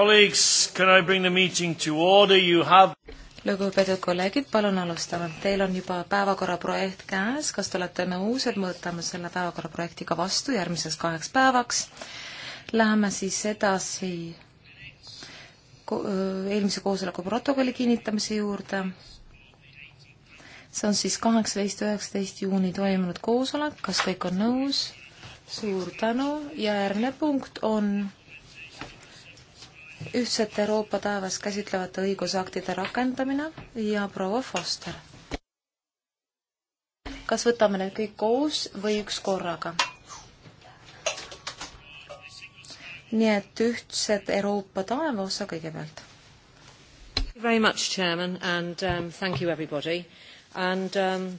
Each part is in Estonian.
Colleagues, can I bring the meeting to order? You have lugupeetud kolleegid, palun alustame. Teil on juba päevakorra projekt käes, kas te olete nõus, et me võtame selle päevakorra projekti ka vastu järgmiseks kaheks päevaks? Läheme siis edasi ko eelmise koosoleku protokolli kinnitamise juurde. see on siis kaheksateist, üheksateist juuni toimunud koosolek, kas kõik on nõus? suur tänu ja järgmine punkt on ühtset Euroopa taevas käsitlevate õigusaktide rakendamine ja proua Foster. kas võtame need kõik koos või üks korraga? nii et ühtsed Euroopa taeva osa kõigepealt. Very much, chairman, and um, thank you everybody and um....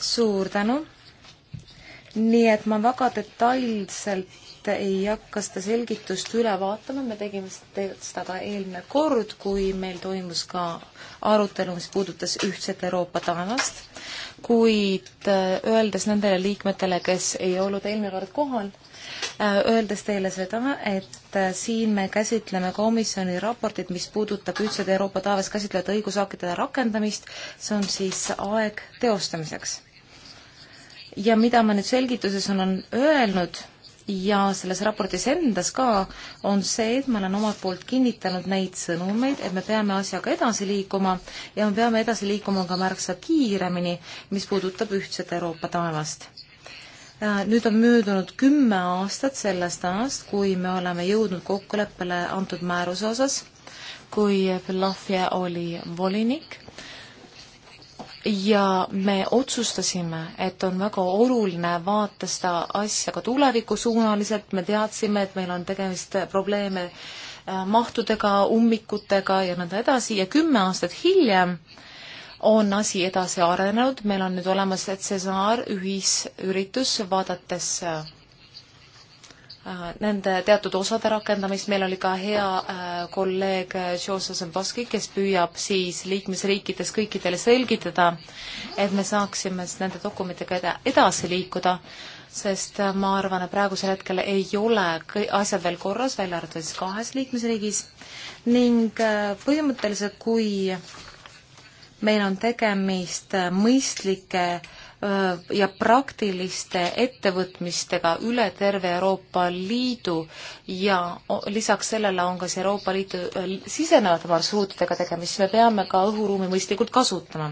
suur tänu. nii et ma väga detailselt et ei hakka seda selgitust üle vaatama, me tegime seda ka eelmine kord, kui meil toimus ka arutelu, mis puudutas ühtset Euroopa taevast, kuid äh, öeldes nendele liikmetele, kes ei olnud eelmine kord kohal, äh, öeldes teile seda, et äh, siin me käsitleme komisjoni raportit, mis puudutab ühtset Euroopa taevas käsitlevate õigusaktide rakendamist, see on siis aeg teostamiseks ja mida ma nüüd selgituses olen öelnud, ja selles raportis endas ka on see, et ma olen omalt poolt kinnitanud neid sõnumeid, et me peame asjaga edasi liikuma ja me peame edasi liikuma ka märksa kiiremini, mis puudutab ühtset Euroopa taevast. Äh, nüüd on möödunud kümme aastat sellest ajast, kui me oleme jõudnud kokkuleppele antud määruse osas, kui Belafia oli volinik ja me otsustasime, et on väga oluline vaata seda asja ka tulevikusuunaliselt, me teadsime, et meil on tegemist probleeme äh, mahtudega, ummikutega ja nõnda edasi ja kümme aastat hiljem on asi edasi arenenud, meil on nüüd olemas Cesar ühisüritus, vaadates äh, Äh, nende teatud osade rakendamist, meil oli ka hea äh, kolleeg Joe Zemboski, kes püüab siis liikmesriikides kõikidele selgitada, et me saaksime siis nende dokumentidega edasi liikuda, sest äh, ma arvan, et praegusel hetkel ei ole asjad veel korras, välja arvatud siis kahes liikmesriigis ning põhimõtteliselt, kui meil on tegemist mõistlike äh, Äh, ja praktiliste ettevõtmistega üle terve Euroopa Liidu ja lisaks sellele on kas Euroopa Liidu äh, sisenevate marsruutidega tegemist, me peame ka õhuruumi mõistlikult kasutama.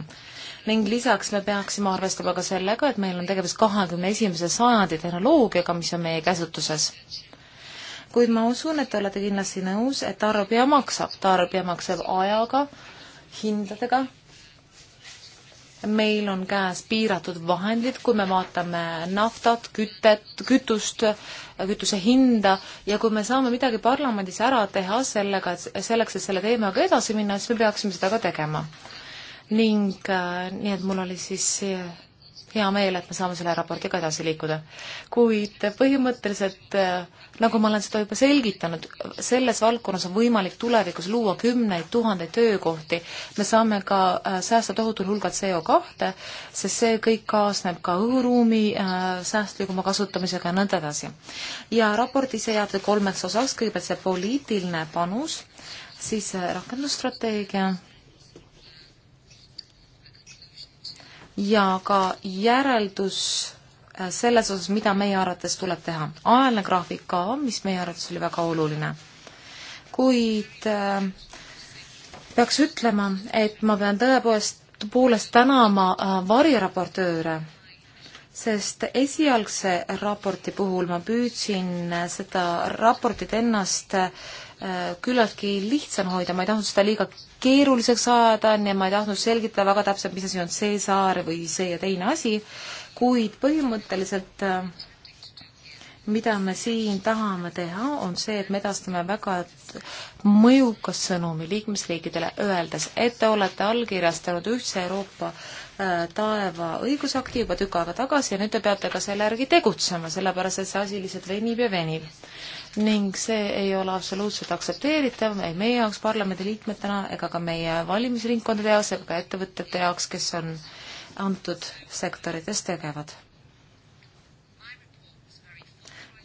ning lisaks me peaksime arvestama ka sellega, et meil on tegemist kahekümne esimese sajandi tehnoloogiaga, mis on meie käsutuses kuid ma usun, et te olete kindlasti nõus, et tarbija maksab, tarbija maksab ajaga, hindadega meil on käes piiratud vahendid, kui me vaatame naftat, kütet, kütust, kütuse hinda ja kui me saame midagi parlamendis ära teha sellega, et selleks, et selle teemaga edasi minna, siis me peaksime seda ka tegema. ning äh, nii, et mul oli siis äh, hea meel, et me saame selle raportiga edasi liikuda. kuid põhimõtteliselt, äh, nagu ma olen seda juba selgitanud, selles valdkonnas on võimalik tulevikus luua kümneid tuhandeid töökohti. me saame ka äh, säästa tohutul hulgal CO2, sest see kõik kaasneb ka õhuruumi äh, säästlikuma kasutamisega ja nõnda edasi. ja raport ise jaotab kolmeks osaks, kõigepealt see poliitiline panus, siis rakendusstrateegia ja ka järeldus äh, selles osas, mida meie arvates tuleb teha. ajaline graafik ka, mis meie arvates oli väga oluline. kuid äh, peaks ütlema, et ma pean tõepoolest, poolest tänama äh, variraportööre, sest esialgse raporti puhul ma püüdsin äh, seda raportit ennast äh, Äh, küllaltki lihtsam hoida, ma ei tahtnud seda liiga keeruliseks ajada, nii et ma ei tahtnud selgitada väga täpselt, mis asi on C-saar või see ja teine asi, kuid põhimõtteliselt äh, mida me siin tahame teha, on see, et me edastame väga mõjuka sõnumi liikmesriikidele, öeldes, et te olete allkirjastanud ühtse Euroopa äh, taeva õigusakti juba tükk aega tagasi ja nüüd te peate ka selle järgi tegutsema, sellepärast et see asi lihtsalt venib ja venib ning see ei ole absoluutselt aktsepteeritav ei meie jaoks parlamendiliikmetena ega ka meie valimisringkondade jaoks ega ka ettevõtete jaoks, kes on antud sektorites tegevad.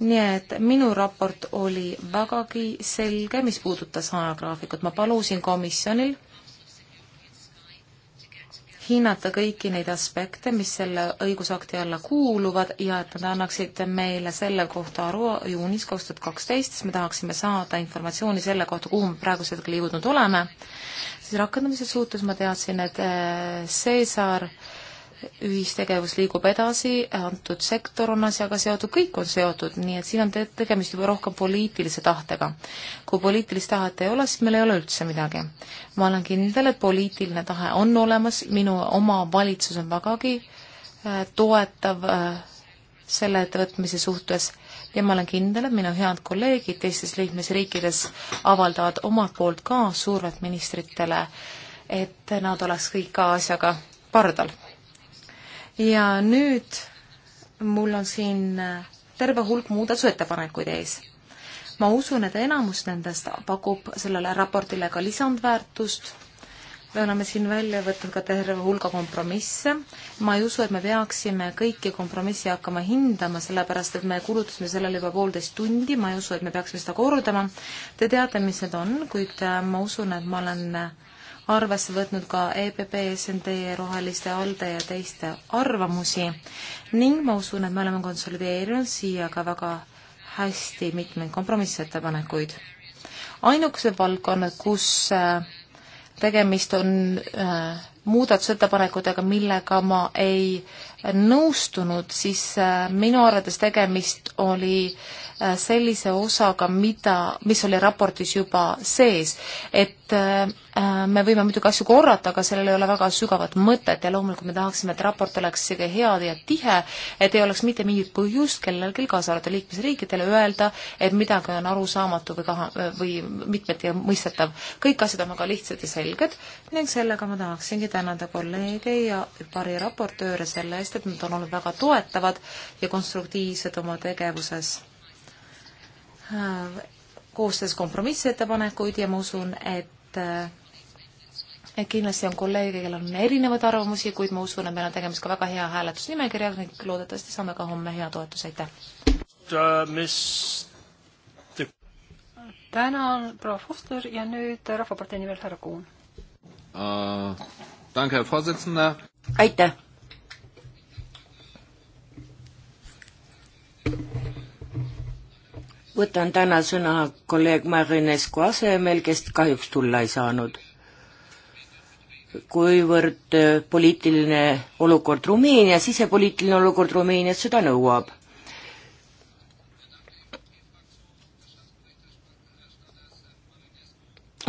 nii et minu raport oli vägagi selge, mis puudutas ajagraafikut, ma palusin komisjonil hinnata kõiki neid aspekte, mis selle õigusakti alla kuuluvad ja et nad annaksid meile selle kohta aru juunis kaks tuhat kaksteist, siis me tahaksime saada informatsiooni selle kohta, kuhu me praegusel hetkel jõudnud oleme. siis rakendamise suhtes ma teadsin, et eh, Cesar äh, ühistegevus liigub edasi, antud sektor on asjaga seotud, kõik on seotud, nii et siin on te tegemist juba rohkem poliitilise tahtega. kui poliitilist tahet ei ole, siis meil ei ole üldse midagi. ma olen kindel, et poliitiline tahe on olemas, minu oma valitsus on vägagi äh, toetav äh, selle ettevõtmise suhtes ja ma olen kindel, et minu head kolleegid teistes liikmesriikides avaldavad omalt poolt ka survet ministritele, et nad oleks kõik ka asjaga pardal ja nüüd mul on siin äh, terve hulk muudatusettepanekuid ees. ma usun, et enamus nendest pakub sellele raportile ka lisandväärtust, me oleme siin välja võtnud ka terve hulga kompromisse. ma ei usu, et me peaksime kõiki kompromisse hakkama hindama, sellepärast et me kulutasime sellele juba poolteist tundi, ma ei usu, et me peaksime seda kordama. Te teate, mis need on, kuid äh, ma usun, et ma olen äh, arvesse võtnud ka EPP, SND, Roheliste, ALDE ja teiste arvamusi ning ma usun, et me oleme konsolideerinud siia ka väga hästi mitmeid kompromissettepanekuid. ainukesed valdkonnad, kus äh, tegemist on äh, muudatusettepanekutega, millega ma ei nõustunud, siis äh, minu arvates tegemist oli äh, sellise osaga, mida, mis oli raportis juba sees, et Äh, me võime muidugi asju korrata, aga sellel ei ole väga sügavat mõtet ja loomulikult me tahaksime, et raport oleks selline hea ja tihe, et ei oleks mitte mingit põhjust kellelgi, kaasa arvatud liikmesriikidele, öelda, et midagi on arusaamatu või kaha, äh, või mitmeti mõistetav. kõik asjad on väga lihtsad ja selged ning sellega ma tahaksingi tänada kolleege ja pari raportööre selle eest, et nad on olnud väga toetavad ja konstruktiivsed oma tegevuses äh, koostas kompromissettepanekuid ja ma usun, et kindlasti on kolleege, kellel on erinevaid arvamusi, kuid ma usun, et meil on tegemist ka väga hea hääletusnimekirja ning loodetavasti saame ka homme hea toetuse, aitäh uh,! mis te... tänan, proua Foster ja nüüd Rahvapartei nimel härra Kuhn uh,. aitäh! võtan täna sõna kolleeg Marinescu asemel, kes kahjuks tulla ei saanud kuivõrd äh, poliitiline olukord Rumeenias, sisepoliitiline olukord Rumeenias seda nõuab.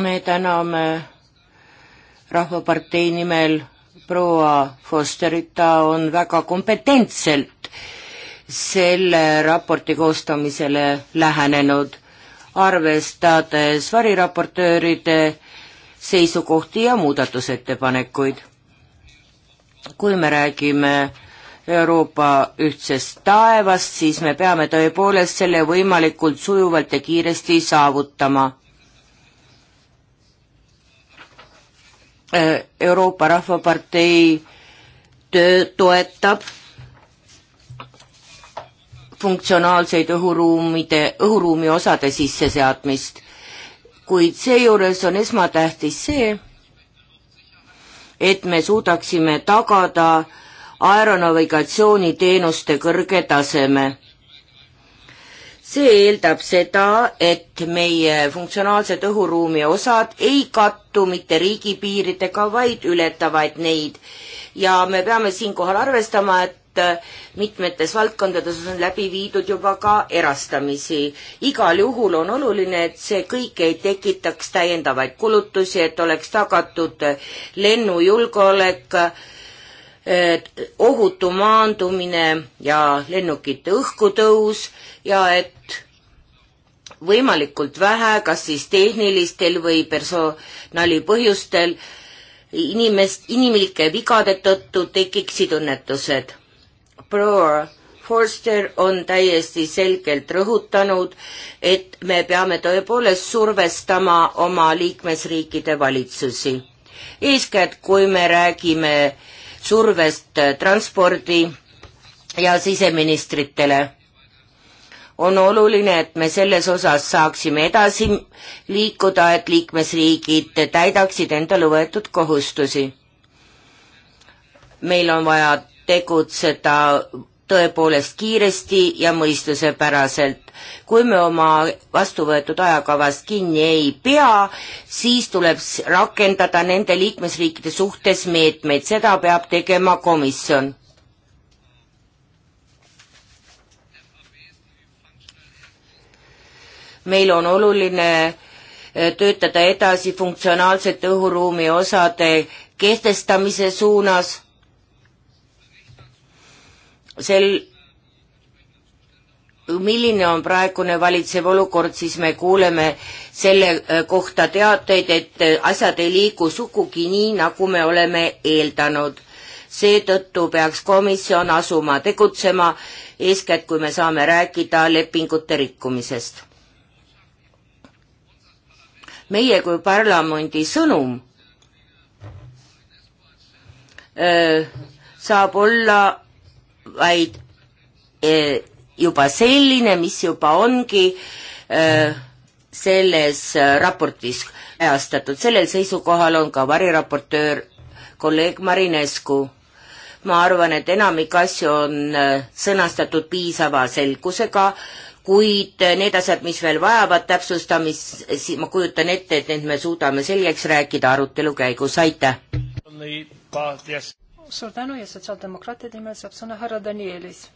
me täname Rahvapartei nimel proua Fosterit, ta on väga kompetentselt selle raporti koostamisele lähenenud, arvestades variraportööride seisukohti ja muudatusettepanekuid. kui me räägime Euroopa ühtsest taevast, siis me peame tõepoolest selle võimalikult sujuvalt ja kiiresti saavutama. Äh, Euroopa Rahvapartei töö toetab funktsionaalseid õhuruumide, õhuruumi osade sisseseadmist kuid seejuures on esmatähtis see, et me suudaksime tagada aeronavigatsiooniteenuste kõrge taseme. see eeldab seda, et meie funktsionaalsed õhuruumi osad ei kattu mitte riigipiiridega, vaid ületavad neid ja me peame siinkohal arvestama, et et äh, mitmetes valdkondades on läbi viidud juba ka erastamisi. igal juhul on oluline, et see kõik ei tekitaks täiendavaid kulutusi, et oleks tagatud äh, lennujulgeolek, äh, ohutu maandumine ja lennukite õhkutõus ja et võimalikult vähe, kas siis tehnilistel või personali põhjustel, inimest, inimlike vigade tõttu tekiksid õnnetused proua Forster on täiesti selgelt rõhutanud, et me peame tõepoolest survestama oma liikmesriikide valitsusi. eeskätt, kui me räägime survest äh, transpordi ja siseministritele, on oluline, et me selles osas saaksime edasi liikuda, et liikmesriigid täidaksid endale võetud kohustusi. meil on vaja tegutseda tõepoolest kiiresti ja mõistusepäraselt. kui me oma vastuvõetud ajakavast kinni ei pea, siis tuleb rakendada nende liikmesriikide suhtes meetmeid, seda peab tegema komisjon. meil on oluline eh, töötada edasi funktsionaalsete õhuruumi osade kehtestamise suunas sel, milline on praegune valitsev olukord, siis me kuuleme selle äh, kohta teateid, et äh, asjad ei liigu sugugi nii, nagu me oleme eeldanud. seetõttu peaks komisjon asuma tegutsema, eeskätt kui me saame rääkida lepingute rikkumisest. meie kui parlamendi sõnum öö, äh, saab olla vaid eh, juba selline, mis juba ongi eh, selles eh, raportis kajastatud. sellel seisukohal on ka variraportöör kolleeg Marinescu. ma arvan, et enamik asju on sõnastatud piisava selgusega, kuid need asjad, mis veel vajavad täpsustamist, siis ma kujutan ette, et need me suudame selgeks rääkida arutelu käigus, aitäh! suur tänu ja sotsiaaldemokraatide nimel saab sõna härra Danielis.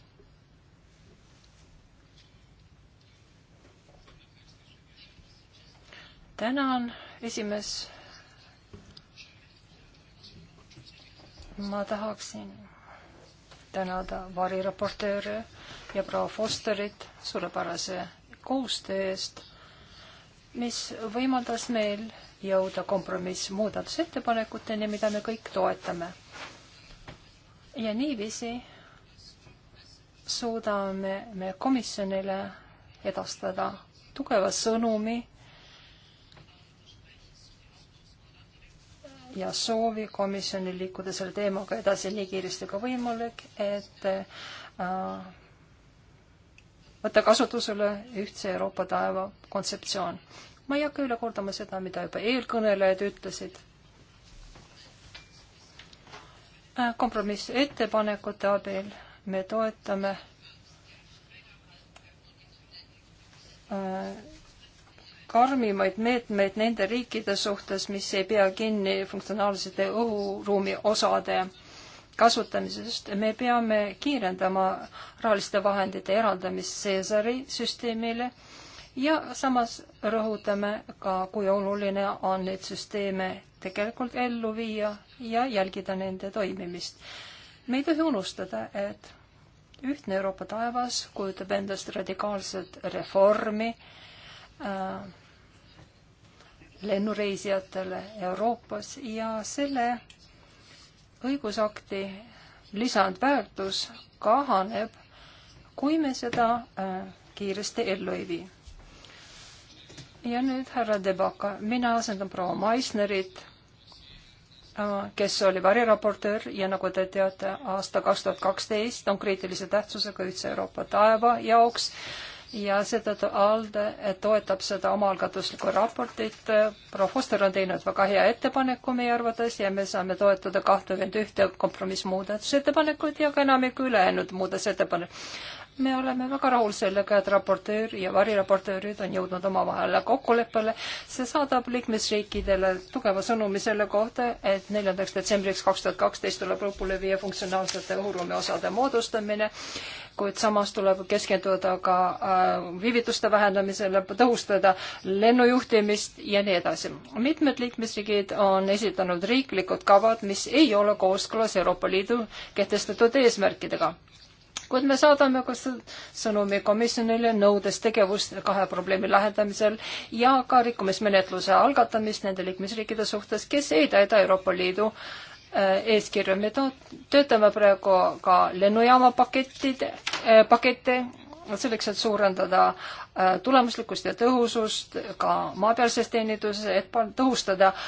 tänan, esimees. ma tahaksin tänada variraportööre ja proua Fosterit suurepärase koostöö eest, mis võimaldas meil jõuda kompromissmuudatusettepanekuteni, mida me kõik toetame ja niiviisi suudame me komisjonile edastada tugeva sõnumi ja soovi komisjonil liikuda selle teemaga edasi nii kiiresti kui võimalik, et äh, võtta kasutusele ühtse Euroopa taeva kontseptsioon. ma ei hakka üle kordama seda, mida juba eelkõnelejad ütlesid kompromissettepanekute abil me toetame äh, karmimaid meetmeid nende riikide suhtes, mis ei pea kinni funktsionaalsete õhuruumi osade kasutamisest. me peame kiirendama rahaliste vahendite eraldamist Caesari süsteemile ja samas rõhutame ka, kui oluline on neid süsteeme tegelikult ellu viia ja jälgida nende toimimist. me ei tohi unustada, et ühtne Euroopa taevas kujutab endast radikaalset reformi äh, lennureisijatele Euroopas ja selle õigusakti lisandväärtus kahaneb, kui me seda äh, kiiresti ellu ei vii. ja nüüd härra Debaka, mina asendan proua Maisnerit kes oli variraportöör ja nagu te teate, aasta kaks tuhat kaksteist on kriitilise tähtsusega ühtse Euroopa taeva jaoks ja seetõttu ALDE eh, toetab seda omaalgatuslikku raportit. proua Foster on teinud väga hea ettepaneku meie arvates ja me saame toetada kahtekümmend ühte kompromissmuudatusettepanekut ja ka enamikku ülejäänud muudatusettepanekut me oleme väga rahul sellega, et raportöör ja variraportöörid on jõudnud omavahel kokkuleppele. see saadab liikmesriikidele tugeva sõnumi selle kohta, et neljandaks detsembriks kaks tuhat kaksteist tuleb lõpule viia funktsionaalsete õhuruumi osade moodustamine, kuid samas tuleb keskenduda ka äh, viivituste vähendamisele, tõhustada lennujuhtimist ja nii edasi. mitmed liikmesriigid on esitanud riiklikud kavad, mis ei ole kooskõlas Euroopa Liidu kehtestatud eesmärkidega kuid me saadame ka sõnumi komisjonile, nõudes tegevust kahe probleemi lahendamisel ja ka rikkumismenetluse algatamist nende liikmesriikide suhtes, kes ei täida Euroopa Liidu äh, eeskirju. me töötame praegu ka lennujaama paketid, äh, pakette, selleks, et suurendada äh, tulemuslikkust ja tõhusust ka maapealses teeninduses, et tõhustada äh,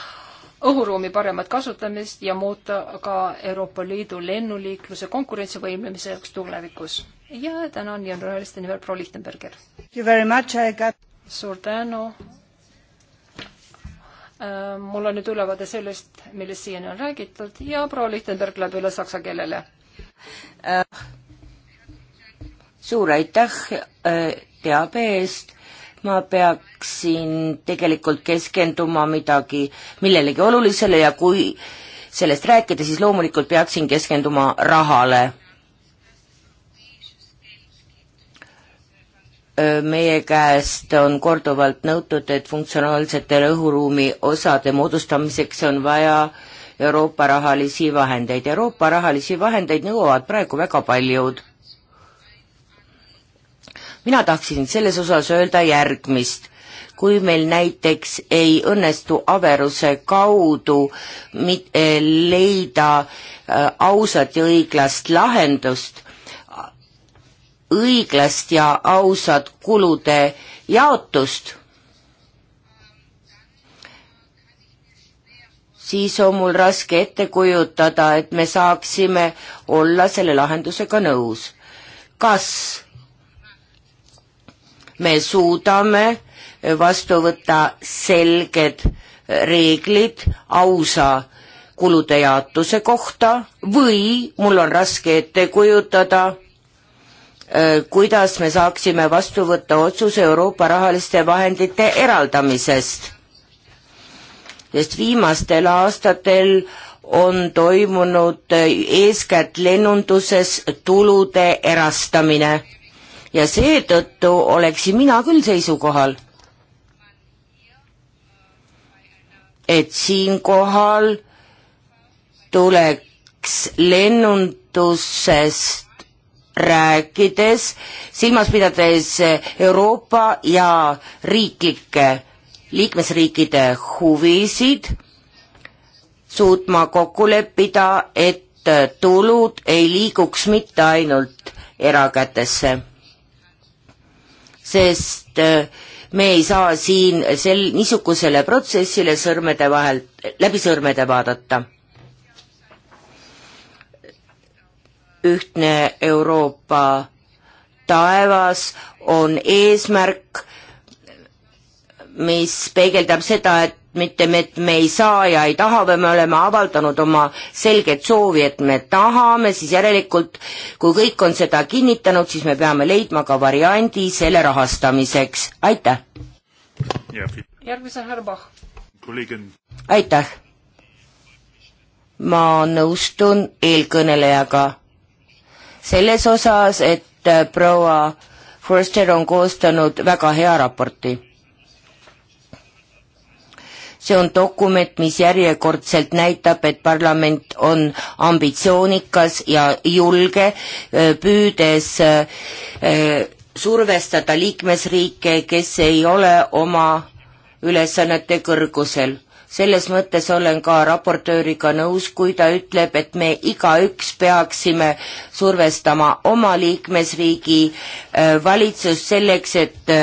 õhuruumi paremat kasutamist ja muuta ka Euroopa Liidu lennuliikluse konkurentsivõimlemiseks tulevikus. ja tänan ja roheliste nimel proua Lichtenberger. Got... suur tänu. Äh, mul on nüüd ülevaade sellest, millest siiani on räägitud ja proua Lichtenberg läheb üle saksa keelele uh,. suur aitäh äh, teabe eest ma peaksin tegelikult keskenduma midagi, millelegi olulisele ja kui sellest rääkida, siis loomulikult peaksin keskenduma rahale. meie käest on korduvalt nõutud, et funktsionaalsetele õhuruumi osade moodustamiseks on vaja Euroopa rahalisi vahendeid. Euroopa rahalisi vahendeid nõuavad praegu väga paljud mina tahaksin selles osas öelda järgmist. kui meil näiteks ei õnnestu averuse kaudu mit, eh, leida eh, ausat ja õiglast lahendust, õiglast ja ausat kulude jaotust, siis on mul raske ette kujutada, et me saaksime olla selle lahendusega nõus. kas me suudame vastu võtta selged reeglid ausa kulude jaotuse kohta või mul on raske ette kujutada, äh, kuidas me saaksime vastu võtta otsuse Euroopa rahaliste vahendite eraldamisest. Sest viimastel aastatel on toimunud äh, eeskätt lennunduses tulude erastamine ja seetõttu oleksin mina küll seisukohal, et siinkohal tuleks lennundusest rääkides, silmas pidades Euroopa ja riiklikke liikmesriikide huvisid, suutma kokku leppida, et tulud ei liiguks mitte ainult erakätesse sest äh, me ei saa siin sel, niisugusele protsessile sõrmede vahel, läbi sõrmede vaadata. ühtne Euroopa taevas on eesmärk, mis peegeldab seda, et mitte me, et me ei saa ja ei taha või me oleme avaldanud oma selget soovi, et me tahame, siis järelikult kui kõik on seda kinnitanud, siis me peame leidma ka variandi selle rahastamiseks, aitäh. järgmise härra Pahh. aitäh. ma nõustun eelkõnelejaga selles osas, et äh, proua Forster on koostanud väga hea raporti see on dokument, mis järjekordselt näitab, et parlament on ambitsioonikas ja julge, äh, püüdes äh, äh, survestada liikmesriike, kes ei ole oma ülesannete kõrgusel. selles mõttes olen ka raportööriga nõus, kui ta ütleb, et me igaüks peaksime survestama oma liikmesriigi valitsust selleks, et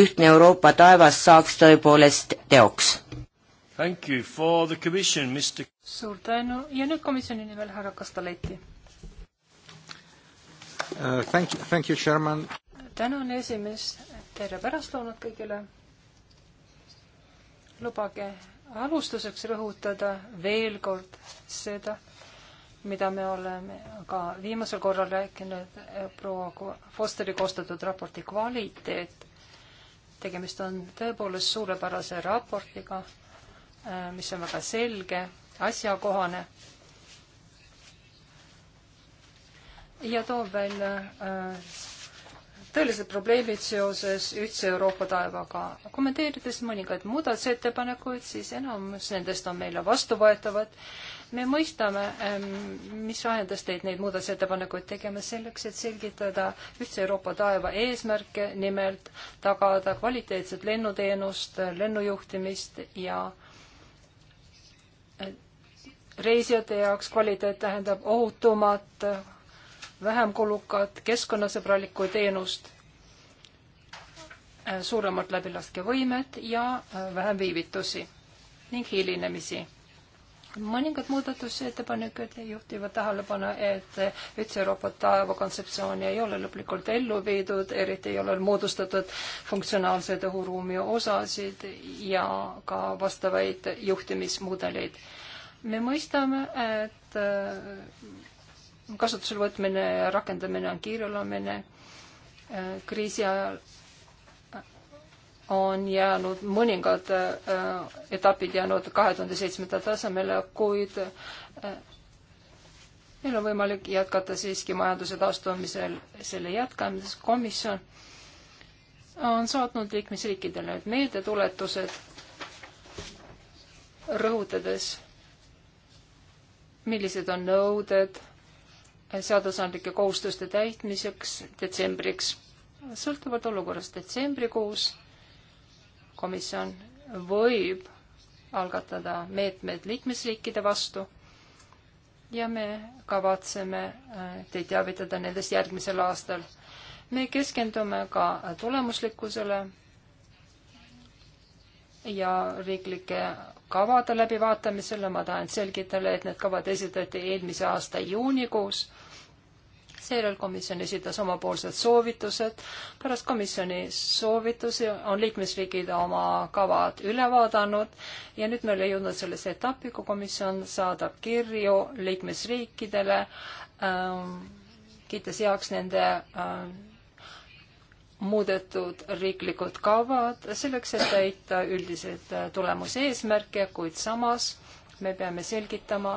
ühtne Euroopa taevas saaks tõepoolest teoks Thank you for the commission, Mr. suur tänu ja nüüd komisjoni nimel härra Kastaleti uh,. Thank you, thank you, chairman. tänan, esimees. tere pärastlõunat kõigile. lubage alustuseks rõhutada veel kord seda, mida me oleme ka viimasel korral rääkinud eh, proua Fosteri koostatud raporti kvaliteet. tegemist on tõepoolest suurepärase raportiga Äh, mis on väga selge, asjakohane ja toob välja äh, tõelised probleemid seoses ühtse Euroopa taevaga. kommenteerides mõningaid muudatusettepanekuid, siis enamus nendest on meile vastuvõetavad. me mõistame, ähm, mis ajendas teid neid muudatusettepanekuid tegema selleks, et selgitada ühtse Euroopa taeva eesmärke, nimelt tagada kvaliteetset lennuteenust, lennujuhtimist ja äh, reisijate jaoks kvaliteet tähendab ohutumat, vähem kulukat, keskkonnasõbralikku teenust, suuremat läbilaskevõimet ja äh, vähem viivitusi ning hilinemisi mõningad muudatusettepanekud juhtivad tähelepanu, et üldse Euroopa taeva kontseptsiooni ei ole lõplikult ellu viidud, eriti ei ole moodustatud funktsionaalseid õhuruumi osasid ja ka vastavaid juhtimismudeleid. me mõistame, et äh, kasutusele võtmine ja rakendamine on kiireloomine äh, kriisi ajal on jäänud mõningad äh, etapid jäänud kahe tuhande seitsmenda tasemele, kuid äh, meil on võimalik jätkata siiski majanduse taastumisel selle jätkamises. komisjon on saatnud liikmesriikidele need meeldetuletused, rõhutades, millised on nõuded seadusandlike kohustuste täitmiseks detsembriks. sõltuvalt olukorrast detsembrikuus komisjon võib algatada meetmed liikmesriikide vastu ja me kavatseme äh, teid teavitada nendest järgmisel aastal. me keskendume ka tulemuslikkusele ja riiklike kavade läbivaatamisele. ma tahan selgitada, et need kavad esitati eelmise aasta juunikuus seejärel komisjon esitas omapoolsed soovitused. pärast komisjoni soovitusi on liikmesriigid oma kavad üle vaadanud ja nüüd me oleme jõudnud sellesse etappi, kui komisjon saadab kirju liikmesriikidele ähm,, kiites heaks nende ähm, muudetud riiklikud kavad selleks, et täita üldiseid äh, tulemuseesmärke, kuid samas me peame selgitama,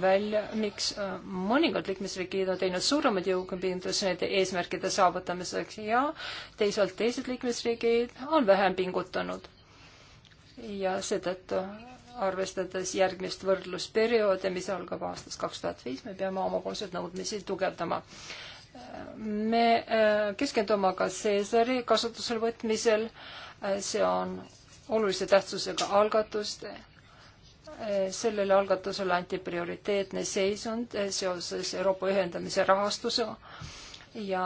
välja, miks äh, mõningad liikmesriigid on teinud suuremaid jõupingutusi nende eesmärkide saavutamiseks ja teisalt teised liikmesriigid on vähem pingutanud. ja seetõttu, arvestades järgmist võrdlusperioodi, mis algab aastast kaks tuhat viis, me peame omapoolseid nõudmisi tugevdama. me äh, keskendume ka Caesari kasutusele võtmisel, äh, see on olulise tähtsusega algatust Eh, sellele algatusele anti prioriteetne seisund eh, seoses Euroopa ühendamise rahastusega ja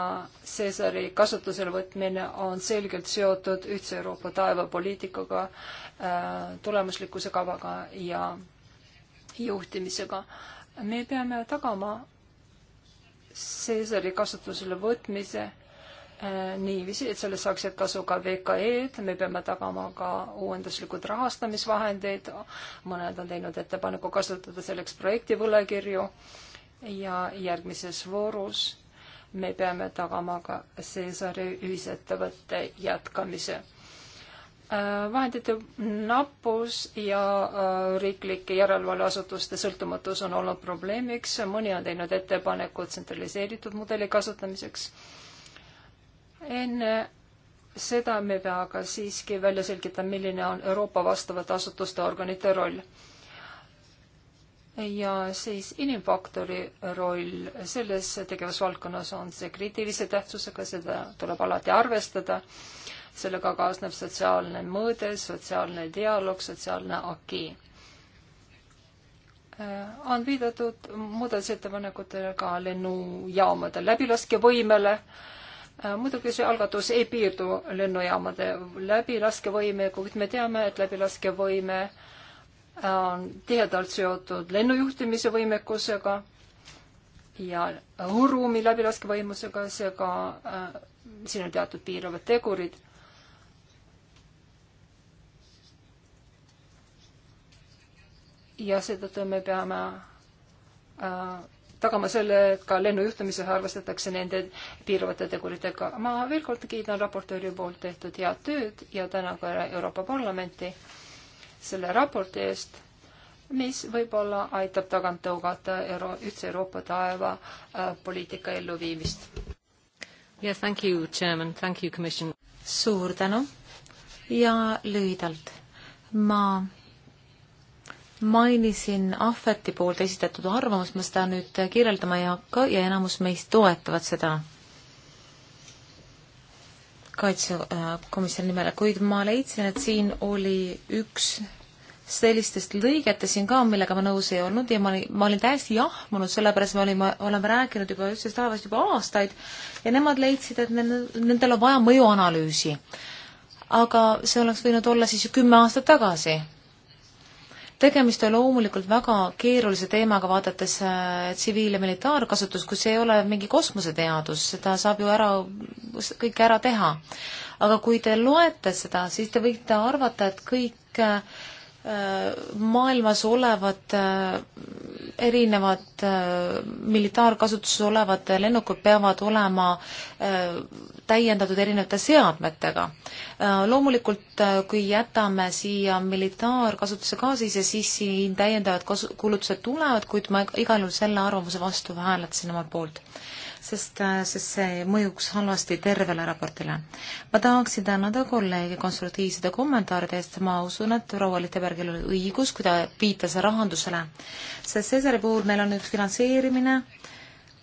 Cäsari kasutusele võtmine on selgelt seotud ühtse Euroopa taevapoliitikaga, eh, tulemuslikkuse kavaga ja juhtimisega. me peame tagama Cäsari kasutusele võtmise Äh, niiviisi, et sellest saaksid kasu ka VKE-d, me peame tagama ka uuenduslikud rahastamisvahendeid, mõned on teinud ettepaneku kasutada selleks projektivõlakirju ja järgmises voorus me peame tagama ka Cesari ühisettevõtte jätkamise. Äh, vahendite nappus ja äh, riiklike järelevalveasutuste sõltumatus on olnud probleemiks, mõni on teinud ettepaneku tsentraliseeritud mudeli kasutamiseks enne seda me pea aga siiski välja selgitama, milline on Euroopa vastavate asutuste organite roll. ja siis inimfaktori roll selles tegevusvaldkonnas on see kriitilise tähtsusega, seda tuleb alati arvestada. sellega kaasneb sotsiaalne mõõde, sotsiaalne dialoog, sotsiaalne aki. Äh, on viidatud muudatusettepanekutele ka lennujaamade läbilaskevõimele äh, Äh, muidugi see algatus ei piirdu lennujaamade läbilaskevõime, kuid me teame, et läbilaskevõime äh, on tihedalt seotud lennujuhtimise võimekusega ja õhuruumi läbilaskevõimusega, seega äh, siin on teatud piiravad tegurid ja seetõttu me peame äh, tagama selle, et ka lennujuhtimises arvestatakse nende piiravate teguritega. ma veel kord kiidan raportööri poolt tehtud head tööd ja tänan ka Euroopa Parlamenti selle raporti eest, mis võib-olla aitab tagant tõugata Euro ühtse Euroopa taeva äh, poliitika elluviimist. Yes, thank you, Chairman. Thank you, Commission. Suur tänu ja lühidalt ma mainisin Ahveti poolt esitatud arvamust, ma seda nüüd kirjeldama ei hakka ja enamus meist toetavad seda kaitsekomisjoni nimele, kuid ma leidsin, et siin oli üks sellistest lõigetest siin ka, millega ma nõus ei olnud ja ma olin, ma olin täiesti jahmunud, sellepärast me olime, oleme rääkinud juba ühtsest laevast juba aastaid ja nemad leidsid, et ne, nendel on vaja mõjuanalüüsi. aga see oleks võinud olla siis ju kümme aastat tagasi tegemist on loomulikult väga keerulise teemaga, vaadates äh, tsiviil- ja militaarkasutust, kus ei ole mingi kosmoseteadus, seda saab ju ära, kõike ära teha. aga kui te loete seda, siis te võite arvata, et kõik äh, maailmas olevad äh, erinevad äh, militaarkasutuses olevad lennukud peavad olema äh, täiendatud erinevate seadmetega. Äh, loomulikult, äh, kui jätame siia militaarkasutuse ka sisse, siis siin täiendavad kasu-, kulutused tulevad, kuid ma igal juhul selle arvamuse vastu hääletasin omalt poolt sest, äh, sest see mõjuks halvasti tervele raportile. ma tahaksin tänada kolleege konstruktiivsete kommentaaride eest, ma usun, et proua Littebergil oli õigus, kui ta viitas rahandusele. sest Cesari puhul meil on üks finantseerimine äh,,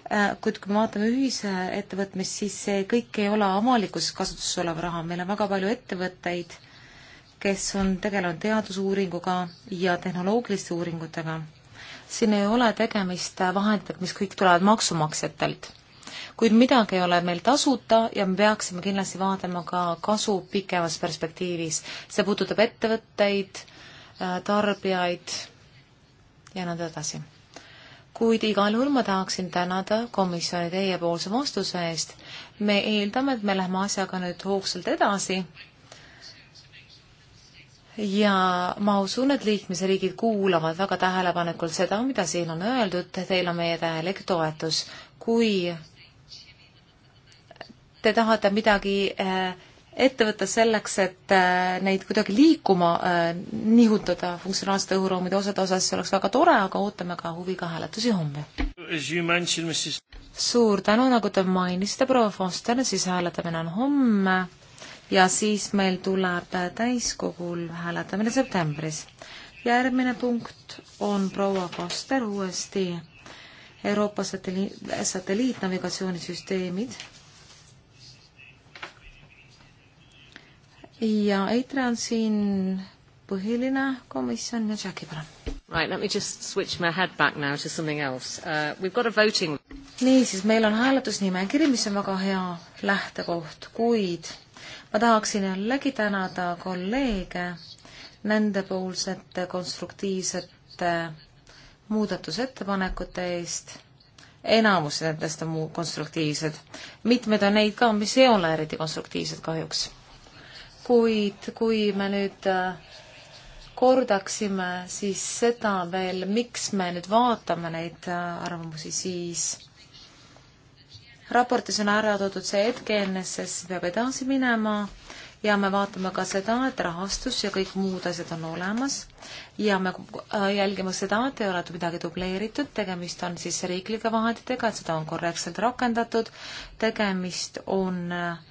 Äh, kuid kui me vaatame ühise ettevõtmist, siis see kõik ei ole avalikus kasutuses olev raha, meil on väga palju ettevõtteid, kes on tegelenud teadusuuringuga ja tehnoloogiliste uuringutega. siin ei ole tegemist vahenditega, mis kõik tulevad maksumaksjatelt. kuid midagi ei ole meil tasuta ja me peaksime kindlasti vaatama ka kasu pikemas perspektiivis. see puudutab ettevõtteid, äh, tarbijaid ja nõnda edasi kuid igal juhul ma tahaksin tänada komisjoni teiepoolse vastuse eest. me eeldame, et me lähme asjaga nüüd hoogsalt edasi ja ma usun, et liikmesriigid kuulavad väga tähelepanekult seda, mida siin on öeldud, teil on meie täielik toetus. kui te tahate midagi äh, ette võtta selleks, et äh, neid kuidagi liikuma äh, nihutada funktsionaalsete õhuruumide osade osas, see oleks väga tore, aga ootame ka huviga hääletusi homme. suur tänu, nagu te mainisite, proua Foster, siis hääletamine on homme ja siis meil tuleb täiskogul hääletamine septembris. järgmine punkt on proua Foster uuesti Euroopa satelliit, satelliitnavigatsioonisüsteemid ja EITRE on siin põhiline komisjon ja Jackie, palun. Right, let me just switch my head back now to something else uh,. We've got a voting. niisiis, meil on hääletusnimekiri, mis on väga hea lähtekoht, kuid ma tahaksin jällegi tänada kolleege nendepoolsete konstruktiivsete muudatusettepanekute eest. enamus nendest on muu konstruktiivsed, mitmed on neid ka, mis ei ole eriti konstruktiivsed kahjuks kuid kui me nüüd äh, kordaksime siis seda veel, miks me nüüd vaatame neid äh, arvamusi, siis raportis on ära toodud see, et GNSS peab edasi minema ja me vaatame ka seda, et rahastus ja kõik muud asjad on olemas ja me äh, jälgime seda, et ei ole midagi dubleeritud, tegemist on siis riiklike vahenditega, et seda on korrektselt rakendatud, tegemist on äh,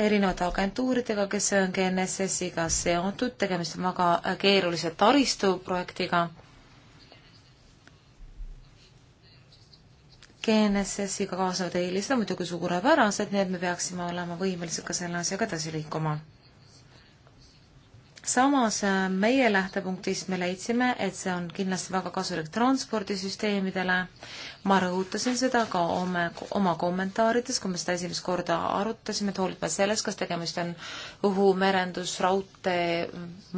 erinevate agentuuridega, kes on GNSS-iga seotud, tegemist on väga keerulise taristuprojektiga. GNSS-iga kaasnevad eelised on muidugi suurepärased, nii et me peaksime olema võimelised ka selle asjaga edasi liikuma samas äh, meie lähtepunktist me leidsime, et see on kindlasti väga kasulik transpordisüsteemidele. ma rõhutasin seda ka oma, oma kommentaarides, kui me seda esimest korda arutasime, et hoolimata sellest, kas tegemist on õhu, merendus, raudtee,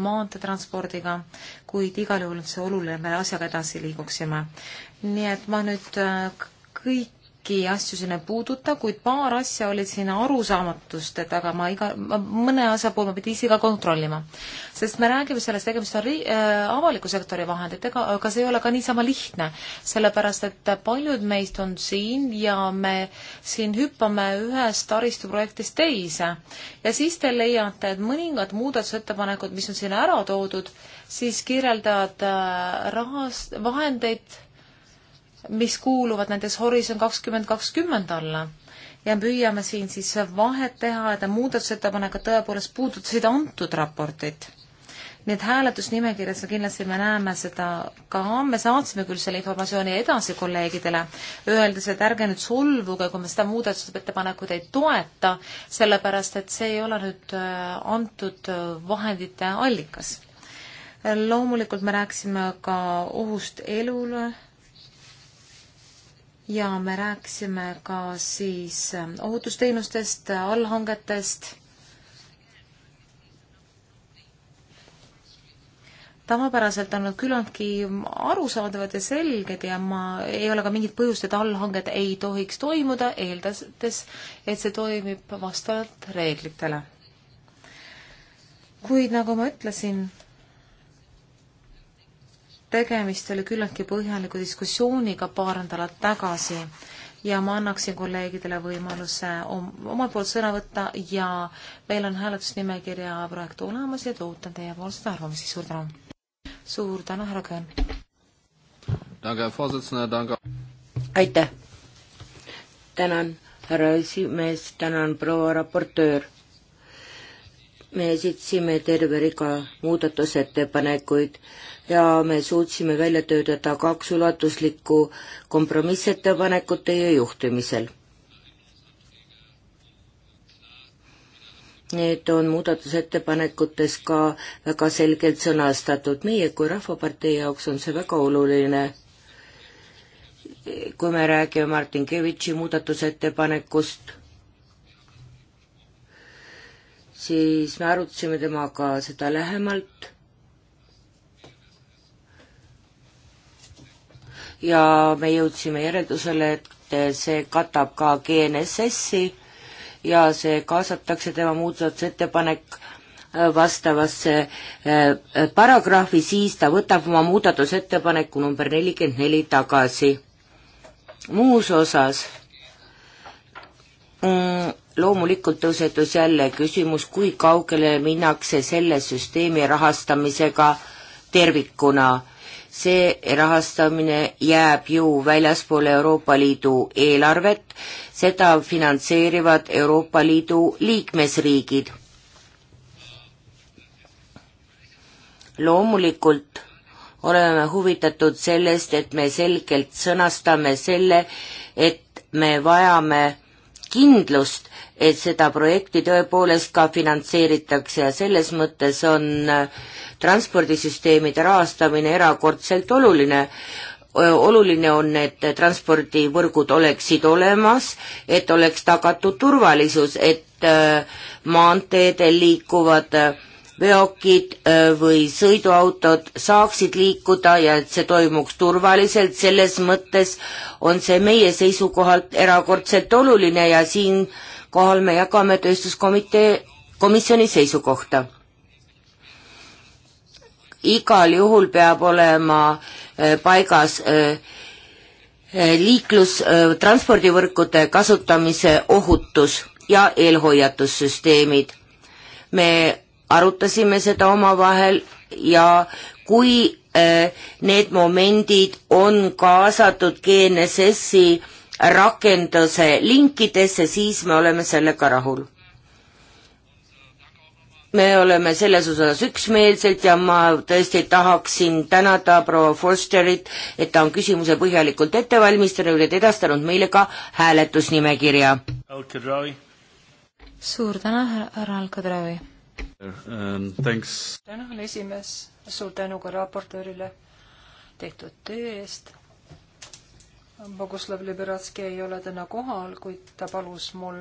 maanteetranspordiga, kuid igal juhul on see oluline, et me asjaga edasi liiguksime. nii et ma nüüd äh, kõik kõiki asju siin ei puuduta, kuid paar asja olid siin arusaamatust, et aga ma iga, mõne asja puhul ma pidin ise ka kontrollima. sest me räägime sellest, tegemist on ri-, äh, avaliku sektori vahenditega, aga see ei ole ka niisama lihtne. sellepärast, et paljud meist on siin ja me siin hüppame ühest taristuprojektist teise. ja siis te leiate, et mõningad muudatusettepanekud, mis on siin ära toodud, siis kirjeldavad äh, rahast, vahendeid, mis kuuluvad nendes Horizon kakskümmend kakskümmend alla ja püüame siin siis vahet teha, et muudatusettepanekud tõepoolest puudutasid antud raportit. nii et hääletusnimekirjas me kindlasti me näeme seda ka, me saatsime küll selle informatsiooni edasi kolleegidele, öeldes, et ärge nüüd solvuge, kui me seda muudatusettepanekut ei toeta, sellepärast et see ei ole nüüd äh, antud äh, vahendite allikas loomulikult me rääkisime ka ohust elule ja me rääkisime ka siis ähm, ohutusteenustest, äh, allhangetest. tavapäraselt on nad küllaltki arusaadavad ja selged ja ma ei ole ka mingit põhjust, et allhanged ei tohiks toimuda, eeldades, et see toimib vastavalt reeglitele. kuid nagu ma ütlesin, tegemist oli küllaltki põhjaliku diskussiooniga paar nädalat tagasi ja ma annaksin kolleegidele võimaluse omalt poolt sõna võtta ja meil on hääletusnimekirja projekt olemas ja ootan teiepoolset arvamust. suur tänu! suur tänu, härra Kõen! aitäh! tänan, härra esimees, tänan, proua raportöör! me esitasime terve riga muudatusettepanekuid ja me suutsime välja töötada kaks ulatuslikku kompromissettepanekut teie juhtimisel. Need on muudatusettepanekutes ka väga selgelt sõnastatud, meie kui Rahvapartei jaoks on see väga oluline. kui me räägime Martin Kevitši muudatusettepanekust siis me arutasime temaga seda lähemalt ja me jõudsime järeldusele, et see katab ka GNSS-i ja see kaasatakse tema muudatusettepanek äh, vastavasse äh, paragrahvi, siis ta võtab oma muudatusettepaneku number nelikümmend neli tagasi. muus osas mm, loomulikult tõusetus jälle küsimus, kui kaugele minnakse selle süsteemi rahastamisega tervikuna see rahastamine jääb ju väljaspool Euroopa Liidu eelarvet, seda finantseerivad Euroopa Liidu liikmesriigid. loomulikult oleme huvitatud sellest, et me selgelt sõnastame selle, et me vajame kindlust, et seda projekti tõepoolest ka finantseeritakse ja selles mõttes on äh, transpordisüsteemide rahastamine erakordselt oluline. oluline on, et transpordivõrgud oleksid olemas, et oleks tagatud turvalisus, et äh, maanteedel liikuvad äh, veokid või sõiduautod saaksid liikuda ja et see toimuks turvaliselt, selles mõttes on see meie seisukohalt erakordselt oluline ja siin äh, kohal me jagame tööstuskomitee komisjoni seisukohta. igal juhul peab olema äh, paigas äh, äh, liiklus, transpordivõrkude kasutamise ohutus ja eelhoiatussüsteemid. me arutasime seda omavahel ja kui need momendid on kaasatud GNSS-i rakenduse linkidesse, siis me oleme sellega rahul. me oleme selles osas üksmeelsed ja ma tõesti tahaksin tänada proua Forsterit, et ta on küsimuse põhjalikult ette valmistanud ja edastanud meile ka hääletusnimekirja. suur tänu, härra Alkadravi! Um, tänan, esimees, suur tänu ka raportöörile tehtud töö eest Boguslav Liberatski ei ole täna kohal, kuid ta palus mul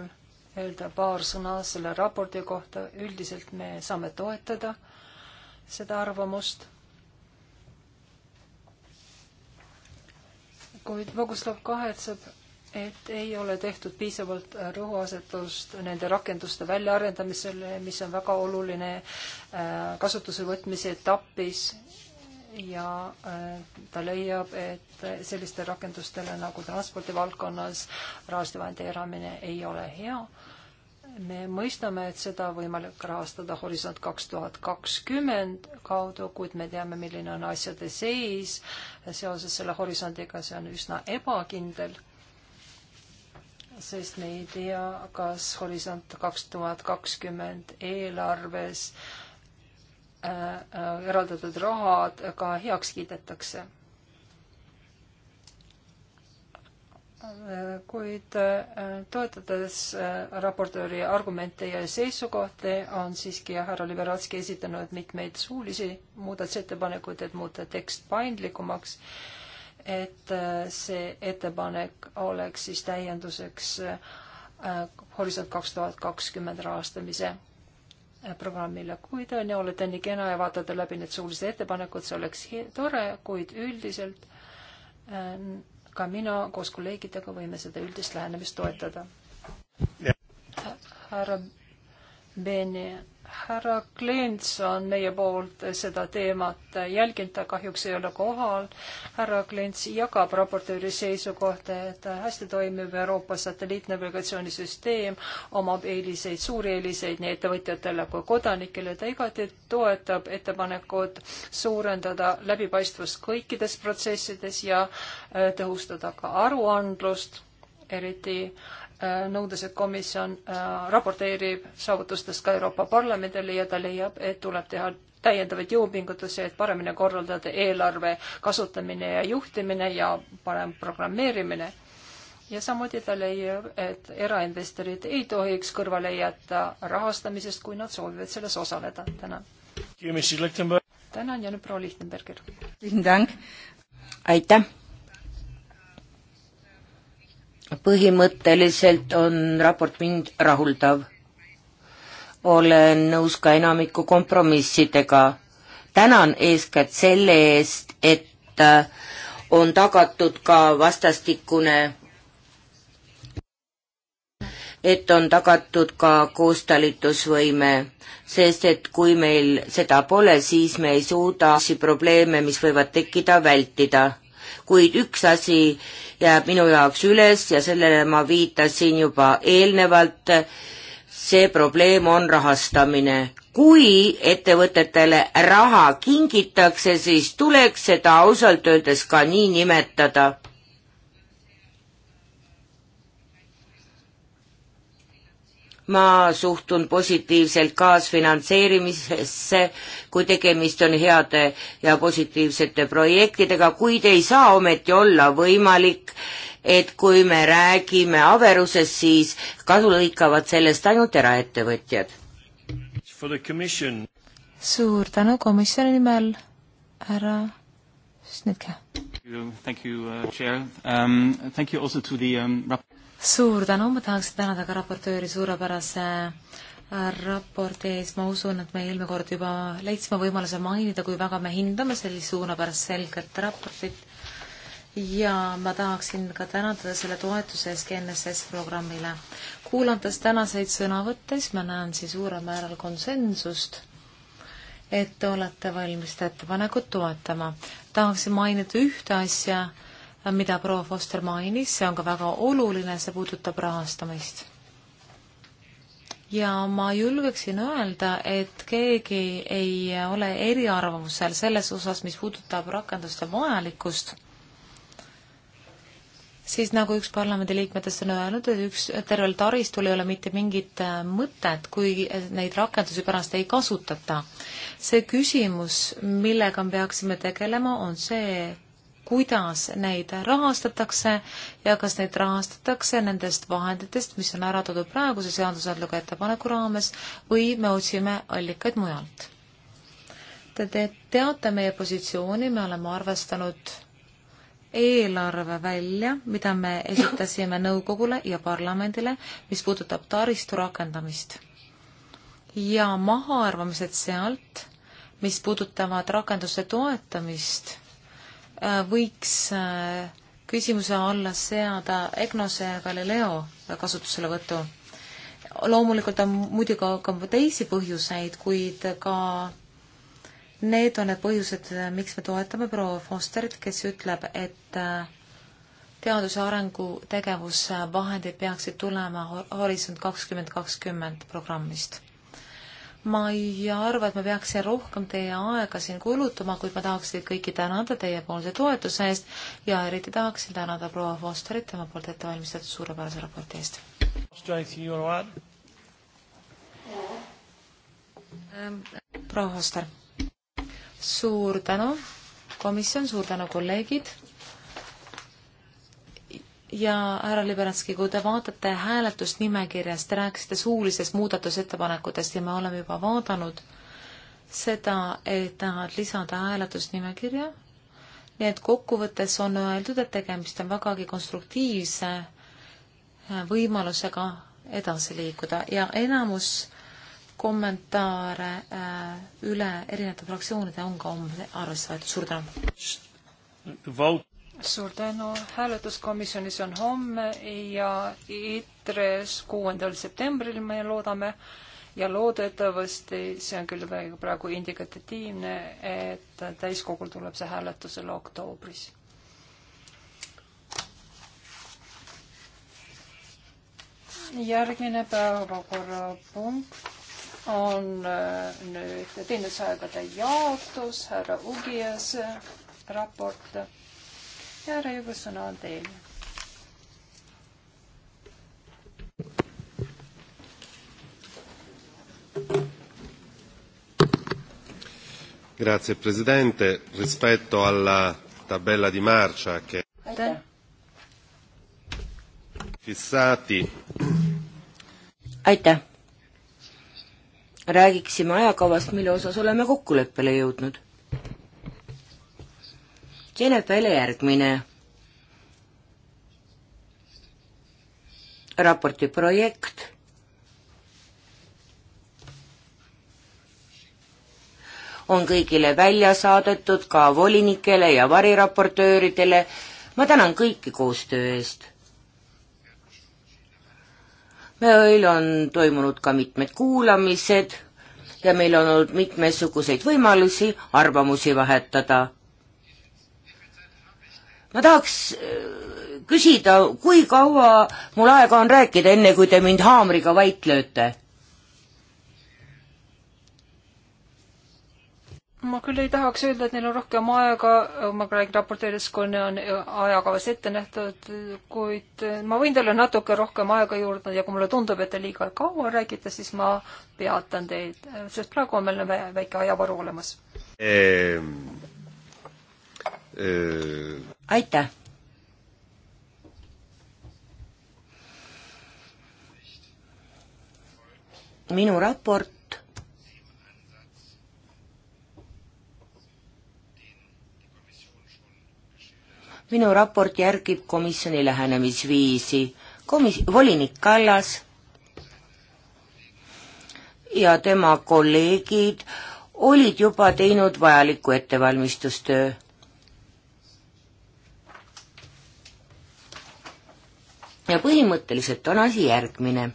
öelda paar sõna selle raporti kohta. üldiselt me saame toetada seda arvamust. kuid Boguslav kahetseb, et ei ole tehtud piisavalt rõhuasetust nende rakenduste väljaarendamisele, mis on väga oluline äh, kasutuse võtmise etapis ja äh, ta leiab, et sellistele rakendustele nagu transpordivaldkonnas rahastavahendi eramine ei ole hea. me mõistame, et seda võimalik rahastada Horisont kaks tuhat kakskümmend kaudu, kuid me teame, milline on asjade seis seoses selle horisondiga, see on üsna ebakindel sest me ei tea, kas Horisont kaks tuhat kakskümmend eelarves äh, Äh, eraldatud rahad ka heaks kiidetakse. kuid äh, toetades äh, raportööri argumente ja seisukohti, on siiski härra Liberatski esitanud mitmeid suulisi muudatusettepanekuid, et muuta tekst paindlikumaks, et see ettepanek oleks siis täienduseks Horisont kaks tuhat kakskümmend rahastamise Äh, programmile. Kui te on ja olete nii kena ja vaatate läbi need suulised ettepanekud, see oleks tore, kuid üldiselt äh, ka mina koos kolleegidega võime seda üldist lähenemist toetada. Härra Beni härra Klints on meie poolt seda teemat jälginud, ta kahjuks ei ole kohal. härra Klints jagab raportööri seisukohta, et hästi toimiv Euroopa satelliitnavigatsiooni süsteem omab eeliseid, suuri eeliseid nii ettevõtjatele kui kodanikele. ta igati toetab ettepanekut suurendada läbipaistvust kõikides protsessides ja äh, tõhustada ka aruandlust, eriti äh, Äh, nõudes, et komisjon äh, raporteerib saavutustest ka Euroopa Parlamendile ja ta leiab, et tuleb teha täiendavaid jõupingutusi, et paremini korraldada eelarve kasutamine ja juhtimine ja parem programmeerimine. ja samuti ta leiab, et erainvestorid ei tohiks kõrvale jätta rahastamisest, kui nad soovivad selles osaleda. tänan. tänan ja nüüd proua Lichtenberger. aitäh põhimõtteliselt on raport mind rahuldav. olen nõus ka enamiku kompromissidega. tänan eeskätt selle eest, et äh, on tagatud ka vastastikune, et on tagatud ka koostalitusvõime, sest et kui meil seda pole, siis me ei suuda probleeme, mis võivad tekkida, vältida kuid üks asi jääb minu jaoks üles ja sellele ma viitasin juba eelnevalt, see probleem on rahastamine. kui ettevõtetele raha kingitakse, siis tuleks seda ausalt öeldes ka nii nimetada ma suhtun positiivselt kaasfinantseerimisesse, kui tegemist on heade ja positiivsete projektidega, kuid ei saa ometi olla võimalik, et kui me räägime averusest, siis kasu lõikavad sellest ainult eraettevõtjad. suur tänu komisjoni nimel, härra Snitke. Thank you, uh, Chair. Um, thank you also to the um, suur tänu, ma tahaksin tänada ka raportööri suurepärase äh, raporti ees, ma usun, et me eelmine kord juba leidsime võimaluse mainida, kui väga me hindame sellist suunapärast selget raportit. ja ma tahaksin ka tänada selle toetuse eest GNSS programmile. kuulates tänaseid sõnavõtte, siis ma näen siin suurel määral konsensust, et te olete valmis ettepanekut toetama. tahaksin mainida ühte asja mida proua Foster mainis, see on ka väga oluline, see puudutab rahastamist. ja ma julgeksin öelda, et keegi ei ole eriarvamusel selles osas, mis puudutab rakenduste vajalikkust, siis nagu üks parlamendiliikmetest on öelnud, et üks, tervel taristul ei ole mitte mingit mõtet, kui neid rakendusi pärast ei kasutata. see küsimus, millega me peaksime tegelema, on see, kuidas neid rahastatakse ja kas neid rahastatakse nendest vahenditest, mis on ära toodud praeguse seadusandluga ettepaneku raames või me otsime allikaid mujalt. Te, te teate meie positsiooni, me oleme arvestanud eelarve välja, mida me esitasime nõukogule ja parlamendile, mis puudutab taristu rakendamist. ja mahaarvamised sealt, mis puudutavad rakenduste toetamist Äh, võiks äh, küsimuse alla seada EGNOS-e ja Galileo kasutuselevõtu. loomulikult on muidugi ka teisi põhjuseid, kuid ka need on need põhjused, miks me toetame proua Fosterit, kes ütleb, et äh, teaduse arengutegevusvahendid peaksid tulema Horisont kakskümmend kakskümmend programmist ma ei arva, et ma peaks siia rohkem teie aega siin kulutama, kuid ma tahaks teid kõiki tänada teiepoolse toetuse eest ja eriti tahaksin tänada proua Fosterit tema poolt ette valmistatud suurepärase raporti eest. Um, proua Foster, suur tänu, komisjon, suur tänu, kolleegid ja härra Liberatski, kui te vaatate hääletust nimekirjas, te rääkisite suulisest muudatusettepanekutest ja me oleme juba vaadanud seda, et tahad lisada hääletusnimekirja. nii et kokkuvõttes on öeldud, et tegemist on vägagi konstruktiivse äh, võimalusega edasi liikuda ja enamus kommentaare äh, üle erinevate fraktsioonide on ka homme arvesse võetud. suur tänu! suur tänu, hääletuskomisjonis on homme ja ITRE-s kuuendal septembril me loodame ja loodetavasti, see on küll praegu indikatiivne, et täiskogul tuleb see hääletusele oktoobris. järgmine päevakorrapunkt on äh, nüüd teenusaegade jaotus, härra Ugias raport ja härra Juba, sõna on teil. Grazie Presidente, rispetto alla tabella di marcia che Aitäh. fissati. aitäh! räägiksime ajakavast, mille osas oleme kokkuleppele jõudnud jäänud välja järgmine. raporti projekt on kõigile välja saadetud, ka volinikele ja variraportööridele. ma tänan kõiki koostöö eest. meil on toimunud ka mitmed kuulamised ja meil on olnud mitmesuguseid võimalusi arvamusi vahetada ma tahaks äh, küsida, kui kaua mul aega on rääkida, enne kui te mind haamriga vait lööte? ma küll ei tahaks öelda, et neil on rohkem aega, ma räägin raporteerides, kui ne on ajakavas ette nähtud, kuid ma võin teile natuke rohkem aega juurde ja kui mulle tundub, et te liiga kaua räägite, siis ma peatan teid, sest praegu on meil väike ajavaru olemas ehm,. Ehm aitäh! minu raport minu raport järgib komisjoni lähenemisviisi. Komis-, volinik Kallas ja tema kolleegid olid juba teinud vajaliku ettevalmistustöö. ja põhimõtteliselt on asi järgmine.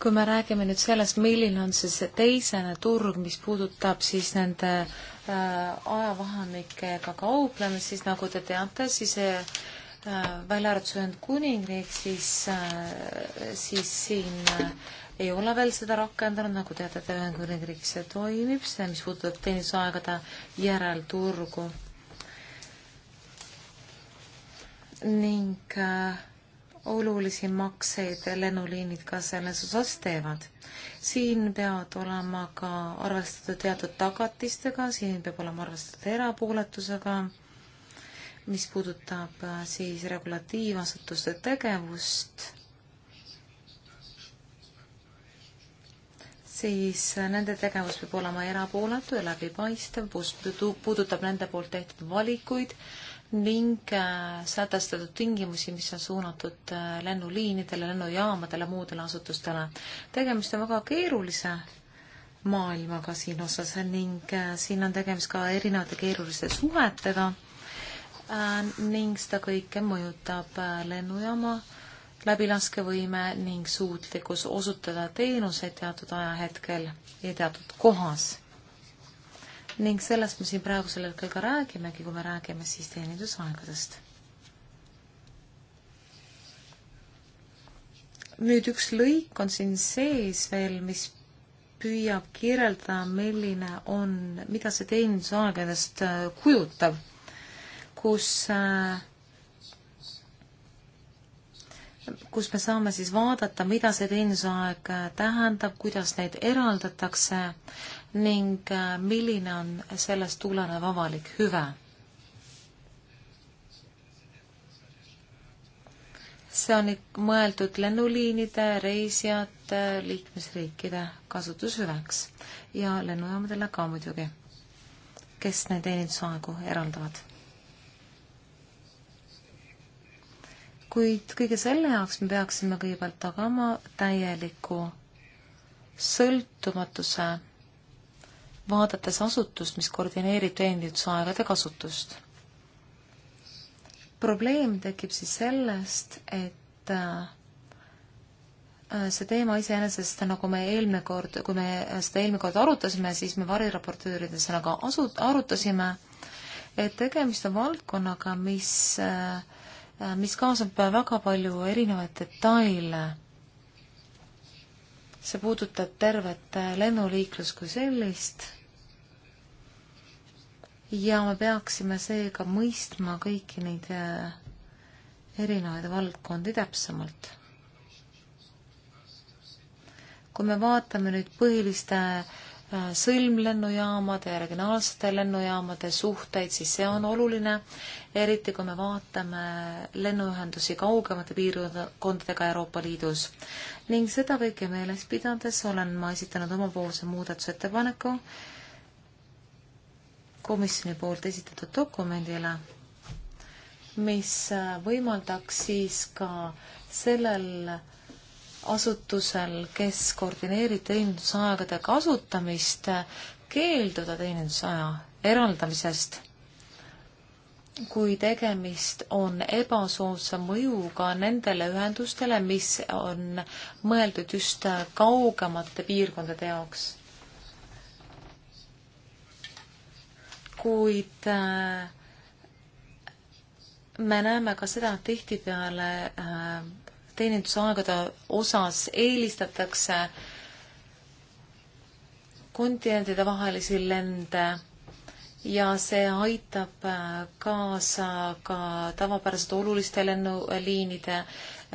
kui me räägime nüüd sellest, milline on siis see teisene turg, mis puudutab siis nende äh, ajavahemikega kauplemist, siis nagu te teate, siis äh, Äh, välja arvatud Ühendkuningriik, siis, äh, siis siin äh, ei ole veel seda rakendanud, nagu teate, et Ühendkuningriik see toimib, see, mis puudutab teenistusaegade järelturgu. ning äh, olulisi makseid lennuliinid ka selles osas teevad. siin peavad olema ka arvestatud teatud tagatistega, siin peab olema arvestatud erapooletusega äh,, mis puudutab äh, siis regulatiivasutuste tegevust, siis äh, nende tegevus peab olema erapooletu ja läbipaistev, puudutab nende poolt tehtud valikuid ning äh, sätestatud tingimusi, mis on suunatud lennuliinidele, lennujaamadele, muudele asutustele. tegemist on väga keerulise maailmaga siin osas ning siin on tegemist ka erinevate keeruliste suhetega Äh, ning seda kõike mõjutab äh, lennujaama läbilaskevõime ning suutlikkus osutada teenuseid teatud ajahetkel ja teatud kohas. ning sellest me siin praegusel hetkel ka räägimegi, kui me räägime siis teenindusaegadest. nüüd üks lõik on siin sees veel, mis püüab kirjeldada, milline on, mida see teenindusaegadest äh, kujutab kus kus me saame siis vaadata, mida see teenistusaeg tähendab, kuidas neid eraldatakse ning milline on sellest tulenev avalik hüve. see on mõeldud lennuliinide, reisijate, liikmesriikide kasutushüveks ja lennujaamidele ka muidugi, kes neid teenindusaegu eraldavad kuid kõige selle jaoks me peaksime kõigepealt tagama täieliku sõltumatuse, vaadates asutust, mis koordineerib teenindusaegade kasutust. probleem tekib siis sellest, et äh, see teema iseenesest, nagu me eelmine kord, kui me seda eelmine kord arutasime, siis me variraportöörides nagu asu-, arutasime, et tegemist on valdkonnaga, mis äh, Äh, mis kaasab äh, väga palju erinevaid detaile. see puudutab tervet äh, lennuliiklust kui sellist ja me peaksime seega mõistma kõiki neid erinevaid valdkondi täpsemalt. kui me vaatame nüüd põhiliste äh, Äh, sõlmlennujaamade ja regionaalsete lennujaamade suhteid, siis see on oluline, eriti kui me vaatame lennuühendusi kaugemate piirkondadega Euroopa Liidus. ning seda kõike meeles pidades olen ma esitanud omapoolse muudatusettepaneku komisjoni poolt esitatud dokumendile, mis äh, võimaldaks siis ka sellel asutusel, kes koordineerib teenindusaegade kasutamist, keelduda teenindusaja eraldamisest, kui tegemist on ebasoodsa mõjuga nendele ühendustele, mis on mõeldud just kaugemate piirkondade jaoks. kuid äh, me näeme ka seda, et tihtipeale äh, teenindusaegade osas eelistatakse kontinentide vahelisi lende ja see aitab äh, kaasa ka tavapäraselt oluliste lennuliinide äh,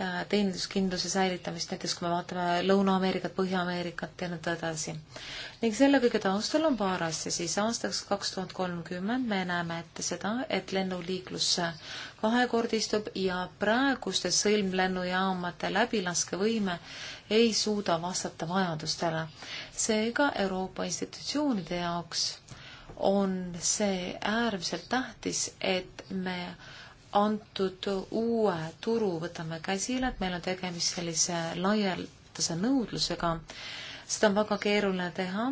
äh, teeninduskindluse säilitamist, näiteks kui me vaatame Lõuna-Ameerikat, Põhja-Ameerikat ja nõnda edasi ning selle kõige taustal on paar asja, siis aastaks kaks tuhat kolmkümmend me näeme ette seda, et lennuliiklus kahekordistub ja praeguste sõlmlennujaamade läbilaskevõime ei suuda vastata vajadustele. seega Euroopa institutsioonide jaoks on see äärmiselt tähtis, et me antud uue turu võtame käsile, et meil on tegemist sellise laialdase nõudlusega, seda on väga keeruline teha,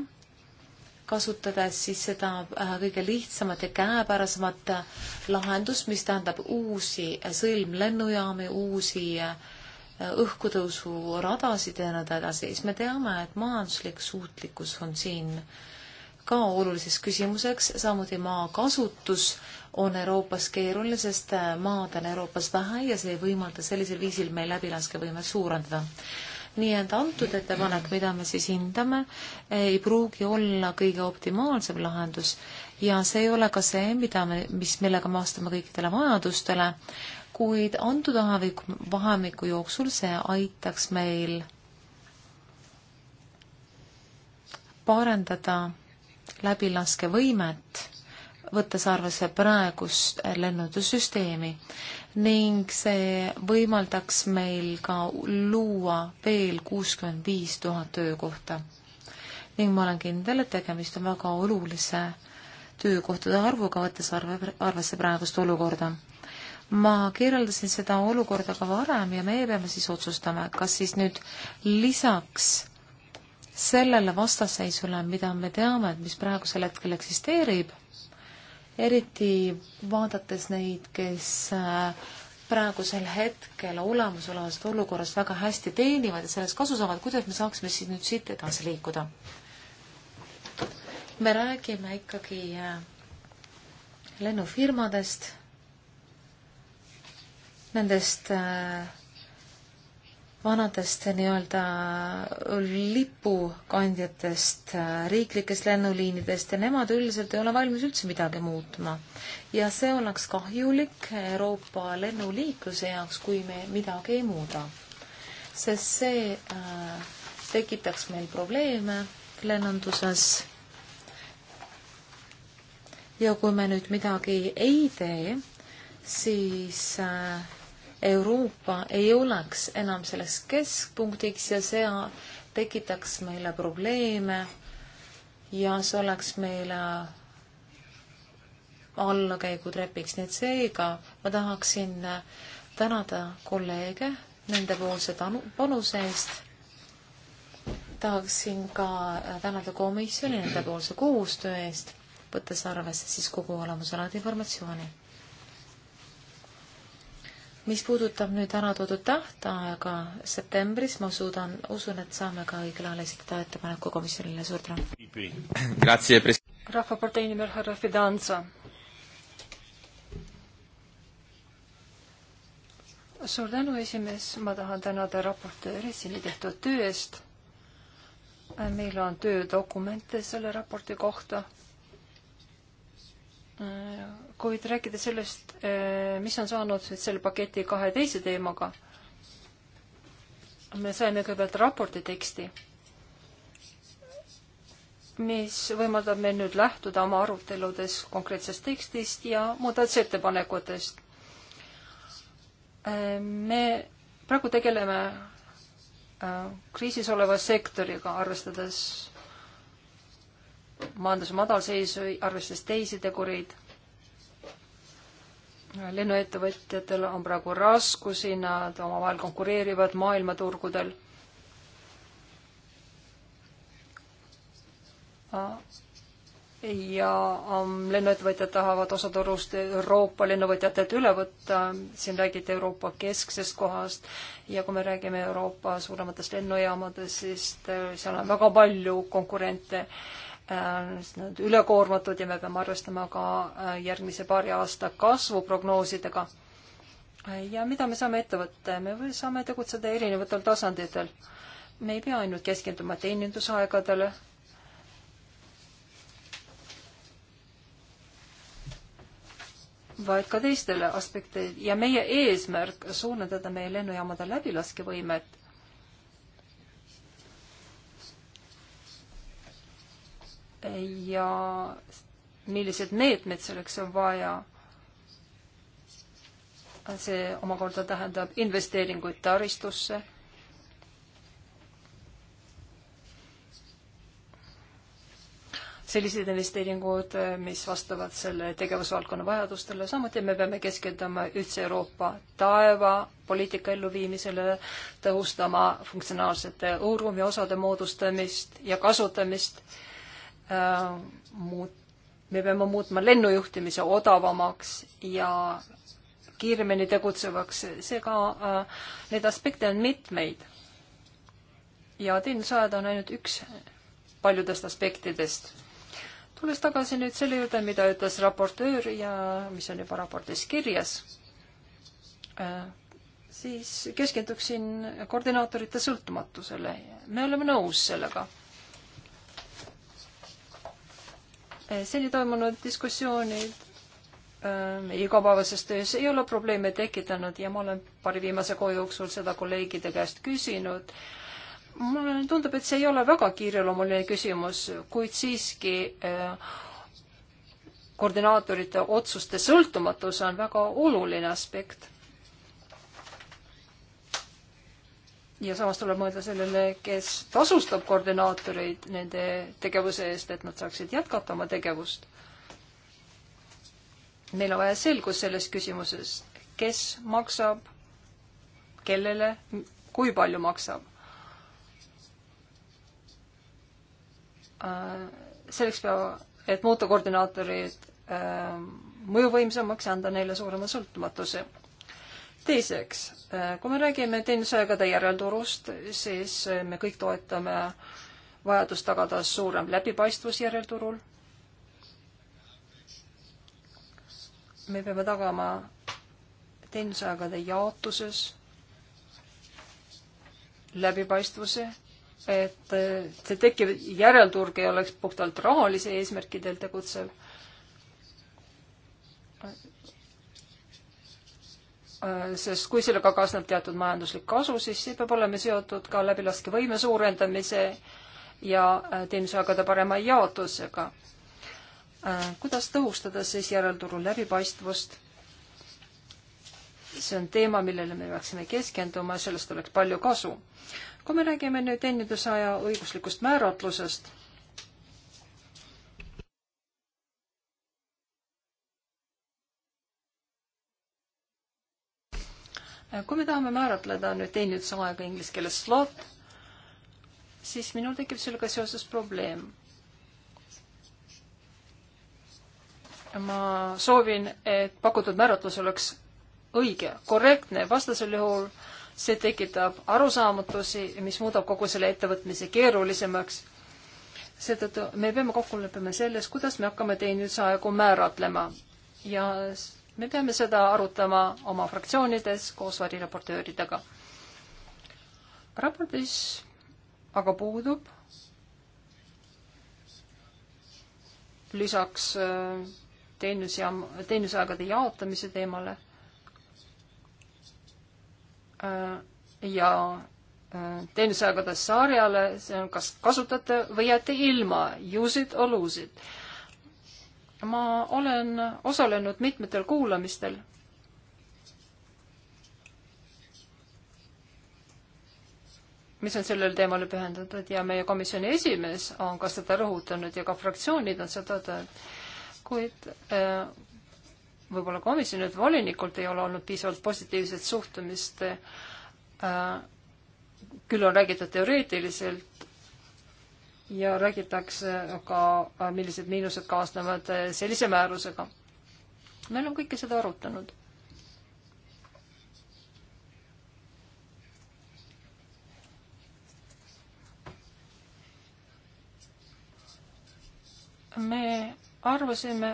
kasutades siis seda äh, kõige lihtsamat ja käepärasemat äh, lahendust, mis tähendab uusi äh, sõlmlennujaami, uusi õhkutõusuradasid ja nõnda edasi, siis me teame, et majanduslik suutlikkus on siin ka oluliseks küsimuseks, samuti maakasutus on Euroopas keeruline, sest maad on Euroopas vähe ja see ei võimalda sellisel viisil meil läbilaskevõimet suurendada nii et antud ettepanek, mida me siis hindame, ei pruugi olla kõige optimaalsem lahendus ja see ei ole ka see, mida me, mis, millega me vastame kõikidele vajadustele, kuid antud vahemiku, vahemiku jooksul see aitaks meil parendada läbilaskevõimet võttes arvesse praegust lennundussüsteemi ning see võimaldaks meil ka luua veel 65 000 töökohta. Ning ma olen kindel, et tegemist on väga olulise töökohtade arvuga, võttes arve, arvesse praegust olukorda. Ma kirjeldasin seda olukorda ka varem ja meie peame siis otsustama, kas siis nüüd lisaks sellele vastasseisule, mida me teame, et mis praegusel hetkel eksisteerib, eriti vaadates neid, kes äh, praegusel hetkel olemasolevast olukorrast väga hästi teenivad ja sellest kasu saavad, kuidas me saaksime siis nüüd siit edasi liikuda? me räägime ikkagi äh, lennufirmadest, nendest äh, vanadest nii-öelda lipukandjatest, riiklikest lennuliinidest ja nemad üldiselt ei ole valmis üldse midagi muutma. ja see oleks kahjulik Euroopa lennuliikluse jaoks, kui me midagi ei muuda. sest see äh, tekitaks meil probleeme lennunduses. ja kui me nüüd midagi ei tee, siis äh, Euroopa ei oleks enam selleks keskpunktiks ja see tekitaks meile probleeme ja see oleks meile allakäigutrepiks, nii et seega ma tahaksin äh, tänada kolleege nendepoolse panuse eest tahaksin ka äh, tänada komisjoni nendepoolse koostöö eest, võttes arvesse siis kogu olemasolevat informatsiooni mis puudutab nüüd ära toodud tähtaega septembris, ma suudan, usun, et saame ka õigel ajal esitada ettepaneku komisjonile, suur tänu. rahvapartei nimel härra Fidanza. suur tänu, esimees, ma tahan tänada raportööri seni tehtud töö eest. meil on töödokumente selle raporti kohta kuid rääkides sellest, eh, mis on saanud nüüd selle paketi kahe teise teemaga, me saime kõigepealt raporti teksti, mis võimaldab meil nüüd lähtuda oma aruteludes konkreetsest tekstist ja muudatusettepanekutest. Eh, me praegu tegeleme eh, kriisis oleva sektoriga, arvestades majanduse madalseisu, arvestades teisi tegureid lennuettevõtjatel on praegu raskusi, nad omavahel konkureerivad maailmaturgudel. ja um, lennuettevõtjad tahavad osa turust Euroopa lennuvõtjatelt üle võtta, siin räägiti Euroopa kesksest kohast ja kui me räägime Euroopa suurematest lennujaamadest, siis äh, seal on väga palju konkurente äh, Äh, nad ülekoormatud ja me peame arvestama ka äh, järgmise paari aasta kasvuprognoosidega. Äh, ja mida me saame ette võtta? me saame tegutseda erinevatel tasanditel. me ei pea ainult keskenduma teenindusaegadele. vaid ka teistele aspektidele ja meie eesmärk suurendada meie lennujaamade läbilaskevõimet ja millised meetmed selleks on vaja. see omakorda tähendab investeeringuid taristusse. sellised investeeringud, mis vastavad selle tegevusvaldkonna vajadustele, samuti me peame keskenduma ühtse Euroopa taeva poliitika elluviimisele, tõhustama funktsionaalsete õhuruumi osade moodustamist ja kasutamist äh, muut-, me peame muutma lennujuhtimise odavamaks ja kiiremini tegutsevaks, seega äh, neid aspekte on mitmeid. ja teenusaed on ainult üks paljudest aspektidest. tulles tagasi nüüd selle juurde, mida ütles raportöör ja mis on juba raportis kirjas äh,, siis keskenduksin koordinaatorite sõltumatusele. me oleme nõus sellega seni toimunud diskussioonid äh, igapäevases töös ei ole probleeme tekitanud ja ma olen paari viimase kuu jooksul seda kolleegide käest küsinud. mulle tundub, et see ei ole väga kiireloomuline küsimus, kuid siiski äh, koordinaatorite otsuste sõltumatus on väga oluline aspekt. ja samas tuleb mõelda sellele, kes tasustab koordinaatoreid nende tegevuse eest, et nad saaksid jätkata oma tegevust. meil on vaja selgust selles küsimuses, kes maksab, kellele, kui palju maksab. Äh, selleks peab, et muuta koordinaatorid äh, mõjuvõimsamaks ja anda neile suurema sõltumatuse teiseks, äh, kui me räägime teenusaegade järelturust, siis äh, me kõik toetame vajadust tagada suurem läbipaistvus järelturul. me peame tagama teenusaegade jaotuses läbipaistvuse, et äh, see tekkiv järelturg ei oleks puhtalt rahalise eesmärkidel tegutsev Äh, sest kui sellega kaasneb teatud majanduslik kasu, siis see peab olema seotud ka läbilaskevõime suurendamise ja äh, teenusaegade parema jaotusega. Äh, kuidas tõhustada siis järelturu läbipaistvust? see on teema, millele me peaksime keskenduma, sellest oleks palju kasu. kui me räägime nüüd teenindusaja õiguslikust määratlusest kui me tahame määratleda nüüd teenindusaega inglise keeles slot, siis minul tekib sellega seoses probleem. ma soovin, et pakutud määratlus oleks õige, korrektne, vastasel juhul see tekitab arusaamatusi, mis muudab kogu selle ettevõtmise keerulisemaks. seetõttu me peame kokku leppima selles, kuidas me hakkame teenindusaegu määratlema ja me peame seda arutama oma fraktsioonides koos variraportööridega. raportis aga puudub lisaks äh, teenus- ja, teenusaegade jaotamise teemale äh, ja äh, teenusaegade sarjale, see on kas kasutate või jääte ilma, use it or lose it ma olen osalenud mitmetel kuulamistel mis on sellele teemale pühendatud ja meie komisjoni esimees on ka seda rõhutanud ja ka fraktsioonid on seda öelnud, kuid äh, võib-olla komisjonilt, volinikult ei ole olnud piisavalt positiivset suhtumist. Äh, küll on räägitud teoreetiliselt ja räägitakse ka, millised miinused kaasnevad eh, sellise määrusega. me oleme kõike seda arutanud me arvasime,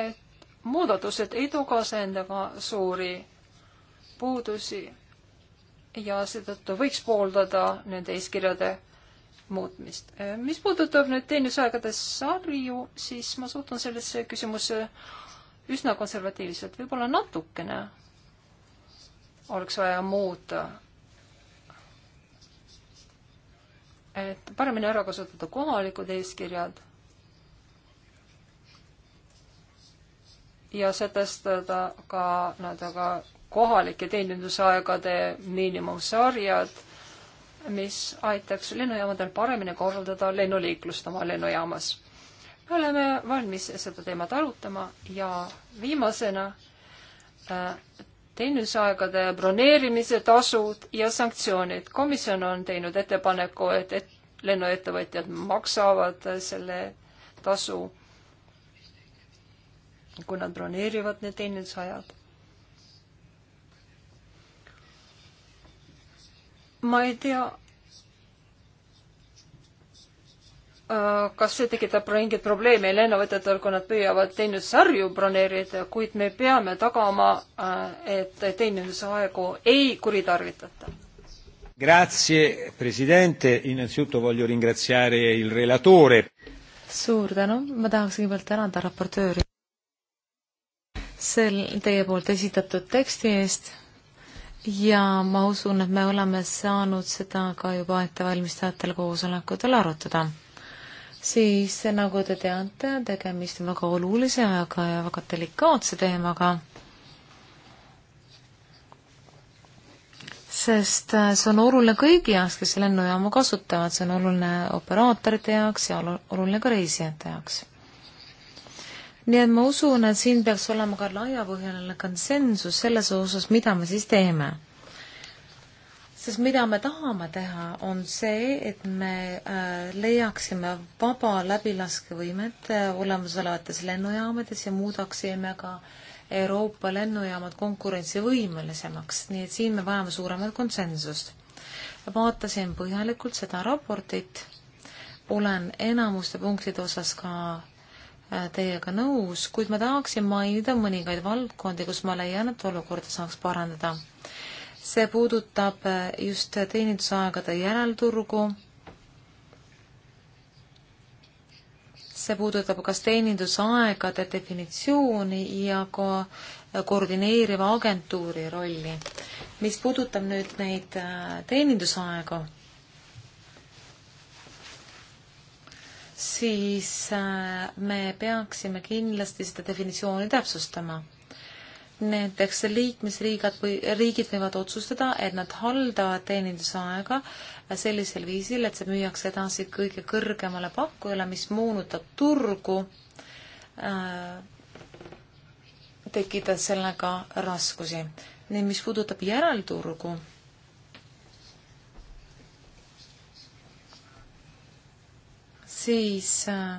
et muudatused ei too kaasa endaga suuri puudusi ja seetõttu võiks pooldada nende eeskirjade muutmist. mis puudutab nüüd teenistusaegade sarju, siis ma suhtun sellesse küsimusse üsna konservatiivselt, võib-olla natukene oleks vaja muuta. et paremini ära kasutada kohalikud eeskirjad ja sätestada ka nii-öelda ka kohalike teenindusaegade miinimumsarjad mis aitaks lennujaamadel paremini korraldada lennuliiklust oma lennujaamas. me oleme valmis seda teemat arutama ja viimasena äh, teenusaegade broneerimise tasud ja sanktsioonid. komisjon on teinud ettepaneku, et, et lennuettevõtjad maksavad selle tasu, kui nad broneerivad need teenindusajad ma ei tea, äh, kas see tekitab mingeid probleeme lennuvõtetel, kui nad püüavad teenindussarju broneerida, kuid me peame tagama, äh, et teenindusaegu ei kuritarvitata. Grazie, presidente, innanzitutto voglio ringraziare il relatore. suur tänu, ma tahaks kõigepealt tänada raportööri sel teie poolt esitatud teksti eest ja ma usun, et me oleme saanud seda ka juba ettevalmistajatel koosolekutel arutada. siis nagu te teate, tegemist on väga olulise, aga väga delikaatse teemaga. sest äh, see on oluline kõigi jaoks, kes lennujaamu kasutavad, see on oluline operaatorite jaoks ja oluline ka reisijate jaoks nii et ma usun, et siin peaks olema ka laiapõhjaline konsensus selles osas, mida me siis teeme. sest mida me tahame teha, on see, et me äh, leiaksime vaba läbilaskevõimet äh, olemasolevates lennujaamades ja muudaksime ka Euroopa lennujaamad konkurentsivõimelisemaks, nii et siin me vajame suuremat konsensust. vaatasin põhjalikult seda raportit, olen enamuste punktide osas ka Äh, teiega nõus, kuid ma tahaksin mainida mõningaid valdkondi, kus ma leian, et olukorda saaks parandada. see puudutab äh, just teenindusaegade järelturgu. see puudutab kas teenindusaegade definitsiooni ja ka äh, koordineeriva agentuuri rolli. mis puudutab nüüd neid teenindusaegu siis äh, me peaksime kindlasti seda definitsiooni täpsustama. Näiteks liikmesriigad või riigid võivad otsustada, et nad haldavad teenindusaega sellisel viisil, et see müüakse edasi kõige kõrgemale pakkujale, mis moonutab turgu, äh, tekitas sellega raskusi. Nii, mis puudutab järelturgu, siis äh,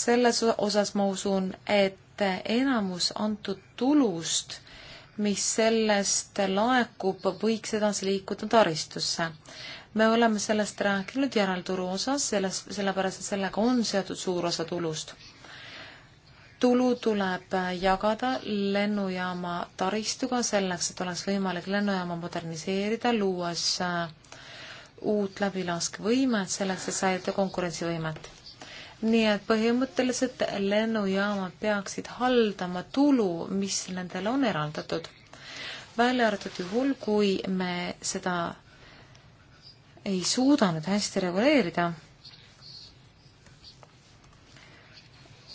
selles osas ma usun, et enamus antud tulust, mis sellest laekub, võiks edasi liikuda taristusse. me oleme sellest rääkinud järelturu osas, selles, sellepärast et sellega on seotud suur osa tulust. tulu tuleb jagada lennujaama taristuga selleks, et oleks võimalik lennujaama moderniseerida, luues äh, uut läbilaskevõimet selleks, et säilida konkurentsivõimet. nii et põhimõtteliselt lennujaamad peaksid haldama tulu, mis nendele on eraldatud. välja arvatud juhul, kui me seda ei suuda nüüd hästi reguleerida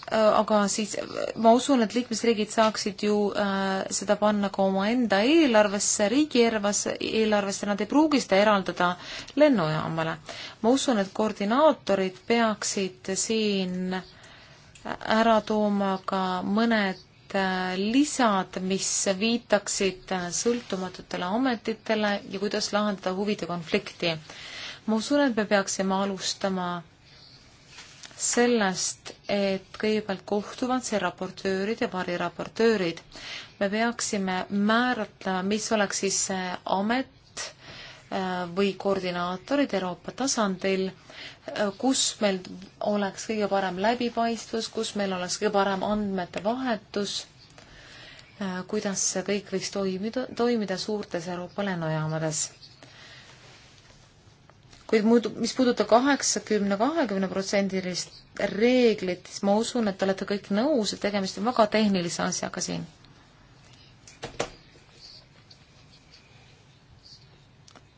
Äh, aga siis ma usun, et liikmesriigid saaksid ju äh, seda panna ka omaenda eelarvesse, riigieelarvesse, eelarvesse, nad ei pruugi seda eraldada lennujaamale. ma usun, et koordinaatorid peaksid siin ära tooma ka mõned äh, lisad, mis viitaksid äh, sõltumatutele ametitele ja kuidas lahendada huvide konflikti. ma usun, et me peaksime alustama sellest, et kõigepealt kohtuvad see raportöörid ja variraportöörid. me peaksime määratlema, mis oleks siis see amet äh, või koordinaatorid Euroopa tasandil, äh, kus meil oleks kõige parem läbipaistvus, kus meil oleks kõige parem andmete vahetus, äh, kuidas see kõik võiks toimida, toimida suurtes Euroopa lennujaamades kuid muud, mis puudutab kaheksakümne, kahekümne protsendilist reeglit, siis ma usun, et te olete kõik nõus, et tegemist on väga tehnilise asjaga siin.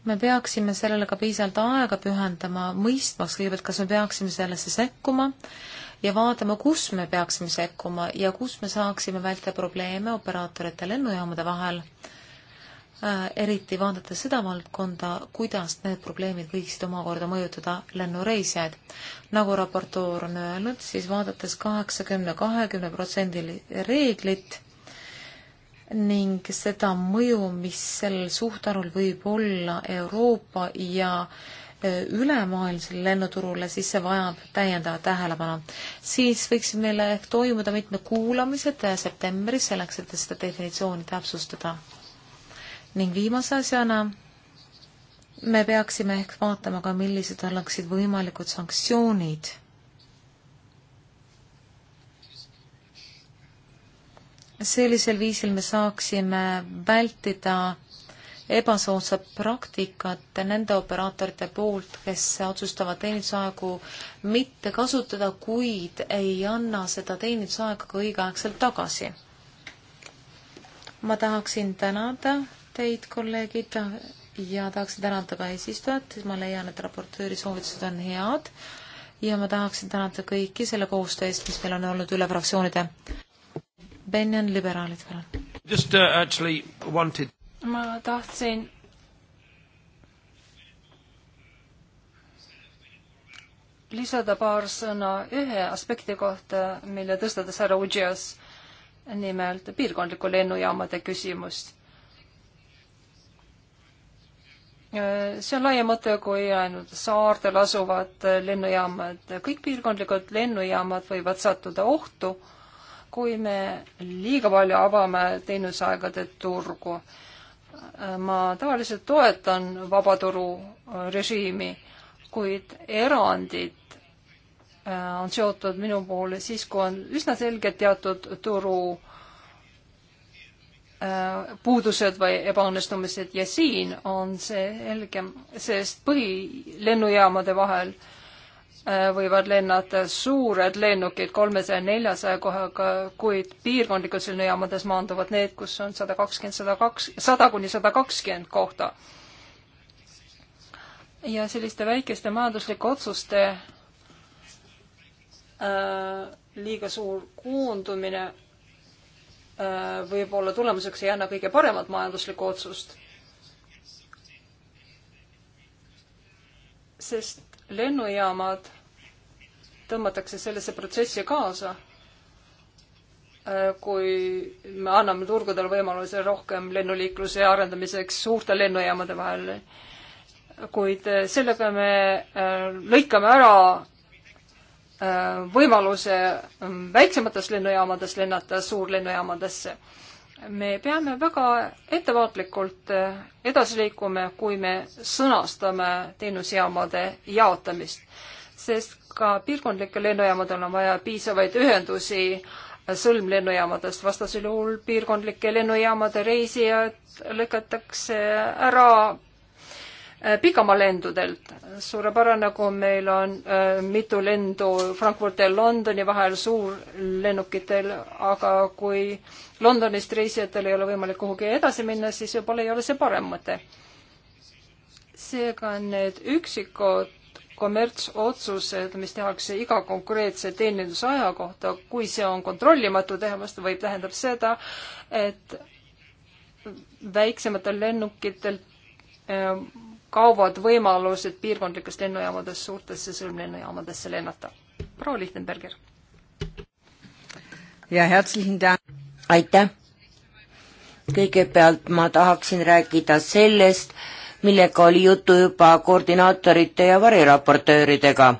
me peaksime sellele ka piisavalt aega pühendama, mõistmaks kõigepealt, kas me peaksime sellesse sekkuma ja vaatama, kus me peaksime sekkuma ja kus me saaksime vältida probleeme operaatorite lennujaamade vahel Äh, eriti vaadates seda valdkonda, kuidas need probleemid võiksid omakorda mõjutada lennureisijaid. nagu raportöör on öelnud, siis vaadates kaheksakümne, kahekümne protsendili reeglit ning seda mõju, mis sel suhtarvul võib olla Euroopa ja äh, ülemaailmsele lennuturule, siis see vajab täiendavat tähelepanu. siis võiksid meil ehk toimuda mitmed kuulamised äh, septembris, selleks et seda definitsiooni täpsustada ning viimase asjana me peaksime ehk vaatama ka, millised oleksid võimalikud sanktsioonid sellisel viisil me saaksime vältida ebasoodsat praktikat nende operaatorite poolt, kes otsustavad teenindusaegu mitte kasutada, kuid ei anna seda teenindusaega ka õigeaegselt tagasi. ma tahaksin tänada teid, kolleegid, ja tahaksin tänada ka eesistujat, ma leian, et raportööri soovitused on head ja ma tahaksin tänada kõiki selle koostöö eest, mis meil on olnud üle fraktsioonide. Benjan, liberaalid, palun. Uh, ma tahtsin lisada paar sõna ühe aspekti kohta, mille tõstatas härra Udžias, nimelt piirkondliku lennujaamade küsimust. see on laiem mõte kui ainult saartel asuvad lennujaamad. kõik piirkondlikud lennujaamad võivad sattuda ohtu, kui me liiga palju avame teenusaegade turgu. ma tavaliselt toetan vabaturu režiimi, kuid erandid äh, on seotud minu poole siis, kui on üsna selged teatud turu Äh, puudused või ebaõnnestumised ja siin on see helgem, sest põhilennujaamade vahel äh, võivad lennata suured lennukid kolmesaja, neljasaja kohaga, kuid piirkondlikus lennujaamades maanduvad need, kus on sada kakskümmend, sada kaks, sada kuni sada kakskümmend kohta. ja selliste väikeste majanduslike otsuste äh, liiga suur koondumine võib-olla tulemuseks ei anna kõige paremat majanduslikku otsust. sest lennujaamad tõmmatakse sellesse protsessi kaasa, kui me anname turgudele võimaluse rohkem lennuliikluse arendamiseks suurte lennujaamade vahel. kuid sellega me äh, lõikame ära Äh, võimaluse ähm, väiksemates lennujaamades lennata suurlennujaamadesse. me peame väga ettevaatlikult äh, edasi liikuma, kui me sõnastame teenusjaamade jaotamist, sest ka piirkondlikel lennujaamadel on vaja piisavaid ühendusi äh, sõlmlennujaamadest, vastasel juhul piirkondlike lennujaamade reisijad lükatakse ära Äh, pikamaalendudelt. suurepärane, kui meil on äh, mitu lendu Frankfurti ja Londoni vahel suurlennukitel, aga kui Londonist reisijatel ei ole võimalik kuhugi edasi minna, siis võib-olla ei ole see parem mõte. seega need üksikud kommertsotsused, mis tehakse iga konkreetse teenindusaja kohta, kui see on kontrollimatu tegemist, võib, tähendab seda, et väiksematel lennukitel äh, kaovad võimalused piirkondlikest lennujaamadest suurtesse sõlmlennujaamadesse lennata. proua Lichtenberger. ja herzlichen Dank. aitäh. kõigepealt ma tahaksin rääkida sellest, millega oli juttu juba koordinaatorite ja variraportööridega.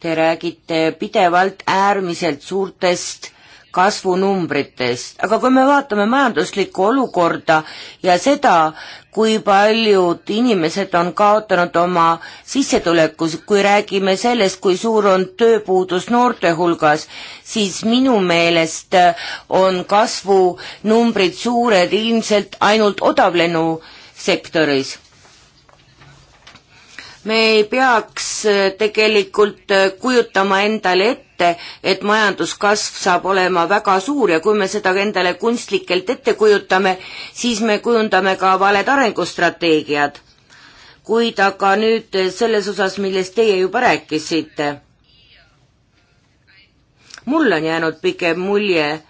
Te räägite pidevalt äärmiselt suurtest kasvunumbritest, aga kui me vaatame majanduslikku olukorda ja seda, kui paljud inimesed on kaotanud oma sissetulekus, kui räägime sellest, kui suur on tööpuudus noorte hulgas, siis minu meelest on kasvunumbrid suured ilmselt ainult odavlennusektoris me ei peaks tegelikult kujutama endale ette, kätte, et majanduskasv saab olema väga suur ja kui me seda endale kunstlikelt ette kujutame, siis me kujundame ka valed arengustrateegiad. kuid aga nüüd selles osas, millest teie juba rääkisite. mul on jäänud pigem mulje,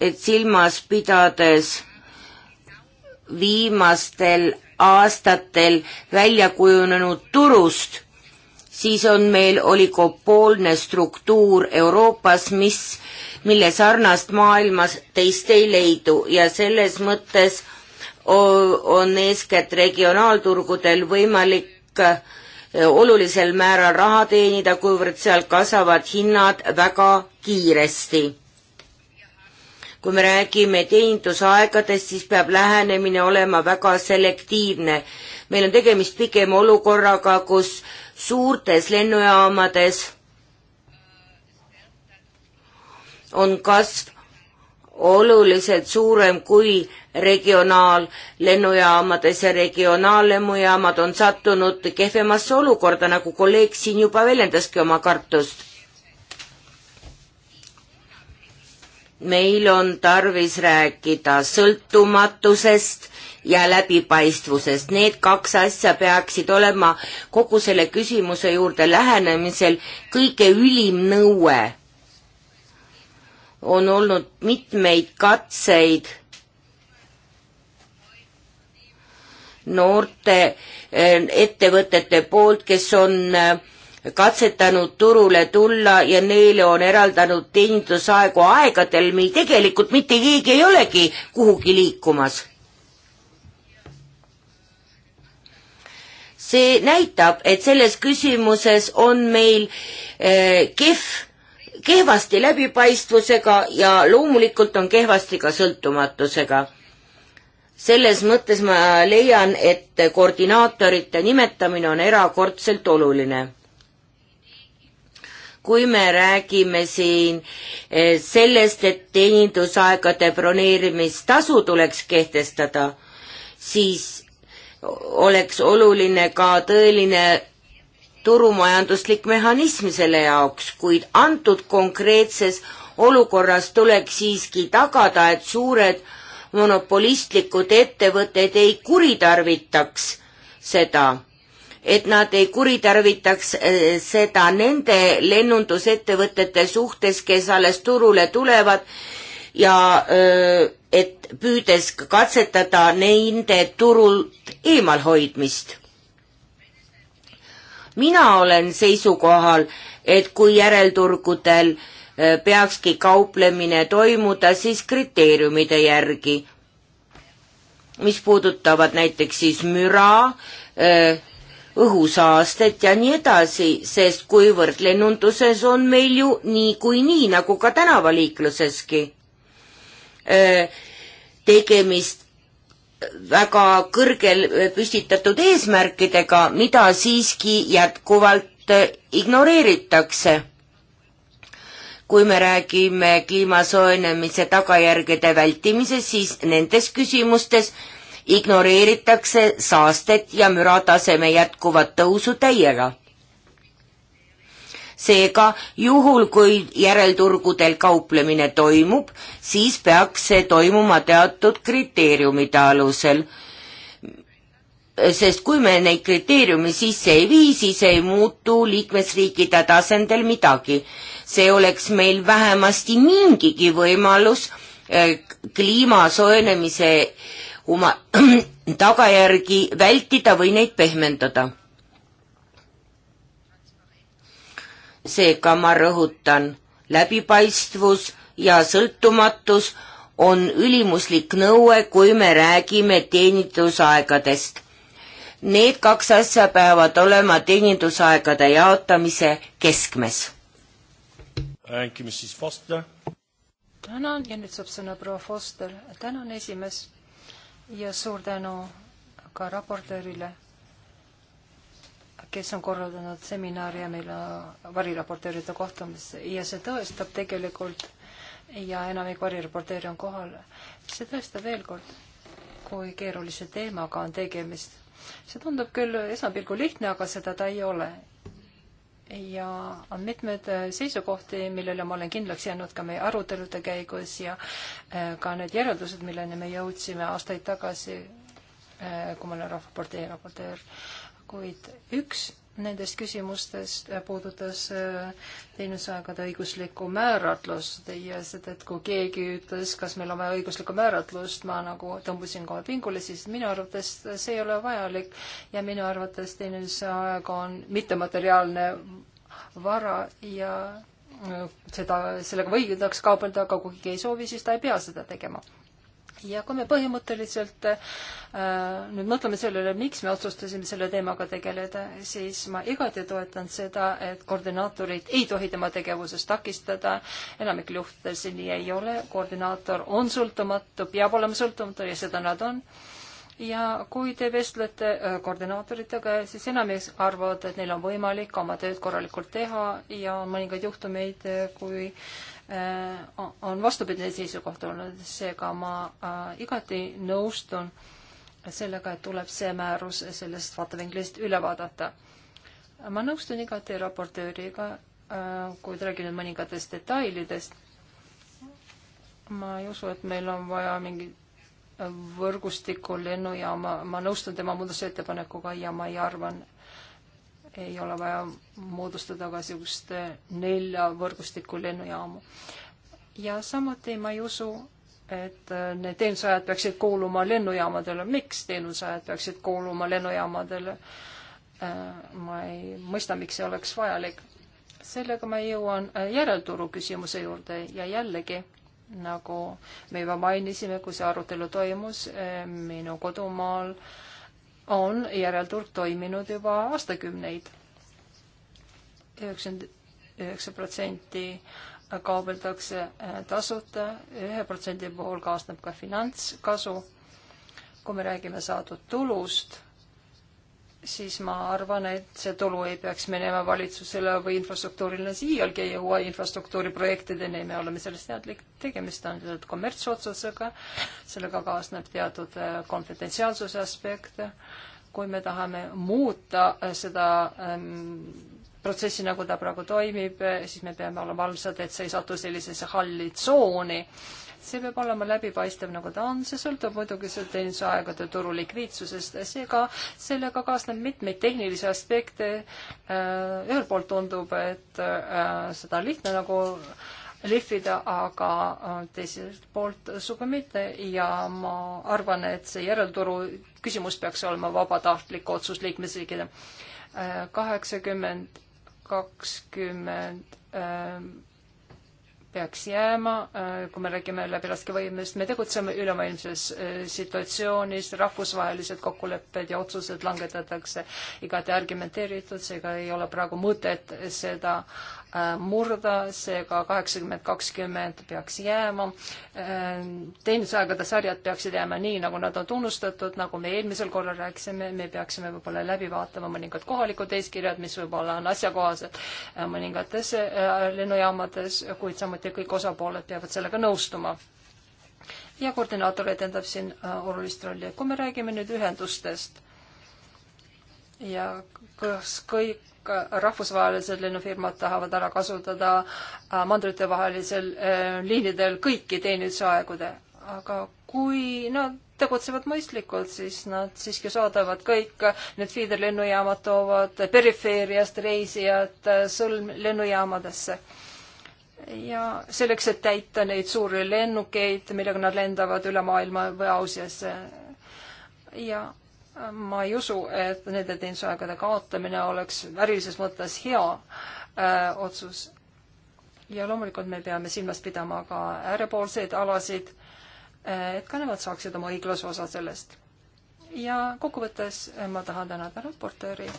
et silmas pidades viimastel aastatel välja kujunenud turust siis on meil oligopoolne struktuur Euroopas, mis, mille sarnast maailmas teist ei leidu ja selles mõttes on eeskätt regionaalturgudel võimalik eh, olulisel määral raha teenida, kuivõrd seal kasvavad hinnad väga kiiresti kui me räägime teenindusaegadest, siis peab lähenemine olema väga selektiivne. meil on tegemist pigem olukorraga, kus suurtes lennujaamades on kasv oluliselt suurem kui regionaallennujaamades ja regionaallennujaamad on sattunud kehvemasse olukorda, nagu kolleeg siin juba väljendaski oma kartust. meil on tarvis rääkida sõltumatusest ja läbipaistvusest. Need kaks asja peaksid olema kogu selle küsimuse juurde lähenemisel kõige ülim nõue. on olnud mitmeid katseid noorte eh, ettevõtete poolt, kes on eh, katsetanud turule tulla ja neile on eraldanud teenindusaegu aegadel, mil tegelikult mitte keegi ei olegi kuhugi liikumas see näitab, et selles küsimuses on meil eh, kehv, kehvasti läbipaistvusega ja loomulikult on kehvasti ka sõltumatusega. selles mõttes ma leian, et koordinaatorite nimetamine on erakordselt oluline kui me räägime siin eh, sellest, et teenindusaegade broneerimistasu tuleks kehtestada, siis oleks oluline ka tõeline turumajanduslik mehhanism selle jaoks, kuid antud konkreetses olukorras tuleks siiski tagada, et suured monopolistlikud ettevõtted ei kuritarvitaks seda, et nad ei kuritarvitaks eh, seda nende lennundusettevõtete suhtes, kes alles turule tulevad ja et püüdes katsetada nende turult eemalhoidmist. mina olen seisukohal, et kui järelturgudel peakski kauplemine toimuda, siis kriteeriumide järgi, mis puudutavad näiteks siis müra, õhusaastet ja nii edasi, sest kuivõrd lennunduses on meil ju niikuinii nii, nagu ka tänavaliikluseski tegemist väga kõrgel püstitatud eesmärkidega, mida siiski jätkuvalt ignoreeritakse. kui me räägime kliima soojenemise tagajärgede vältimisest, siis nendes küsimustes ignoreeritakse saastet ja mürataseme jätkuvat tõusu täiega seega juhul, kui järelturgudel kauplemine toimub, siis peaks see toimuma teatud kriteeriumide alusel. sest kui me neid kriteeriume sisse ei vii, siis ei muutu liikmesriikide tasandil midagi. see oleks meil vähemasti mingigi võimalus eh, kliima soojenemise oma tagajärgi vältida või neid pehmendada seega ma rõhutan, läbipaistvus ja sõltumatus on ülimuslik nõue, kui me räägime teenindusaegadest. Need kaks asja peavad olema teenindusaegade jaotamise keskmes. tänan ja nüüd saab sõna proua Foster. tänan, esimees, ja suur tänu ka raportöörile kes on korraldanud seminari ja meil on variraportööride kohtumisi ja see tõestab tegelikult ja enamik variraportööre on kohal. see tõestab veel kord, kui keerulise teemaga on tegemist. see tundub küll esmapilgul lihtne, aga seda ta ei ole. ja on mitmeid äh, seisukohti, millele ma olen kindlaks jäänud ka meie arutelude käigus ja äh, ka need järeldused, milleni me jõudsime aastaid tagasi, äh, kui ma olen rahvapartei raportöör kuid üks nendest küsimustest puudutas äh, teenusaegade õiguslikku määratlust ja seda, et kui keegi ütles, kas meil on vaja õiguslikku määratlust, ma nagu tõmbusin kohe pingule, siis minu arvates see ei ole vajalik ja minu arvates teenusaeg on mittemateriaalne vara ja äh, seda, sellega võidaks kaubelda, aga kui keegi ei soovi, siis ta ei pea seda tegema ja kui me põhimõtteliselt äh, nüüd mõtleme selle üle, miks me otsustasime selle teemaga tegeleda, siis ma igati toetan seda, et koordinaatorid ei tohi tema tegevuses takistada. enamikel juhtudel see nii ei ole. koordinaator on sõltumatu, peab olema sõltumatu ja seda nad on ja kui te vestlete äh, koordinaatoritega, siis enamik arvavad, et neil on võimalik oma tööd korralikult teha ja mõningaid juhtumeid, äh, kui äh, Äh, on vastupidine seisukoht olnud, seega ma äh, igati nõustun sellega, et tuleb see määrus sellest vaatevinklist üle vaadata. ma nõustun igati raportööriga, äh, kuid räägin nüüd mõningatest detailidest. ma ei usu, et meil on vaja mingit võrgustiku lennujaama, ma nõustun tema muudatusettepanekuga ja ma ei arvan, ei ole vaja moodustada ka niisugust nelja võrgustikku lennujaamu. ja samuti ma ei usu, et äh, need teenusajad peaksid kuuluma lennujaamadele. miks teenusajad peaksid kuuluma lennujaamadele? Äh, ma ei mõista, miks see oleks vajalik. sellega ma jõuan äh, järelturu küsimuse juurde ja jällegi, nagu me juba mainisime, kui see arutelu toimus minu kodumaal äh, on järelturg toiminud juba aastakümneid. üheksakümmend üheksa protsenti kaubeldakse äh, tasuta, ühe protsendi puhul kaasneb ka finantskasu. kui me räägime saadud tulust siis ma arvan, et see tulu ei peaks minema valitsusele või infrastruktuurile siialgi ei jõua infrastruktuuriprojektideni, me oleme sellest teadlik, tegemist on teatud kommertsotsusega, sellega kaasneb teatud äh, konfidentsiaalsuse aspekt, kui me tahame muuta äh, seda ähm, protsessi, nagu ta praegu toimib, äh, siis me peame olema valvsad, et see ei satu sellisesse halli tsooni äh,, see peab olema läbipaistev, nagu ta on, see sõltub muidugi teenindusaegade turu likviidsusest, seega sellega kaasneb mitmeid tehnilisi aspekte. Äh, ühelt poolt tundub, et äh, seda lihtne nagu lihvida, aga äh, teiselt poolt sugugi mitte ja ma arvan, et see järelturu küsimus peaks olema vabatahtlik otsus liikmesriigile. kaheksakümmend, kakskümmend peaks jääma, äh, kui me räägime läbilaskevõimest, me tegutseme ülemaailmses äh, situatsioonis, rahvusvahelised kokkulepped ja otsused langetatakse igati argumenteeritud, seega ei ole praegu mõtet seda äh, murda, seega kaheksakümmend kakskümmend peaks jääma. teenindusaegade sarjad peaksid jääma nii, nagu nad on tunnustatud, nagu me eelmisel korral rääkisime, me peaksime võib-olla läbi vaatama mõningad kohalikud eeskirjad, mis võib-olla on asjakohased äh, mõningates äh, lennujaamades, kuid samuti kõik osapooled peavad sellega nõustuma ja koordinaator etendab siin äh, olulist rolli. kui me räägime nüüd ühendustest ja kas kõik rahvusvahelised lennufirmad tahavad ära kasutada äh, mandritevahelisel äh, liinidel kõiki teenindusaegude, aga kui nad tegutsevad mõistlikult, siis nad siiski saadavad kõik, äh, need feederlennujaamad toovad perifeeriast reisijad sõlmlennujaamadesse. ja selleks, et täita neid suuri lennukeid, millega nad lendavad üle maailma või Aasiasse ja ma ei usu, et nende teenusaegade kaotamine oleks ärilises mõttes hea äh, otsus. ja loomulikult me peame silmas pidama ka äärepoolseid alasid äh,, et ka nemad saaksid oma õiglase osa sellest. ja kokkuvõttes äh, ma tahan tänada raportööri.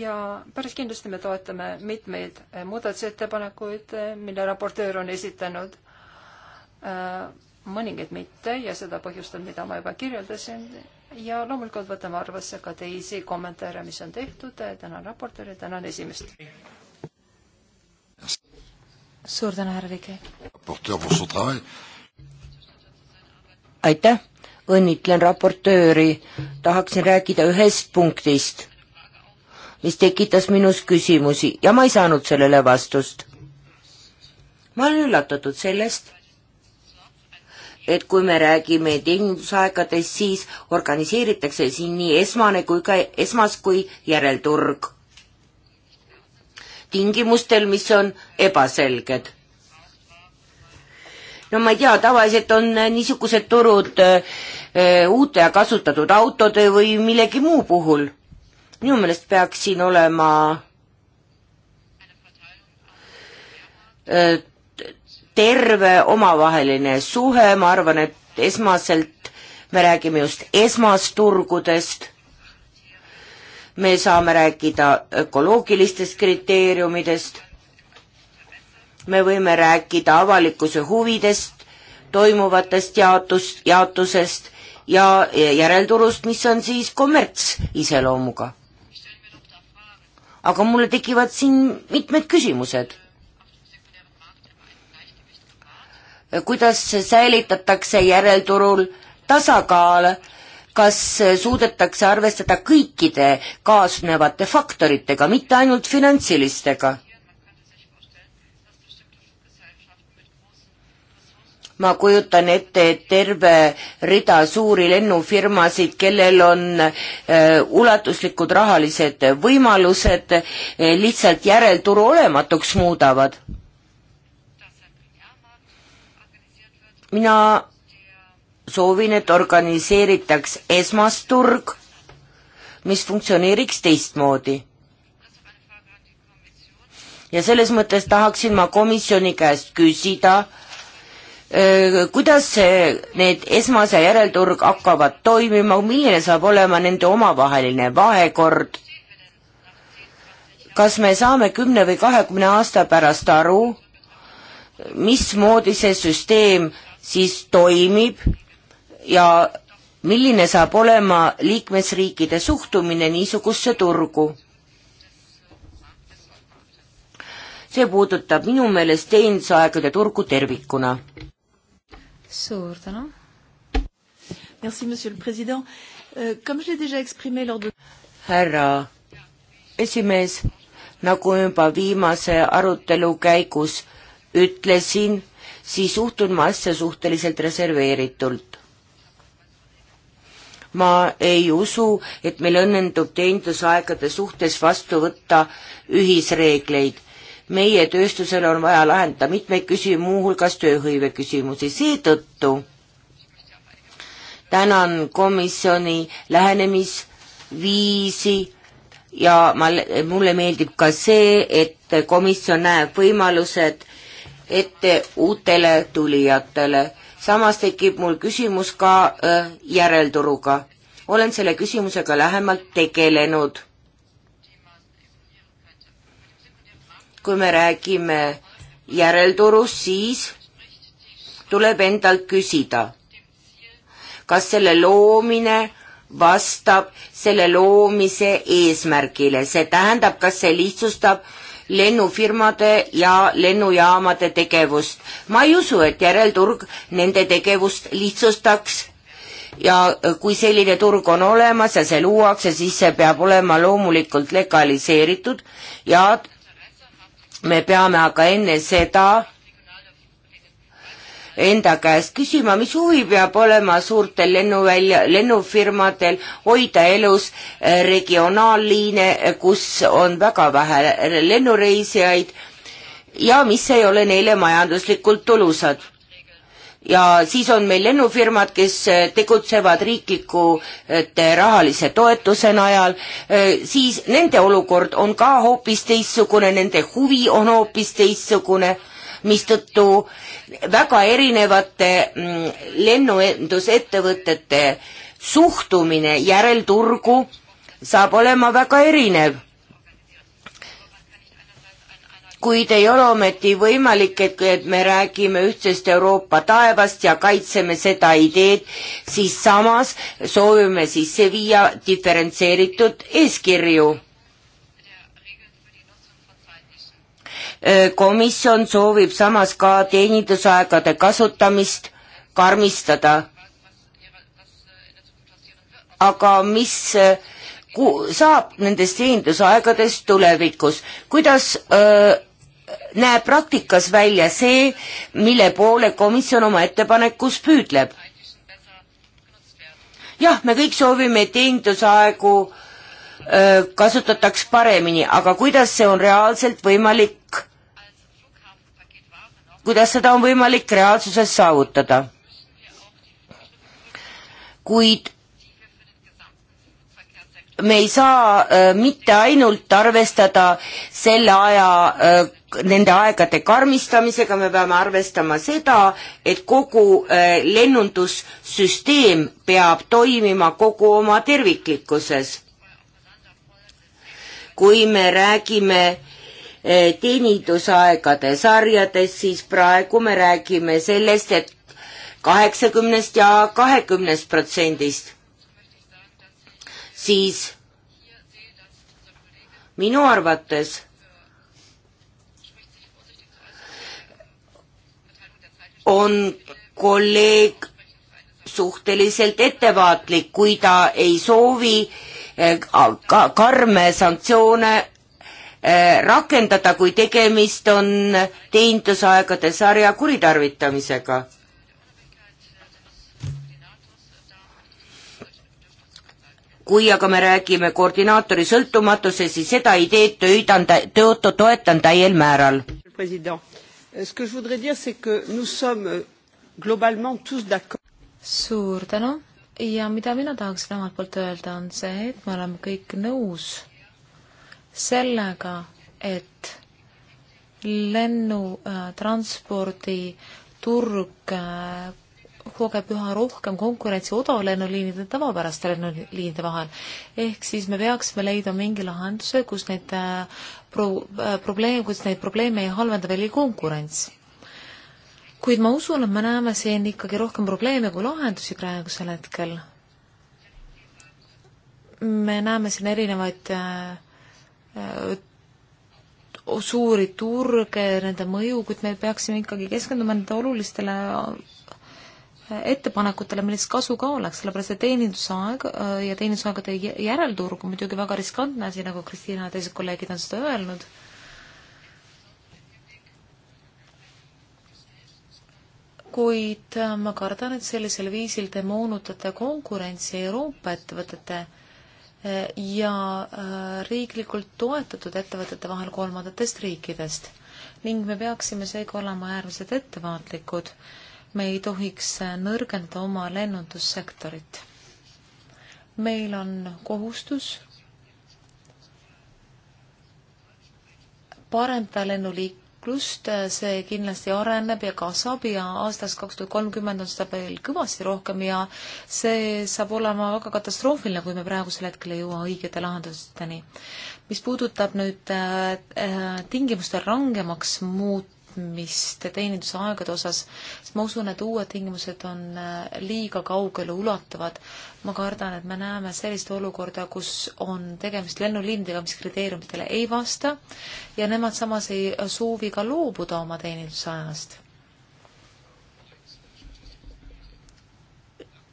ja päris kindlasti me toetame mitmeid äh, muudatusettepanekuid, äh, mille raportöör on esitanud äh, mõningaid mitte ja seda põhjustel, mida ma juba kirjeldasin. ja loomulikult võtame arvesse ka teisi kommentaare, mis on tehtud. tänan raportööri, tänan esimest. suur tänu, härra Rike. aitäh, õnnitlen raportööri. tahaksin rääkida ühest punktist, mis tekitas minus küsimusi ja ma ei saanud sellele vastust. ma olen üllatatud sellest et kui me räägime teenindusaegadest, siis organiseeritakse siin nii esmane kui ka esmas kui järelturg. tingimustel, mis on ebaselged. no ma ei tea, tavaliselt on niisugused turud öö, äh, äh, uute ja kasutatud autode või millegi muu puhul. minu meelest peaks siin olema öö, äh, terve omavaheline suhe, ma arvan, et esmaselt me räägime just esmasturgudest, me saame rääkida ökoloogilistest kriteeriumidest, me võime rääkida avalikkuse huvidest, toimuvatest jaotus, jaotusest ja järelturust, mis on siis kommerts iseloomuga. aga mulle tekivad siin mitmed küsimused kuidas säilitatakse järelturul tasakaal, kas suudetakse arvestada kõikide kaasnevate faktoritega, mitte ainult finantsilistega? ma kujutan ette, et terve rida suuri lennufirmasid, kellel on äh, ulatuslikud rahalised võimalused äh,, lihtsalt järelturu olematuks muudavad mina soovin, et organiseeritaks esmasturg, mis funktsioneeriks teistmoodi. ja selles mõttes tahaksin ma komisjoni käest küsida, kuidas see, need esmase järelturg hakkavad toimima, milline saab olema nende omavaheline vahekord, kas me saame kümne või kahekümne aasta pärast aru, mismoodi see süsteem siis toimib ja milline saab olema liikmesriikide suhtumine niisugusse turgu. see puudutab minu meelest teenindusaegade turgu tervikuna. suur tänu. Merci, monsieur le président. Euh, comme je l'ai déjà exprimé lors de... Härra esimees, nagu juba viimase arutelu käigus ütlesin, siis suhtun ma asja suhteliselt reserveeritult. ma ei usu, et meil õnnendub teenindusaegade suhtes vastu võtta ühisreegleid. meie tööstusel on vaja lahendada mitmeid küsimusi, muuhulgas tööhõive küsimusi, seetõttu tänan komisjoni lähenemisviisi ja ma, mulle meeldib ka see, et komisjon näeb võimalused ette uutele tulijatele. samas tekib mul küsimus ka äh, järelturuga. olen selle küsimusega lähemalt tegelenud. kui me räägime järelturust, siis tuleb endalt küsida, kas selle loomine vastab selle loomise eesmärgile, see tähendab, kas see lihtsustab äh, lennufirmade ja lennujaamade tegevust. ma ei usu, et järelturg nende tegevust lihtsustaks ja äh, kui selline turg on olemas ja see luuakse, siis see peab olema loomulikult legaliseeritud ja me peame aga enne seda enda käest küsima, mis huvi peab olema suurtel lennuvälja, lennufirmadel hoida elus eh, regionaalliine, eh, kus on väga vähe lennureisijaid ja mis ei ole neile majanduslikult tulusad. ja siis on meil lennufirmad, kes eh, tegutsevad riiklikute rahalise toetuse najal, siis nende olukord on ka hoopis teistsugune, nende huvi on hoopis teistsugune mistõttu väga erinevate mm, lennuendusettevõtete suhtumine järelturgu saab olema väga erinev. kuid ei ole ometi võimalik, et, et me räägime ühtsest Euroopa taevast ja kaitseme seda ideed, siis samas soovime sisse viia diferentseeritud eeskirju Äh, komisjon soovib samas ka teenindusaegade kasutamist karmistada. aga mis äh, saab nendest teenindusaegadest tulevikus, kuidas öö, äh, näeb praktikas välja see, mille poole komisjon oma ettepanekus püüdleb? jah, me kõik soovime, et teenindusaegu kasutataks paremini, aga kuidas see on reaalselt võimalik kuidas seda on võimalik reaalsuses saavutada. kuid me ei saa äh, mitte ainult arvestada selle aja äh, nende aegade karmistamisega, me peame arvestama seda, et kogu äh, lennundussüsteem peab toimima kogu oma terviklikkuses. kui me räägime Eh, teenindusaegade sarjades, siis praegu me räägime sellest et, et kaheksakümnest ja kahekümnest protsendist. siis minu arvates on kolleeg suhteliselt ettevaatlik, kui ta ei soovi eh, karme sanktsioone Äh, rakendada, kui tegemist on teenindusaegade sarja kuritarvitamisega. kui aga me räägime koordinaatori sõltumatuse, siis seda ideed töötan, toetan täiel määral. Euh, euh, suur tänu ja mida mina tahaksin omalt poolt öelda, on see, et me oleme kõik nõus sellega, et lennutranspordi äh, turg kogeb äh, üha rohkem konkurentsi odavlennuliinide tavapäraste lennuliinide vahel. ehk siis me peaksime leidma mingi lahenduse, kus neid äh, pro-, probleem, kus neid probleeme ei halvenda veel konkurents. kuid ma usun, et me näeme siin ikkagi rohkem probleeme kui lahendusi praegusel hetkel. me näeme siin erinevaid äh, Äh, suuri turge, nende mõju, kuid me peaksime ikkagi keskenduma nende olulistele äh, ettepanekutele, millest kasu ka oleks, sellepärast et teenindusaeg äh, ja teenindusaegade järelturg on muidugi väga riskantne asi, nagu Kristiina ja teised kolleegid on seda öelnud. kuid ma kardan, et sellisel viisil te moonutate konkurentsi Euroopa ettevõtete et ja äh, riiklikult toetatud ettevõtete vahel kolmandatest riikidest ning me peaksime seega olema äärmiselt ettevaatlikud. me ei tohiks äh, nõrgendada oma lennundussektorit. meil on kohustus parendada lennuliik-, liiklust, äh, see kindlasti areneb ja kasvab ja aastast kaks tuhat kolmkümmend on seda veel kõvasti rohkem ja see saab olema väga katastroofiline, kui me praegusel hetkel ei jõua õigete lahendusteni. mis puudutab nüüd äh, äh, tingimuste rangemaks muut-, muutmist teenindusaegade osas, sest ma usun, et uued tingimused on äh, liiga kaugele ulatuvad. ma kardan, et me näeme sellist olukorda, kus on tegemist lennuliinidega, mis kriteeriumitele ei vasta ja nemad samas ei äh, soovi ka loobuda oma teenindusajast.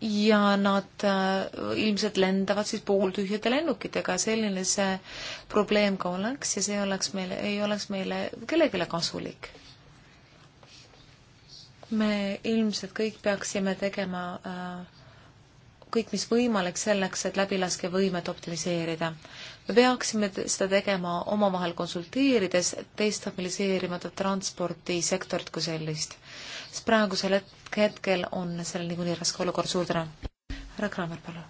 ja nad äh, ilmselt lendavad siis pooltühjade lennukitega, selline see probleem ka oleks ja see oleks meile, ei oleks meile kellelegi kasulik me ilmselt kõik peaksime tegema äh, kõik, mis võimalik selleks, et läbilaskevõimet optimiseerida. me peaksime seda tegema omavahel konsulteerides, destabiliseerimata transpordisektorit kui sellist. sest praegusel hetkel on seal niikuinii raske olukord, suur tänu. härra Kramer, palun.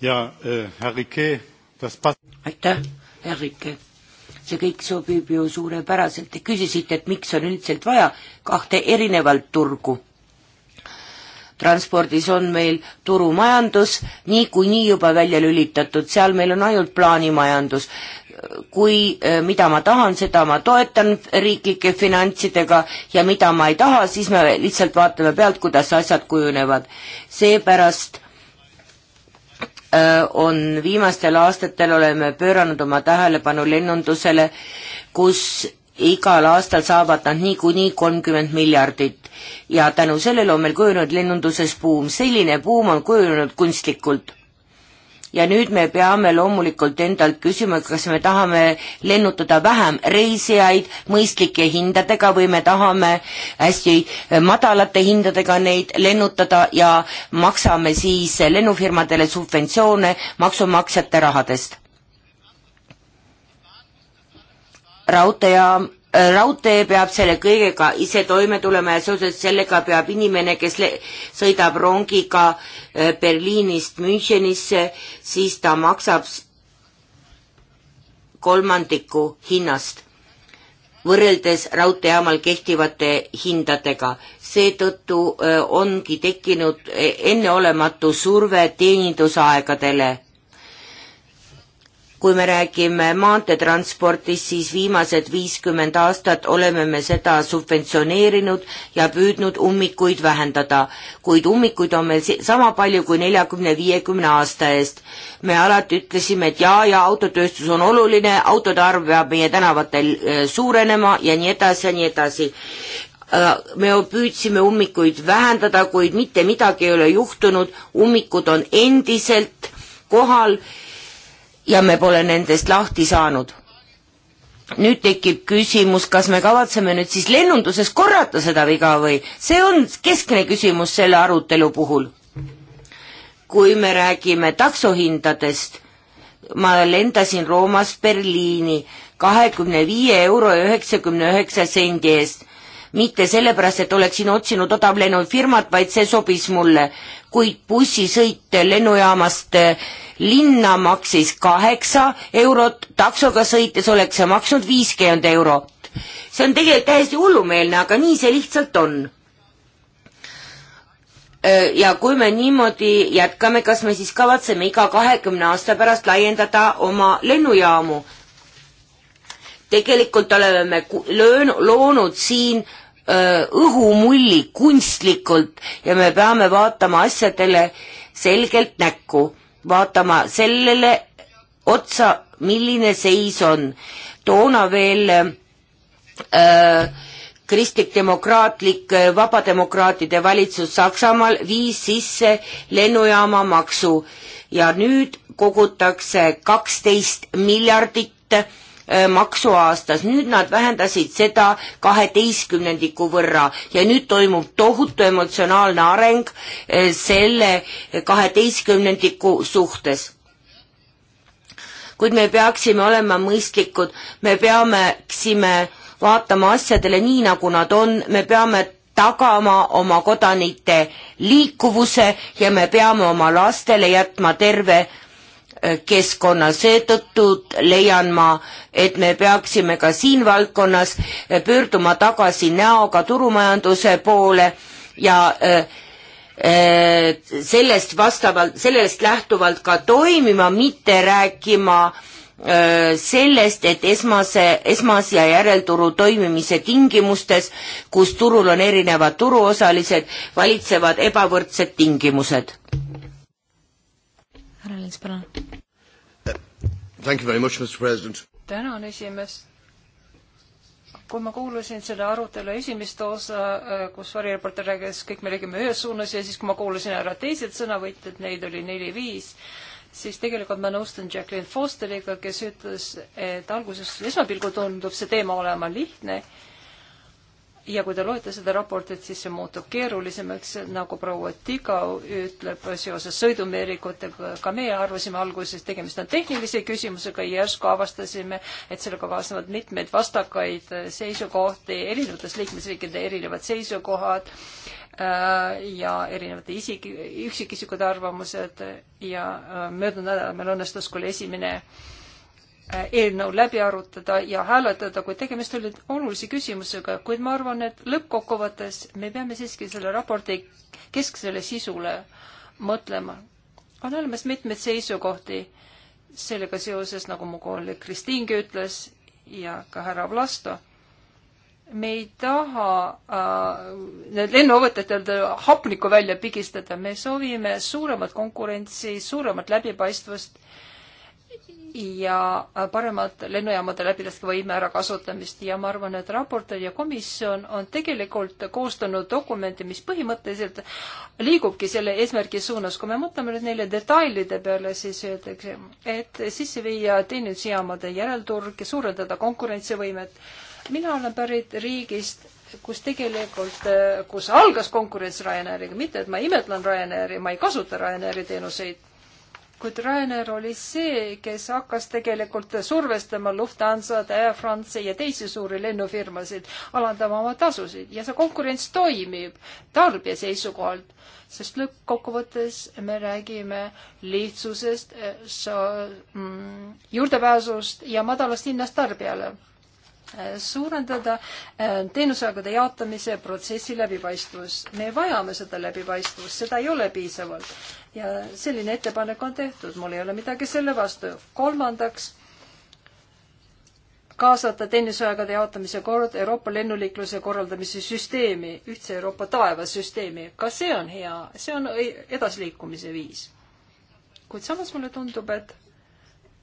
ja äh, Herr Rike, kas pas-? aitäh, Herr Rike see kõik sobib ju suurepäraselt. Te küsisite, et miks on üldiselt vaja kahte erinevat turgu. transpordis on meil turumajandus niikuinii nii juba välja lülitatud, seal meil on ainult plaanimajandus kui, e, mida ma tahan, seda ma toetan riiklike finantsidega ja mida ma ei taha, siis me lihtsalt vaatame pealt, kuidas asjad kujunevad. seepärast Äh, on viimastel aastatel oleme pööranud oma tähelepanu lennundusele, kus igal aastal saavad nad niikuinii kolmkümmend miljardit ja tänu sellele on meil kujunenud lennunduses buum, selline buum on kujunenud kunstlikult ja nüüd me peame loomulikult endalt küsima, kas me tahame lennutada vähem reisijaid mõistlike hindadega või me tahame hästi madalate hindadega neid lennutada ja maksame siis lennufirmadele subventsioone maksumaksjate rahadest. raudteejaam raudtee peab selle kõigega ise toime tulema ja seoses sellega peab inimene, kes sõidab rongiga äh, Berliinist Münchenisse, siis ta maksab kolmandiku hinnast võrreldes raudteejaamal kehtivate hindadega. seetõttu äh, ongi tekkinud e-, enneolematu surve teenindusaegadele kui me räägime maanteetranspordist, siis viimased viiskümmend aastat oleme me seda subventsioneerinud ja püüdnud ummikuid vähendada, kuid ummikuid on meil sama palju kui neljakümne-viiekümne aasta eest. me alati ütlesime, et jaa, jaa, autotööstus on oluline, autode arv peab meie tänavatel äh, suurenema ja nii edasi ja nii edasi äh, me püüdsime ummikuid vähendada, kuid mitte midagi ei ole juhtunud, ummikud on endiselt kohal ja me pole nendest lahti saanud. nüüd tekib küsimus, kas me kavatseme nüüd siis lennunduses korrata seda viga või see on keskne küsimus selle arutelu puhul. kui me räägime taksohindadest, ma lendasin Roomast Berliini kahekümne viie euro ja üheksakümne üheksa sendi eest mitte sellepärast, et oleksin otsinud odavlennufirmat, vaid see sobis mulle. kuid bussisõit lennujaamast eh, linna maksis kaheksa eurot, taksoga sõites oleks see maksnud viiskümmend eurot. see on tegelikult täiesti hullumeelne, aga nii see lihtsalt on eh, ja kui me niimoodi jätkame, kas me siis kavatseme iga kahekümne aasta pärast laiendada oma lennujaamu? tegelikult oleme me löön-, loonud siin Äh, õhumulli kunstlikult ja me peame vaatama asjadele selgelt näkku, vaatama sellele otsa, milline seis on. toona veel äh, kristlik-demokraatlik äh, vabademokraatide valitsus Saksamaal viis sisse lennujaama maksu ja nüüd kogutakse kaksteist miljardit Äh, maksu aastas, nüüd nad vähendasid seda kaheteistkümnendiku võrra ja nüüd toimub tohutu emotsionaalne areng äh, selle kaheteistkümnendiku suhtes kuid me peaksime olema mõistlikud, me peaksime vaatama asjadele nii, nagu nad on, me peame tagama oma kodanike liikuvuse ja me peame oma lastele jätma terve keskkonnal, seetõttu leian ma, et me peaksime ka siin valdkonnas eh, pöörduma tagasi näoga turumajanduse poole ja eh, eh, sellest vastavalt, sellest lähtuvalt ka toimima, mitte rääkima sellest, et esmase, esmas- ja järelturu toimimise tingimustes, kus turul on erinevad turuosalised, valitsevad ebavõrdsed tingimused härra Lins, palun. tänan, esimees. kui ma kuulasin selle arutelu esimest osa, äh, kus varireporter rääkis, kõik me räägime ühes suunas ja siis, kui ma kuulasin ära teised sõnavõtjad, neid oli neli-viis, siis tegelikult ma nõustun Jacqueline Fosteriga, kes ütles, et alguses esmapilgul tundub see teema olema lihtne ja kui te loete seda raportit, siis see muutub keerulisemaks, nagu proua Tigau ütleb seoses sõidumeerikutega. ka meie arvasime alguses, tegemist on tehnilise küsimusega ja järsku avastasime, et sellega kaasnevad mitmeid vastakaid seisukohti, erinevates liikmesriikide erinevad seisukohad äh, ja erinevate isik, üksikisikute arvamused ja äh, möödunud nädalal meil õnnestus küll esimene äh, Äh, eelnõu läbi arutada ja hääletada, kui tegemist oli olulise küsimusega, kuid ma arvan, et lõppkokkuvõttes me peame siiski selle raporti kesksele sisule mõtlema. on olemas mitmeid seisukohti sellega seoses, nagu mu kolleeg Kristiingi ütles ja ka härra Vlasto. me ei taha äh, need lennuettevõtted hapnikku välja pigistada, me soovime suuremat konkurentsi, suuremat läbipaistvust äh, ja paremat lennujaamade läbilaskevõime ärakasutamist ja ma arvan, et raportöör ja komisjon on tegelikult koostanud dokumente, mis põhimõtteliselt liigubki selle eesmärgi suunas. kui me mõtleme nüüd neile detailide peale, siis öeldakse, et sisse viia teenindusjaamade järelturg ja suurendada konkurentsivõimet. mina olen pärit riigist, kus tegelikult, kus algas konkurents Ryanairiga, mitte et ma imetlen Ryanairi, ma ei kasuta Ryanairi teenuseid kuid Rainer oli see, kes hakkas tegelikult survestama Lufthansat, Air France'i ja teisi suuri lennufirmasid alandama oma tasusid ja see konkurents toimib tarbija seisukohalt, sest lõppkokkuvõttes me räägime lihtsusest, mm, juurdepääsust ja madalast hinnast tarbijale suurendada äh, teenusaegade jaotamise protsessi läbipaistvust. me vajame seda läbipaistvust, seda ei ole piisavalt ja selline ettepanek on tehtud, mul ei ole midagi selle vastu. kolmandaks, kaasata teenusaegade jaotamise kord Euroopa lennuliikluse korraldamise süsteemi, ühtse Euroopa taevasüsteemi. ka see on hea, see on edasliikumise viis. kuid samas mulle tundub, et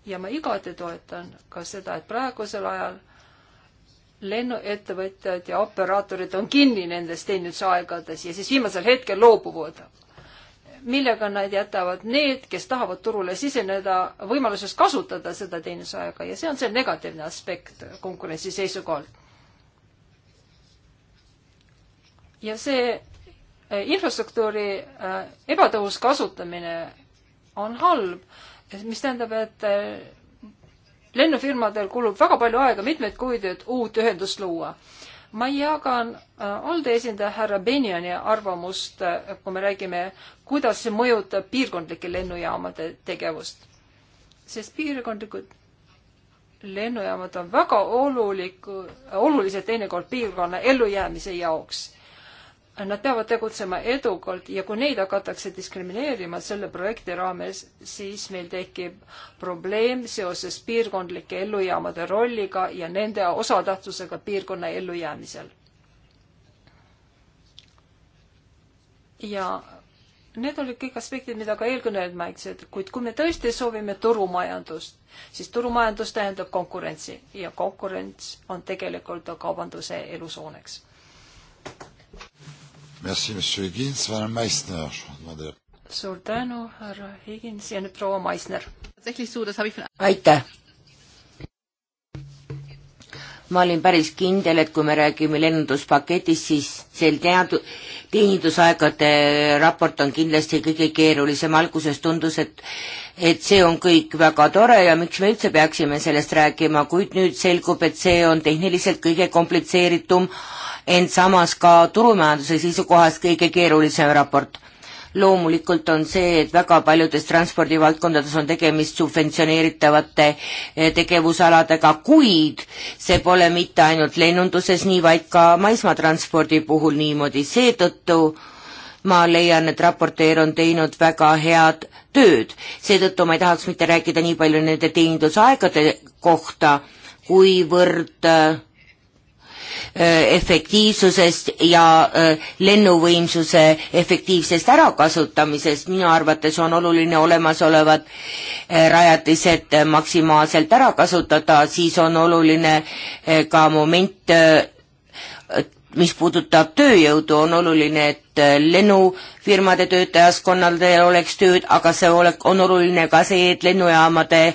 ja ma igati toetan ka seda, et praegusel ajal lennuettevõtjad ja operaatorid on kinni nendes teenindusaegades ja siis viimasel hetkel loobuvad. millega nad jätavad need, kes tahavad turule siseneda, võimalusest kasutada seda teenindusaega ja see on see negatiivne aspekt konkurentsi seisukohalt. ja see eh, infrastruktuuri eh, ebatõhus kasutamine on halb, mis tähendab, et eh, lennufirmadel kulub väga palju aega, mitmeid kuid, et uut ühendust luua. ma jagan äh, ALDE esindaja härra Benjani arvamust, äh, kui me räägime, kuidas see mõjutab piirkondlike lennujaamade tegevust. sest piirkondlikud lennujaamad on väga olulik, olulised teinekord piirkonna ellujäämise jaoks nad peavad tegutsema edukalt ja kui neid hakatakse diskrimineerima selle projekti raames, siis meil tekib probleem seoses piirkondlike ellujaamade rolliga ja nende osatähtsusega piirkonna ellujäämisel. ja need olid kõik aspektid, mida ka eelkõnelejad mainisid, kuid kui me tõesti soovime turumajandust, siis turumajandus tähendab konkurentsi ja konkurents on tegelikult kaubanduse elusooneks Merci, monsieur Higins, madame Meissner. suur tänu, härra Higins ja nüüd proua Meissner. aitäh ma olin päris kindel, et kui me räägime lennunduspaketist, siis sel teadu-, teenindusaegade raport on kindlasti kõige keerulisem, alguses tundus, et et see on kõik väga tore ja miks me üldse peaksime sellest rääkima, kuid nüüd selgub, et see on tehniliselt kõige komplitseeritum ent samas ka turumajanduse seisukohast kõige keerulisem raport. loomulikult on see, et väga paljudes transpordivaldkondades on tegemist subventsioneeritavate eh, tegevusaladega, kuid see pole mitte ainult lennunduses nii, vaid ka maismaatranspordi puhul niimoodi, seetõttu ma leian, et raporteer on teinud väga head tööd, seetõttu ma ei tahaks mitte rääkida nii palju nende teenindusaegade kohta, kuivõrd äh, Äh, efektiivsusest ja äh, lennuvõimsuse efektiivsest ärakasutamisest. minu arvates on oluline olemasolevad äh, rajatised maksimaalselt ära kasutada, siis on oluline ka moment, mis puudutab tööjõudu, on oluline, et lennufirmade töötajaskonnal oleks tööd, aga see olek, on oluline ka see, et lennujaamade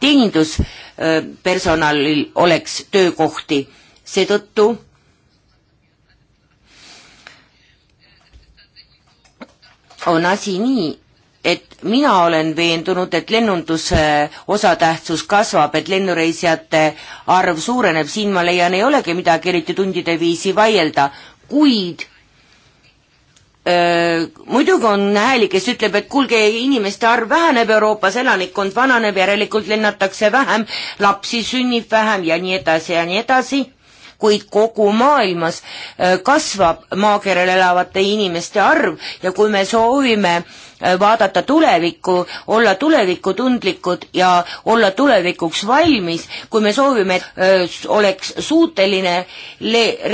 teeninduspersonalil oleks töökohti seetõttu on asi nii, et mina olen veendunud, et lennunduse osatähtsus kasvab, et lennureisijate arv suureneb, siin ma leian, ei olegi midagi eriti tundide viisi vaielda, kuid öö, muidugi on hääli, kes ütleb, et kuulge, inimeste arv väheneb Euroopas, elanikkond vananeb, järelikult lennatakse vähem, lapsi sünnib vähem ja nii edasi ja nii edasi kuid kogu maailmas äh, kasvab maakeral elavate inimeste arv ja kui me soovime äh, vaadata tulevikku, olla tulevikutundlikud ja olla tulevikuks valmis, kui me soovime, et äh, oleks suuteline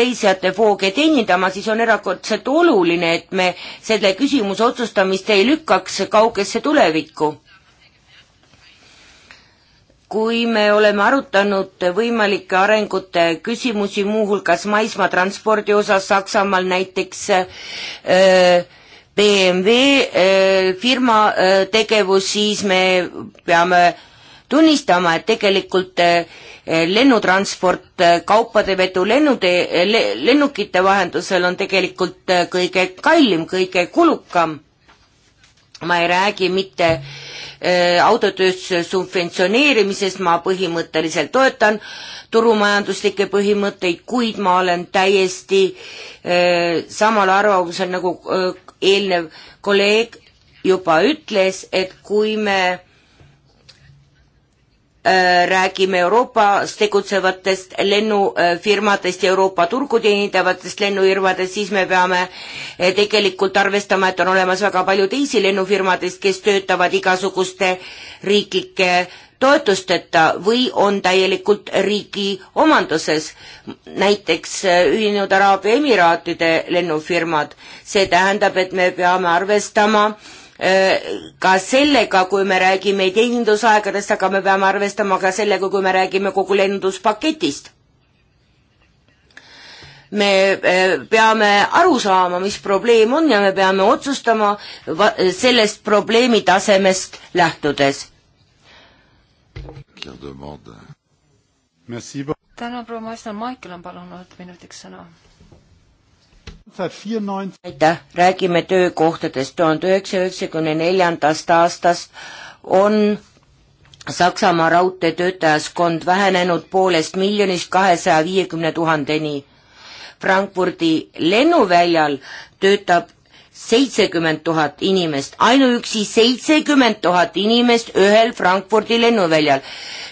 reisijate vooge teenindama, siis on erakordselt oluline, et me selle küsimuse otsustamist ei lükkaks kaugesse tulevikku kui me oleme arutanud võimalike arengute küsimusi, muuhulgas maismaatranspordi osas Saksamaal näiteks äh, BMW äh, firma äh, tegevus, siis me peame tunnistama, et tegelikult lennutransport kaupade vedu lennude, lennukite vahendusel on tegelikult kõige kallim, kõige kulukam ma ei räägi mitte äh, autotööstuse subventsioneerimisest, ma põhimõtteliselt toetan turumajanduslikke põhimõtteid, kuid ma olen täiesti äh, samal arvamusel, nagu äh, eelnev kolleeg juba ütles, et kui me Äh, räägime Euroopas tegutsevatest lennufirmadest ja Euroopa turgu teenindavatest lennufirmadest, siis me peame äh, tegelikult arvestama, et on olemas väga palju teisi lennufirmadest, kes töötavad igasuguste riiklike toetusteta või on täielikult riigi omanduses, näiteks äh, Ühinenud Araabia Emiraatide lennufirmad. see tähendab, et me peame arvestama äh, Äh, ka sellega, kui me räägime teenindusaegadest, aga me peame arvestama ka sellega, kui me räägime kogu lennunduspaketist. me äh, peame aru saama, mis probleem on ja me peame otsustama sellest probleemi tasemest lähtudes. täna proua Maisna, Maicel on palunud minutiks sõna aitäh, räägime töökohtadest, tuhande üheksasaja üheksakümne neljandast aastast on Saksamaa raudteetöötajaskond vähenenud poolest miljonist kahesaja viiekümne tuhandeni. Frankfurdi lennuväljal töötab seitsekümmend tuhat inimest, ainuüksi seitsekümmend tuhat inimest ühel Frankfurdi lennuväljal.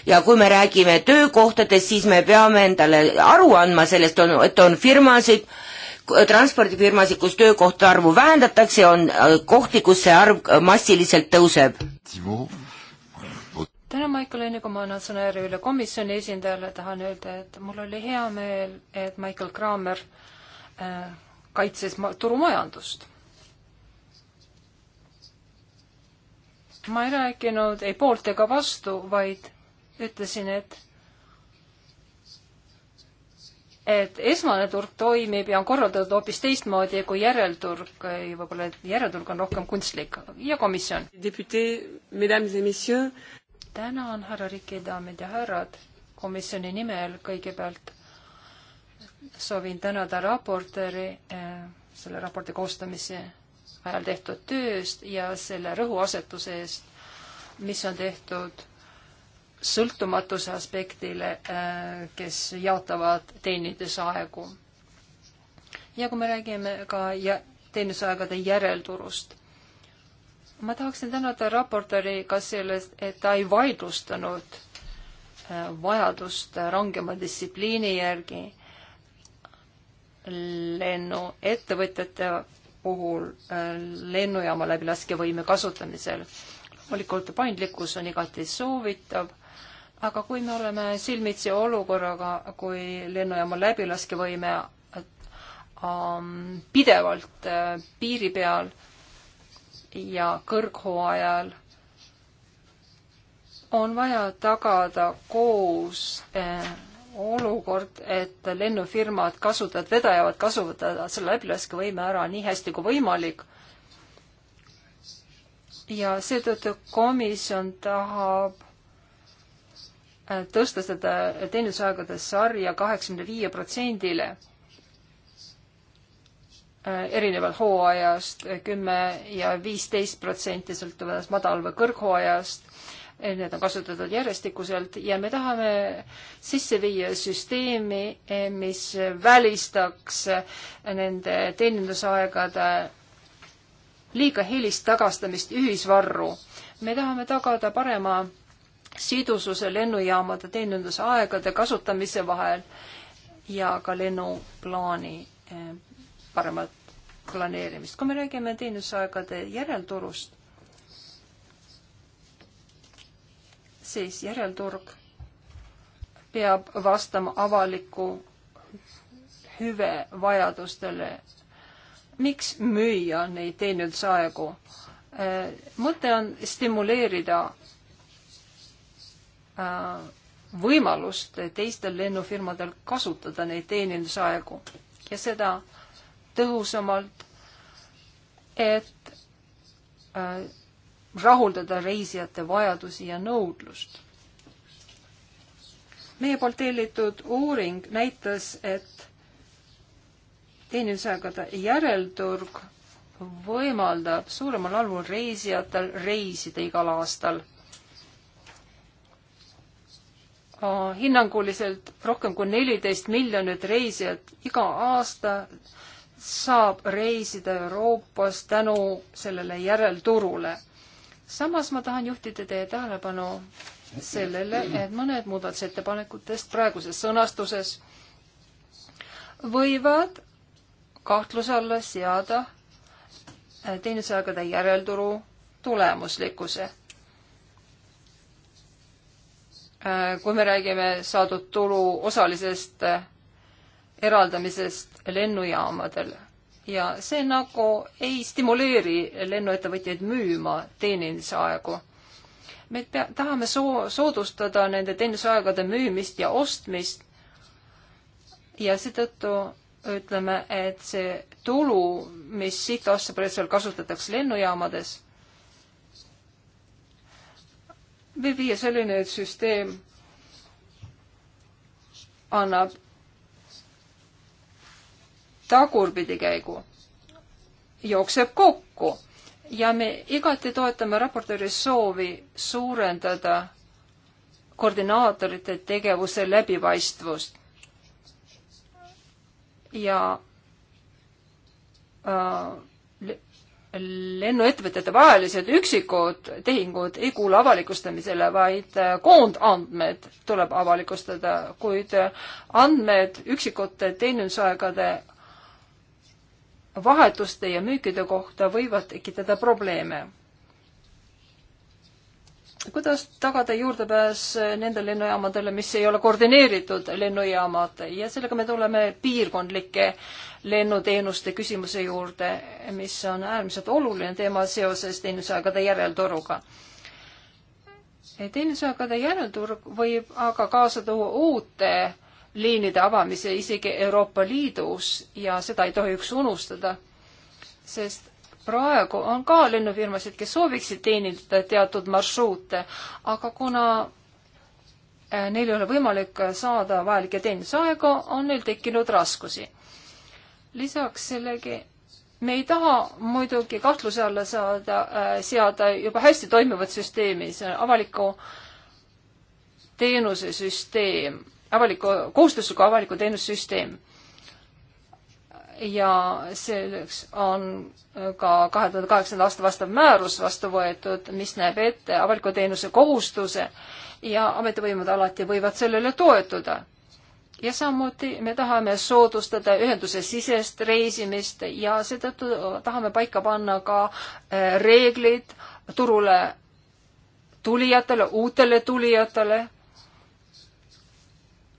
ja kui me räägime töökohtadest, siis me peame endale aru andma sellest, on, et on firmasid, transpordifirmasid, kus töökohta arvu vähendatakse, on äh, kohti, kus see arv äh, massiliselt tõuseb. täna, Maicel, enne kui nagu ma annan sõna üle komisjoni esindajale, tahan öelda, et mul oli hea meel, et Michael Kramer äh, kaitses turumajandust ma ei rääkinud ei poolt ega vastu, vaid ütlesin, et et esmane turg toimib ja on korraldatud hoopis teistmoodi kui järelturg ja võib-olla järelturg on rohkem kunstlik ja komisjon. tänan, härra Riki, daamid ja härrad, komisjoni nimel kõigepealt soovin tänada raportööri eh, selle raporti koostamise ajal tehtud tööst ja selle rõhuasetuse eest, mis on tehtud sõltumatuse aspektile, äh, kes jaotavad teenindusaegu. ja kui me räägime ka teenindusaegade järelturust, ma tahaksin tänada raportööri ka sellest, et ta ei vaidlustanud äh, vajadust rangema distsipliini järgi lennuettevõtjate puhul äh, lennujaama läbilaskevõime kasutamisel. loomulikult paindlikkus on igati soovitav aga kui me oleme silmitsi olukorraga, kui lennujaama läbilaskevõime um, pidevalt uh, piiri peal ja kõrghooajal on vaja tagada koos uh, olukord, et lennufirmad kasutavad, vedajad kasutavad selle läbilaskevõime ära nii hästi kui võimalik ja seetõttu komisjon tahab tõsta seda teenindusaegade sarja kaheksakümne viie protsendile äh, erineval hooajast kümme ja viisteist protsenti sõltuvalt madal- või kõrghooajast. Need on kasutatud järjestikuselt ja me tahame sisse viia süsteemi, eh, mis välistaks eh, nende teenindusaegade liiga hilist tagastamist ühisvarru. me tahame tagada parema sidususe lennujaamade teenindusaegade kasutamise vahel ja ka lennuplaani eh, paremat planeerimist. kui me räägime teenindusaegade järelturust, siis järelturg peab vastama avaliku hüve vajadustele. miks müüa neid teenindusaegu? Eh, mõte on stimuleerida Äh, võimalust teistel lennufirmadel kasutada neid teenindusaegu ja seda tõhusamalt, et äh, rahuldada reisijate vajadusi ja nõudlust. meie poolt tellitud uuring näitas, et teenindusaegade järelturg võimaldab suuremal arvul reisijatel reisida igal aastal hinnanguliselt rohkem kui neliteist miljonit reisijat iga aasta saab reisida Euroopas tänu sellele järelturule. samas ma tahan juhtida teie tähelepanu sellele, et mõned muudatusettepanekutest praeguses sõnastuses võivad kahtluse alla seada teenusaegade järelturu tulemuslikkuse Äh, kui me räägime saadud tulu osalisest äh, eraldamisest lennujaamadel ja see nagu ei stimuleeri lennuettevõtjaid müüma teenindusaegu. me pea-, tahame soo-, soodustada nende teenindusaegade müümist ja ostmist ja seetõttu ütleme, et see tulu, mis sihtotstarbeliselt kasutatakse lennujaamades võib viia selleni, et süsteem annab tagurpidi käigu, jookseb kokku ja me igati toetame raportööri soovi suurendada koordinaatorite tegevuse läbipaistvust ja äh, lennuettevõtete vahelised üksikud tehingud ei kuulu avalikustamisele, vaid äh, koondandmed tuleb avalikustada, kuid äh, andmed üksikute teenindusaegade vahetuste ja müükide kohta võivad tekitada probleeme kuidas tagada juurdepääs nendele lennujaamadele, mis ei ole koordineeritud lennujaamad ja sellega me tuleme piirkondlike lennuteenuste küsimuse juurde, mis on äärmiselt oluline teema seoses teenusaegade järelturuga. teenusaegade järelturg võib aga kaasa tuua uute liinide avamise isegi Euroopa Liidus ja seda ei tohiks unustada, sest praegu on ka lennufirmasid, kes sooviksid teenida teatud marsruute, aga kuna äh, neil ei ole võimalik saada vajalikke teenindusaega, on neil tekkinud raskusi. lisaks sellegi me ei taha muidugi kahtluse alla saada äh,, seada juba hästi toimivat süsteemi, see on avaliku teenuse süsteem, avaliku, kohustusliku avaliku teenussüsteem ja selleks on ka kahe tuhande kaheksanda aasta vastav määrus vastu võetud, mis näeb ette avaliku teenuse kohustuse ja ametivõimud alati võivad sellele toetuda. ja samuti me tahame soodustada ühenduse sisest reisimist ja seetõttu tahame paika panna ka äh, reeglid turule tulijatele, uutele tulijatele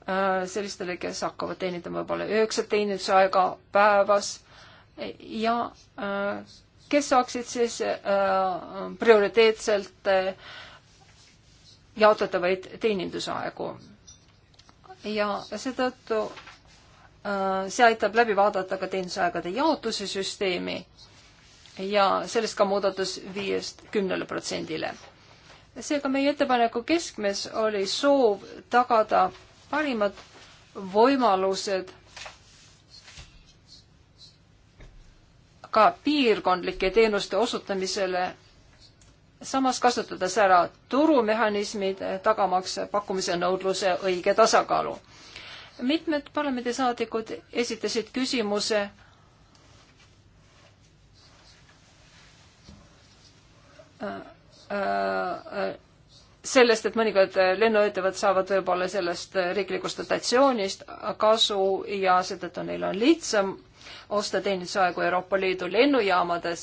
Äh, sellistele, kes hakkavad teenindama võib-olla üheksat teenindusaega päevas ja äh, kes saaksid siis äh, prioriteetselt jaotatavaid teenindusaegu. ja seetõttu see aitab läbi vaadata ka teenindusaegade jaotuse süsteemi ja sellest ka muudatus viiest kümnele protsendile. seega meie ettepaneku keskmes oli soov tagada parimad võimalused ka piirkondlike teenuste osutamisele, samas kasutades ära turumehhanismid, tagamaks pakkumise nõudluse õige tasakaalu. mitmed parlamendisaadikud esitasid küsimuse, äh, äh, sellest, et mõnikord äh, lennuettevõtted saavad võib-olla sellest äh, riiklikust dotatsioonist kasu ja seetõttu neil on lihtsam osta teenindusaegu Euroopa Liidu lennujaamades.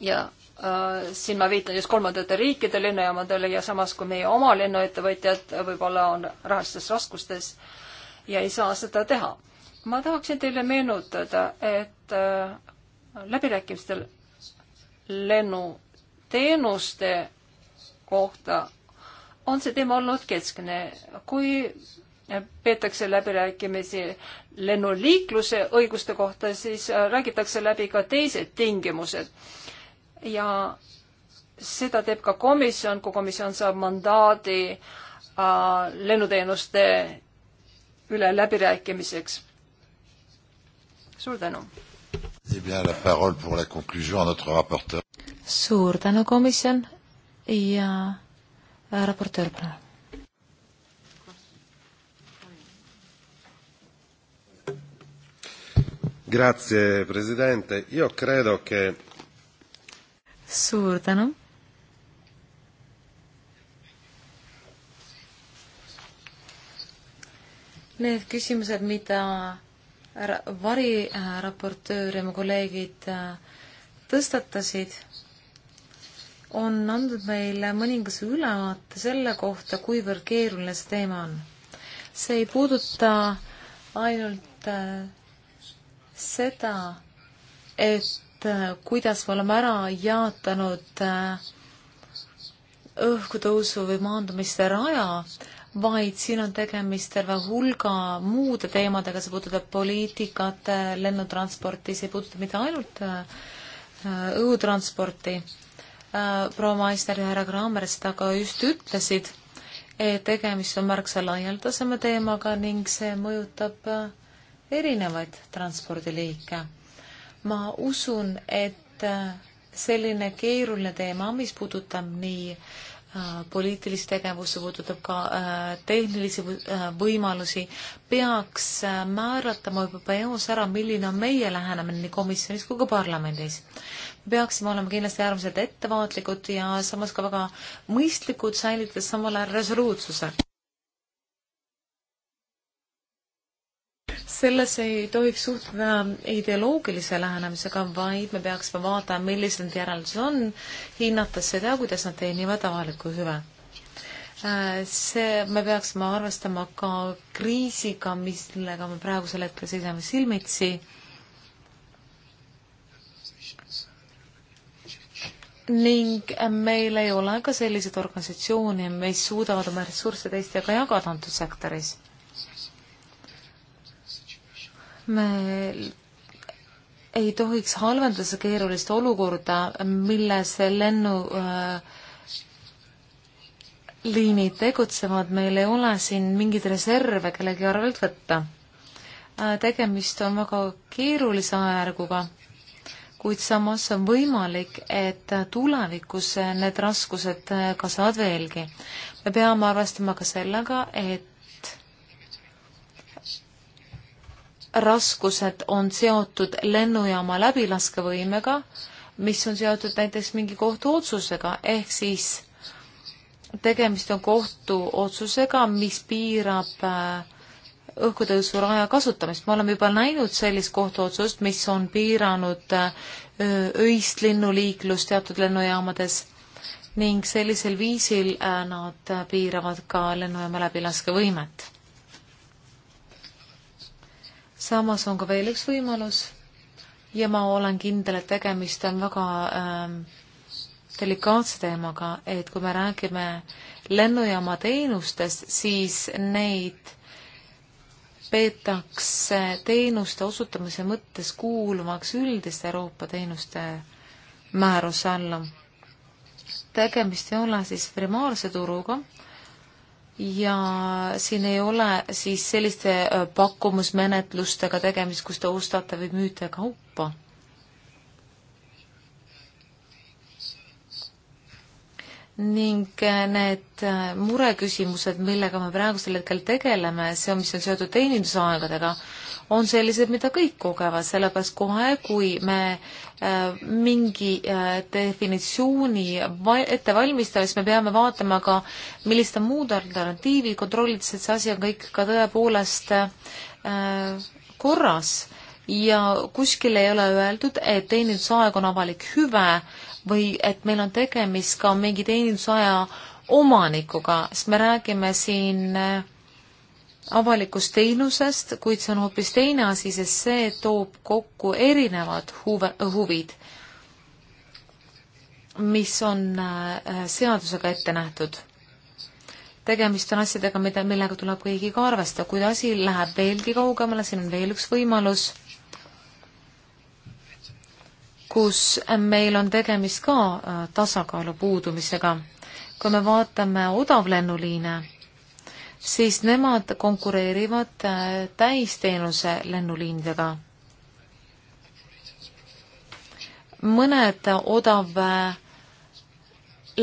ja äh, siin ma viitan just kolmandate riikide lennujaamadele ja samas kui meie oma lennuettevõtjad võib-olla on rahalistes raskustes ja ei saa seda teha. ma tahaksin teile meenutada, et äh, läbirääkimistel lennuteenuste kohta on see teema olnud keskne. kui peetakse läbirääkimisi lennuliikluse õiguste kohta, siis räägitakse läbi ka teised tingimused. ja seda teeb ka komisjon, kui komisjon saab mandaadi äh, lennuteenuste üle läbirääkimiseks. suur tänu! Eh suur tänu, komisjon! ja eh, raportöör, palun. Grazie Presidente, io credo che suur tänu. Need küsimused, mida variraportöör äh, ja mu kolleegid äh, tõstatasid on andnud meile mõningase ülevaate selle kohta, kuivõrd keeruline see teema on. see ei puuduta ainult äh, seda, et äh, kuidas me oleme ära jaotanud äh, õhkutõusu või maandumiste raja, vaid siin on tegemist terve hulga muude teemadega, see puudutab poliitikat, lennutransporti, see ei puuduta mitte ainult õhutransporti äh,, Äh, proua Maister ja härra Kraamer seda ka just ütlesid, et tegemist on märksa laialdasema teemaga ning see mõjutab äh, erinevaid transpordiliike. ma usun, et äh, selline keeruline teema, mis puudutab nii poliitilist tegevust, see puudutab ka tehnilisi võimalusi, peaks määratama juba eos ära, milline on meie lähenemine nii komisjonis kui ka parlamendis peaksime olema kindlasti äärmiselt ettevaatlikud ja samas ka väga mõistlikud, säilitades samal ajal resoluutsuse. sellesse ei tohiks suhtuda ideoloogilise lähenemisega, vaid me peaksime vaatama, millised need järeldused on, hinnates seda, kuidas nad teenivad avalikku hüve see, me peaksime arvestama ka kriisiga, millega me praegusel hetkel seisame silmitsi ning meil ei ole ka selliseid organisatsioone, mis suudavad oma ressursse teistega jagada antud sektoris. me ei tohiks halvendada seda keerulist olukorda, milles lennu äh, liinid tegutsevad, meil ei ole siin mingeid reserve kellegi arvelt võtta. Äh, tegemist on väga keerulise ajajärguga kuid samas on võimalik, et tulevikus need raskused kasvavad veelgi. me peame arvestama ka sellega, et raskused on seotud lennujaama läbilaskevõimega, mis on seotud näiteks mingi kohtuotsusega, ehk siis tegemist on kohtuotsusega, mis piirab äh, õhkutõusuraja kasutamist. me oleme juba näinud sellist kohtuotsust, mis on piiranud äh, öist linnuliiklust teatud lennujaamades ning sellisel viisil äh, nad piiravad ka lennujaama läbilaskevõimet. samas on ka veel üks võimalus ja ma olen kindel, et tegemist on väga ähm, delikaatse teemaga, et kui me räägime lennujaama teenustest, siis neid peetakse teenuste osutamise mõttes kuulumaks üldiste Euroopa teenuste määruse alla. tegemist ei ole siis primaarse turuga ja siin ei ole siis selliste äh, pakkumusmenetlustega tegemist, kus te ostate või müüte kaupa ning äh, need äh, mureküsimused, millega me praegusel hetkel tegeleme, see, mis on seotud teenindusaegadega, on sellised, mida kõik kogevad, sellepärast kohe, kui me äh, mingi äh, definitsiooni ette valmistame, siis me peame vaatama ka, millised on muud alternatiivid, kontrollides, et see asi on kõik ka tõepoolest äh, korras ja kuskil ei ole öeldud, et teenindusaeg on avalik hüve, või et meil on tegemist ka mingi teenindusaja omanikuga, sest me räägime siin äh, avalikust teenusest, kuid see on hoopis teine asi, sest see toob kokku erinevad huve, huvid, mis on äh, seadusega ette nähtud. tegemist on asjadega, mida, millega tuleb kõigiga arvestada, kui asi läheb veelgi kaugemale, siin on veel üks võimalus kus meil on tegemist ka äh, tasakaalu puudumisega. kui me vaatame odavlennuliine, siis nemad konkureerivad äh, täisteenuse lennuliinidega. mõned odav äh,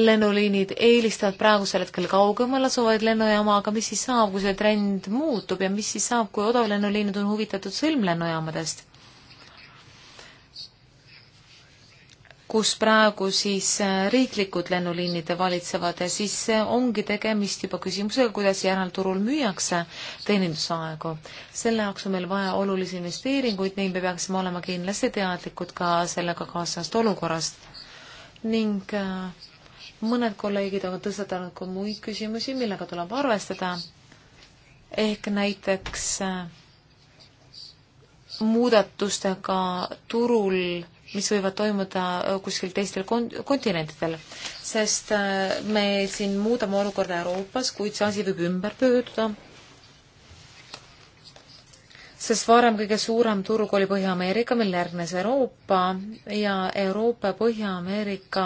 lennuliinid eelistavad praegusel hetkel kaugemal asuvaid lennujaama, aga mis siis saab, kui see trend muutub ja mis siis saab, kui odavlennuliinid on huvitatud sõlmlennujaamadest? kus praegu siis äh, riiklikud lennuliinid valitsevad ja siis äh, ongi tegemist juba küsimusega, kuidas järelturul müüakse teenindusaegu. selle jaoks on meil vaja olulisi investeeringuid, nii me peaksime olema kindlasti teadlikud ka sellega kaasnevast olukorrast. ning äh, mõned kolleegid on tõstatanud ka muid küsimusi, millega tuleb arvestada, ehk näiteks muudatustega turul mis võivad toimuda äh, kuskil teistel kontinentidel, sest äh, me siin muudame olukorda Euroopas, kuid see asi võib ümber pöörduda. sest varem kõige suurem turg oli Põhja-Ameerika, mille järgnes Euroopa ja Euroopa ja Põhja-Ameerika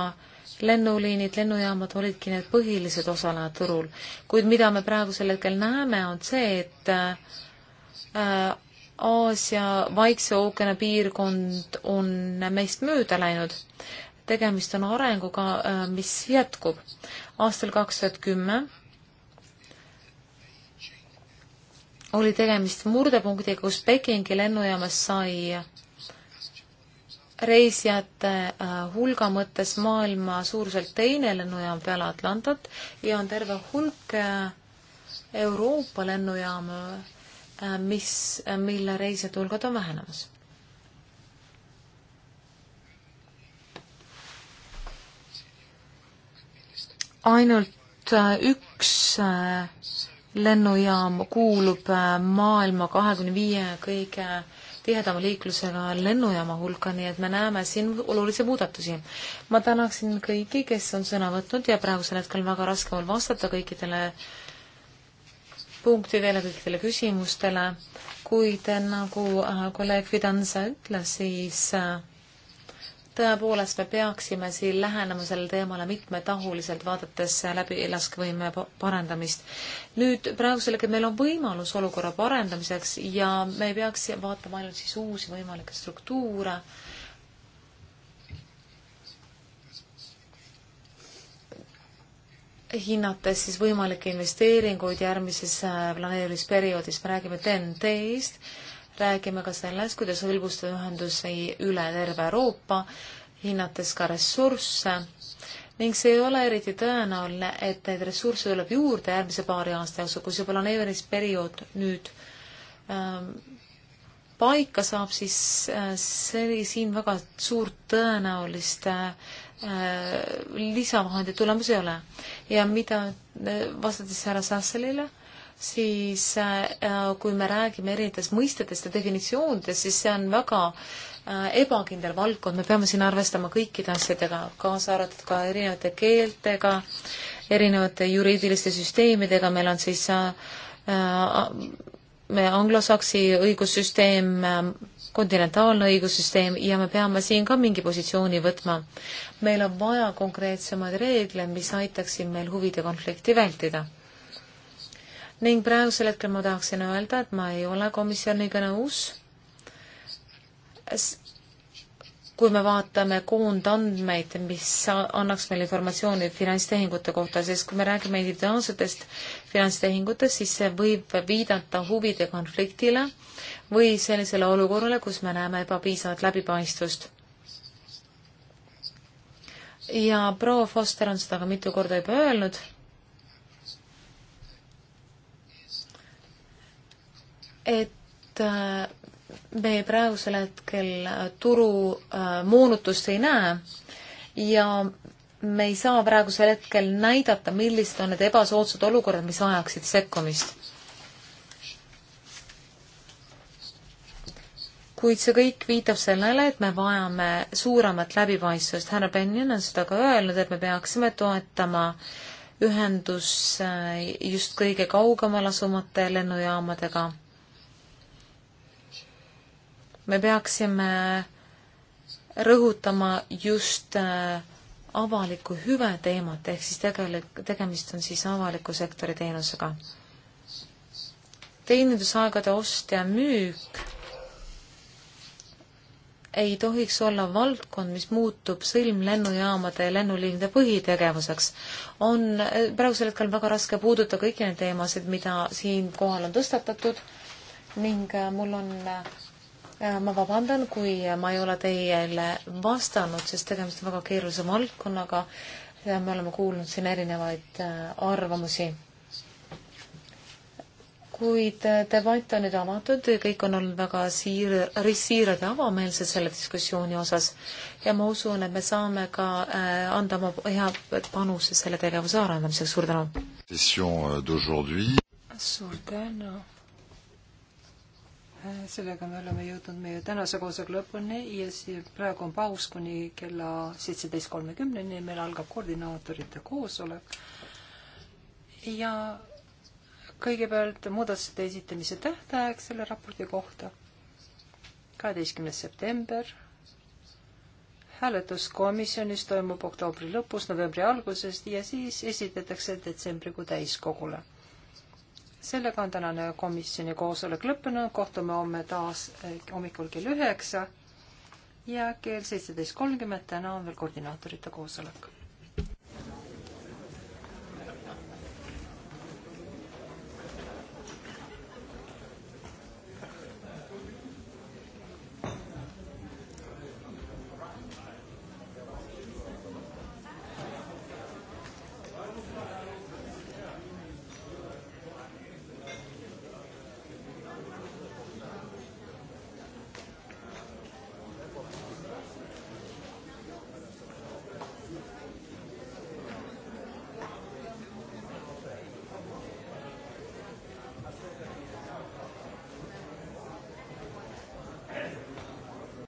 lennuliinid, lennujaamad olidki need põhilised osalejad turul. kuid mida me praegusel hetkel näeme, on see, et äh, Aasia Vaikse ookeani piirkond on meist mööda läinud. tegemist on arenguga, äh, mis jätkub. aastal kaks tuhat kümme oli tegemist murdepunktiga, kus Pekingi lennujaamas sai reisijate äh, hulga mõttes maailma suuruselt teine lennujaam peale Atlantat ja on terve hulk äh, Euroopa lennujaama Äh, mis, äh, mille reisijate hulgad on vähenemas. ainult äh, üks lennujaam kuulub maailma kahekümne viie kõige tihedama liiklusega lennujaama hulka, nii et me näeme siin olulisi muudatusi. ma tänaksin kõiki, kes on sõna võtnud ja praegusel hetkel on väga raske mul vastata kõikidele äh, punktidele, kõikidele küsimustele, kuid nagu äh, kolleeg Fidanza ütles, siis äh, tõepoolest me peaksime siin lähenema sellele teemale mitmetahuliselt, vaadates läbi laskevõime parandamist. nüüd praegusel hetkel meil on võimalus olukorra parendamiseks ja me ei peaks vaatama ainult siis uusi võimalikke struktuure äh,, hinnates siis võimalikke investeeringuid järgmises äh, planeerimisperioodis, me räägime TEN-T-st, räägime ka sellest, kuidas hõlbustada ühendusi üle terve Euroopa, hinnates ka ressursse ning see ei ole eriti tõenäoline, et neid ressursse tuleb juurde järgmise paari aasta jooksul, kui see planeerimisperiood nüüd ähm, paika saab, siis äh, see, siin väga suurt tõenäolist äh, Äh, lisavahendeid tulemas ei ole. ja mida, äh, vastates härra Sasselile, siis äh, kui me räägime erinevatest mõistetest ja definitsioonidest, siis see on väga ebakindel valdkond, me peame siin arvestama kõikide asjadega, kaasa arvatud ka erinevate keeltega, erinevate juriidiliste süsteemidega, meil on siis äh, anglosaksi õigussüsteem äh, kontinentaalne õigussüsteem ja me peame siin ka mingi positsiooni võtma. meil on vaja konkreetsemaid reegleid, mis aitaksid meil huvide konflikti vältida. ning praegusel hetkel ma tahaksin öelda, et ma ei ole komisjoniga nõus. kui me vaatame koondandmeid, mis annaks meile informatsiooni finantstehingute kohta, sest kui me räägime individuaalsetest finantstehingutest, siis see võib viidata huvide konfliktile või sellisele olukorrale, kus me näeme ebapiisavat läbipaistvust. ja proua Foster on seda ka mitu korda juba öelnud et äh, me praegusel hetkel äh, turu äh, moonutust ei näe ja me ei saa praegusel hetkel näidata, millised on need ebasoodsad olukorrad, mis vajaksid sekkumist. kuid see kõik viitab sellele, et me vajame suuremat läbipaistvust. härra Benjon on seda ka öelnud, et me peaksime toetama ühendus äh, just kõige kaugemal asumate lennujaamadega. me peaksime rõhutama just äh, avaliku hüve teemat, ehk siis tegelik, tegemist on siis avaliku sektori teenusega. teenindusaegade ost ja müük ei tohiks olla valdkond, mis muutub sõlmlennujaamade ja lennuliinide põhitegevuseks. on eh, praegusel hetkel väga raske puudutada kõiki neid teemasid, mida siinkohal on tõstatatud ning eh, mul on eh, ma vabandan, kui ma ei ole teile vastanud, sest tegemist on väga keerulise valdkonnaga ja me oleme kuulnud siin erinevaid arvamusi kuid äh, debatt on nüüd avatud, kõik on olnud väga siir-, siirad ja avameelsed selle diskussiooni osas ja ma usun, et me saame ka äh, anda oma hea panuse selle tegevuse arendamiseks, suur tänu! Äh, suur tänu! sellega me oleme jõudnud meie tänase koosoleku lõpuni ja siis praegu on paus kuni kella seitseteist kolmekümneni, meil algab koordinaatorite koosolek ja kõigepealt muudatuste esitamise tähtaeg selle raporti kohta, kaheteistkümnes september. hääletuskomisjonis toimub oktoobri lõpus, novembri alguses ja siis esitatakse detsembrikuu täiskogule. sellega on tänane komisjoni koosolek lõppenud, kohtume homme taas eh, hommikul kell üheksa ja kell seitseteist kolmkümmend täna on veel koordinaatorite koosolek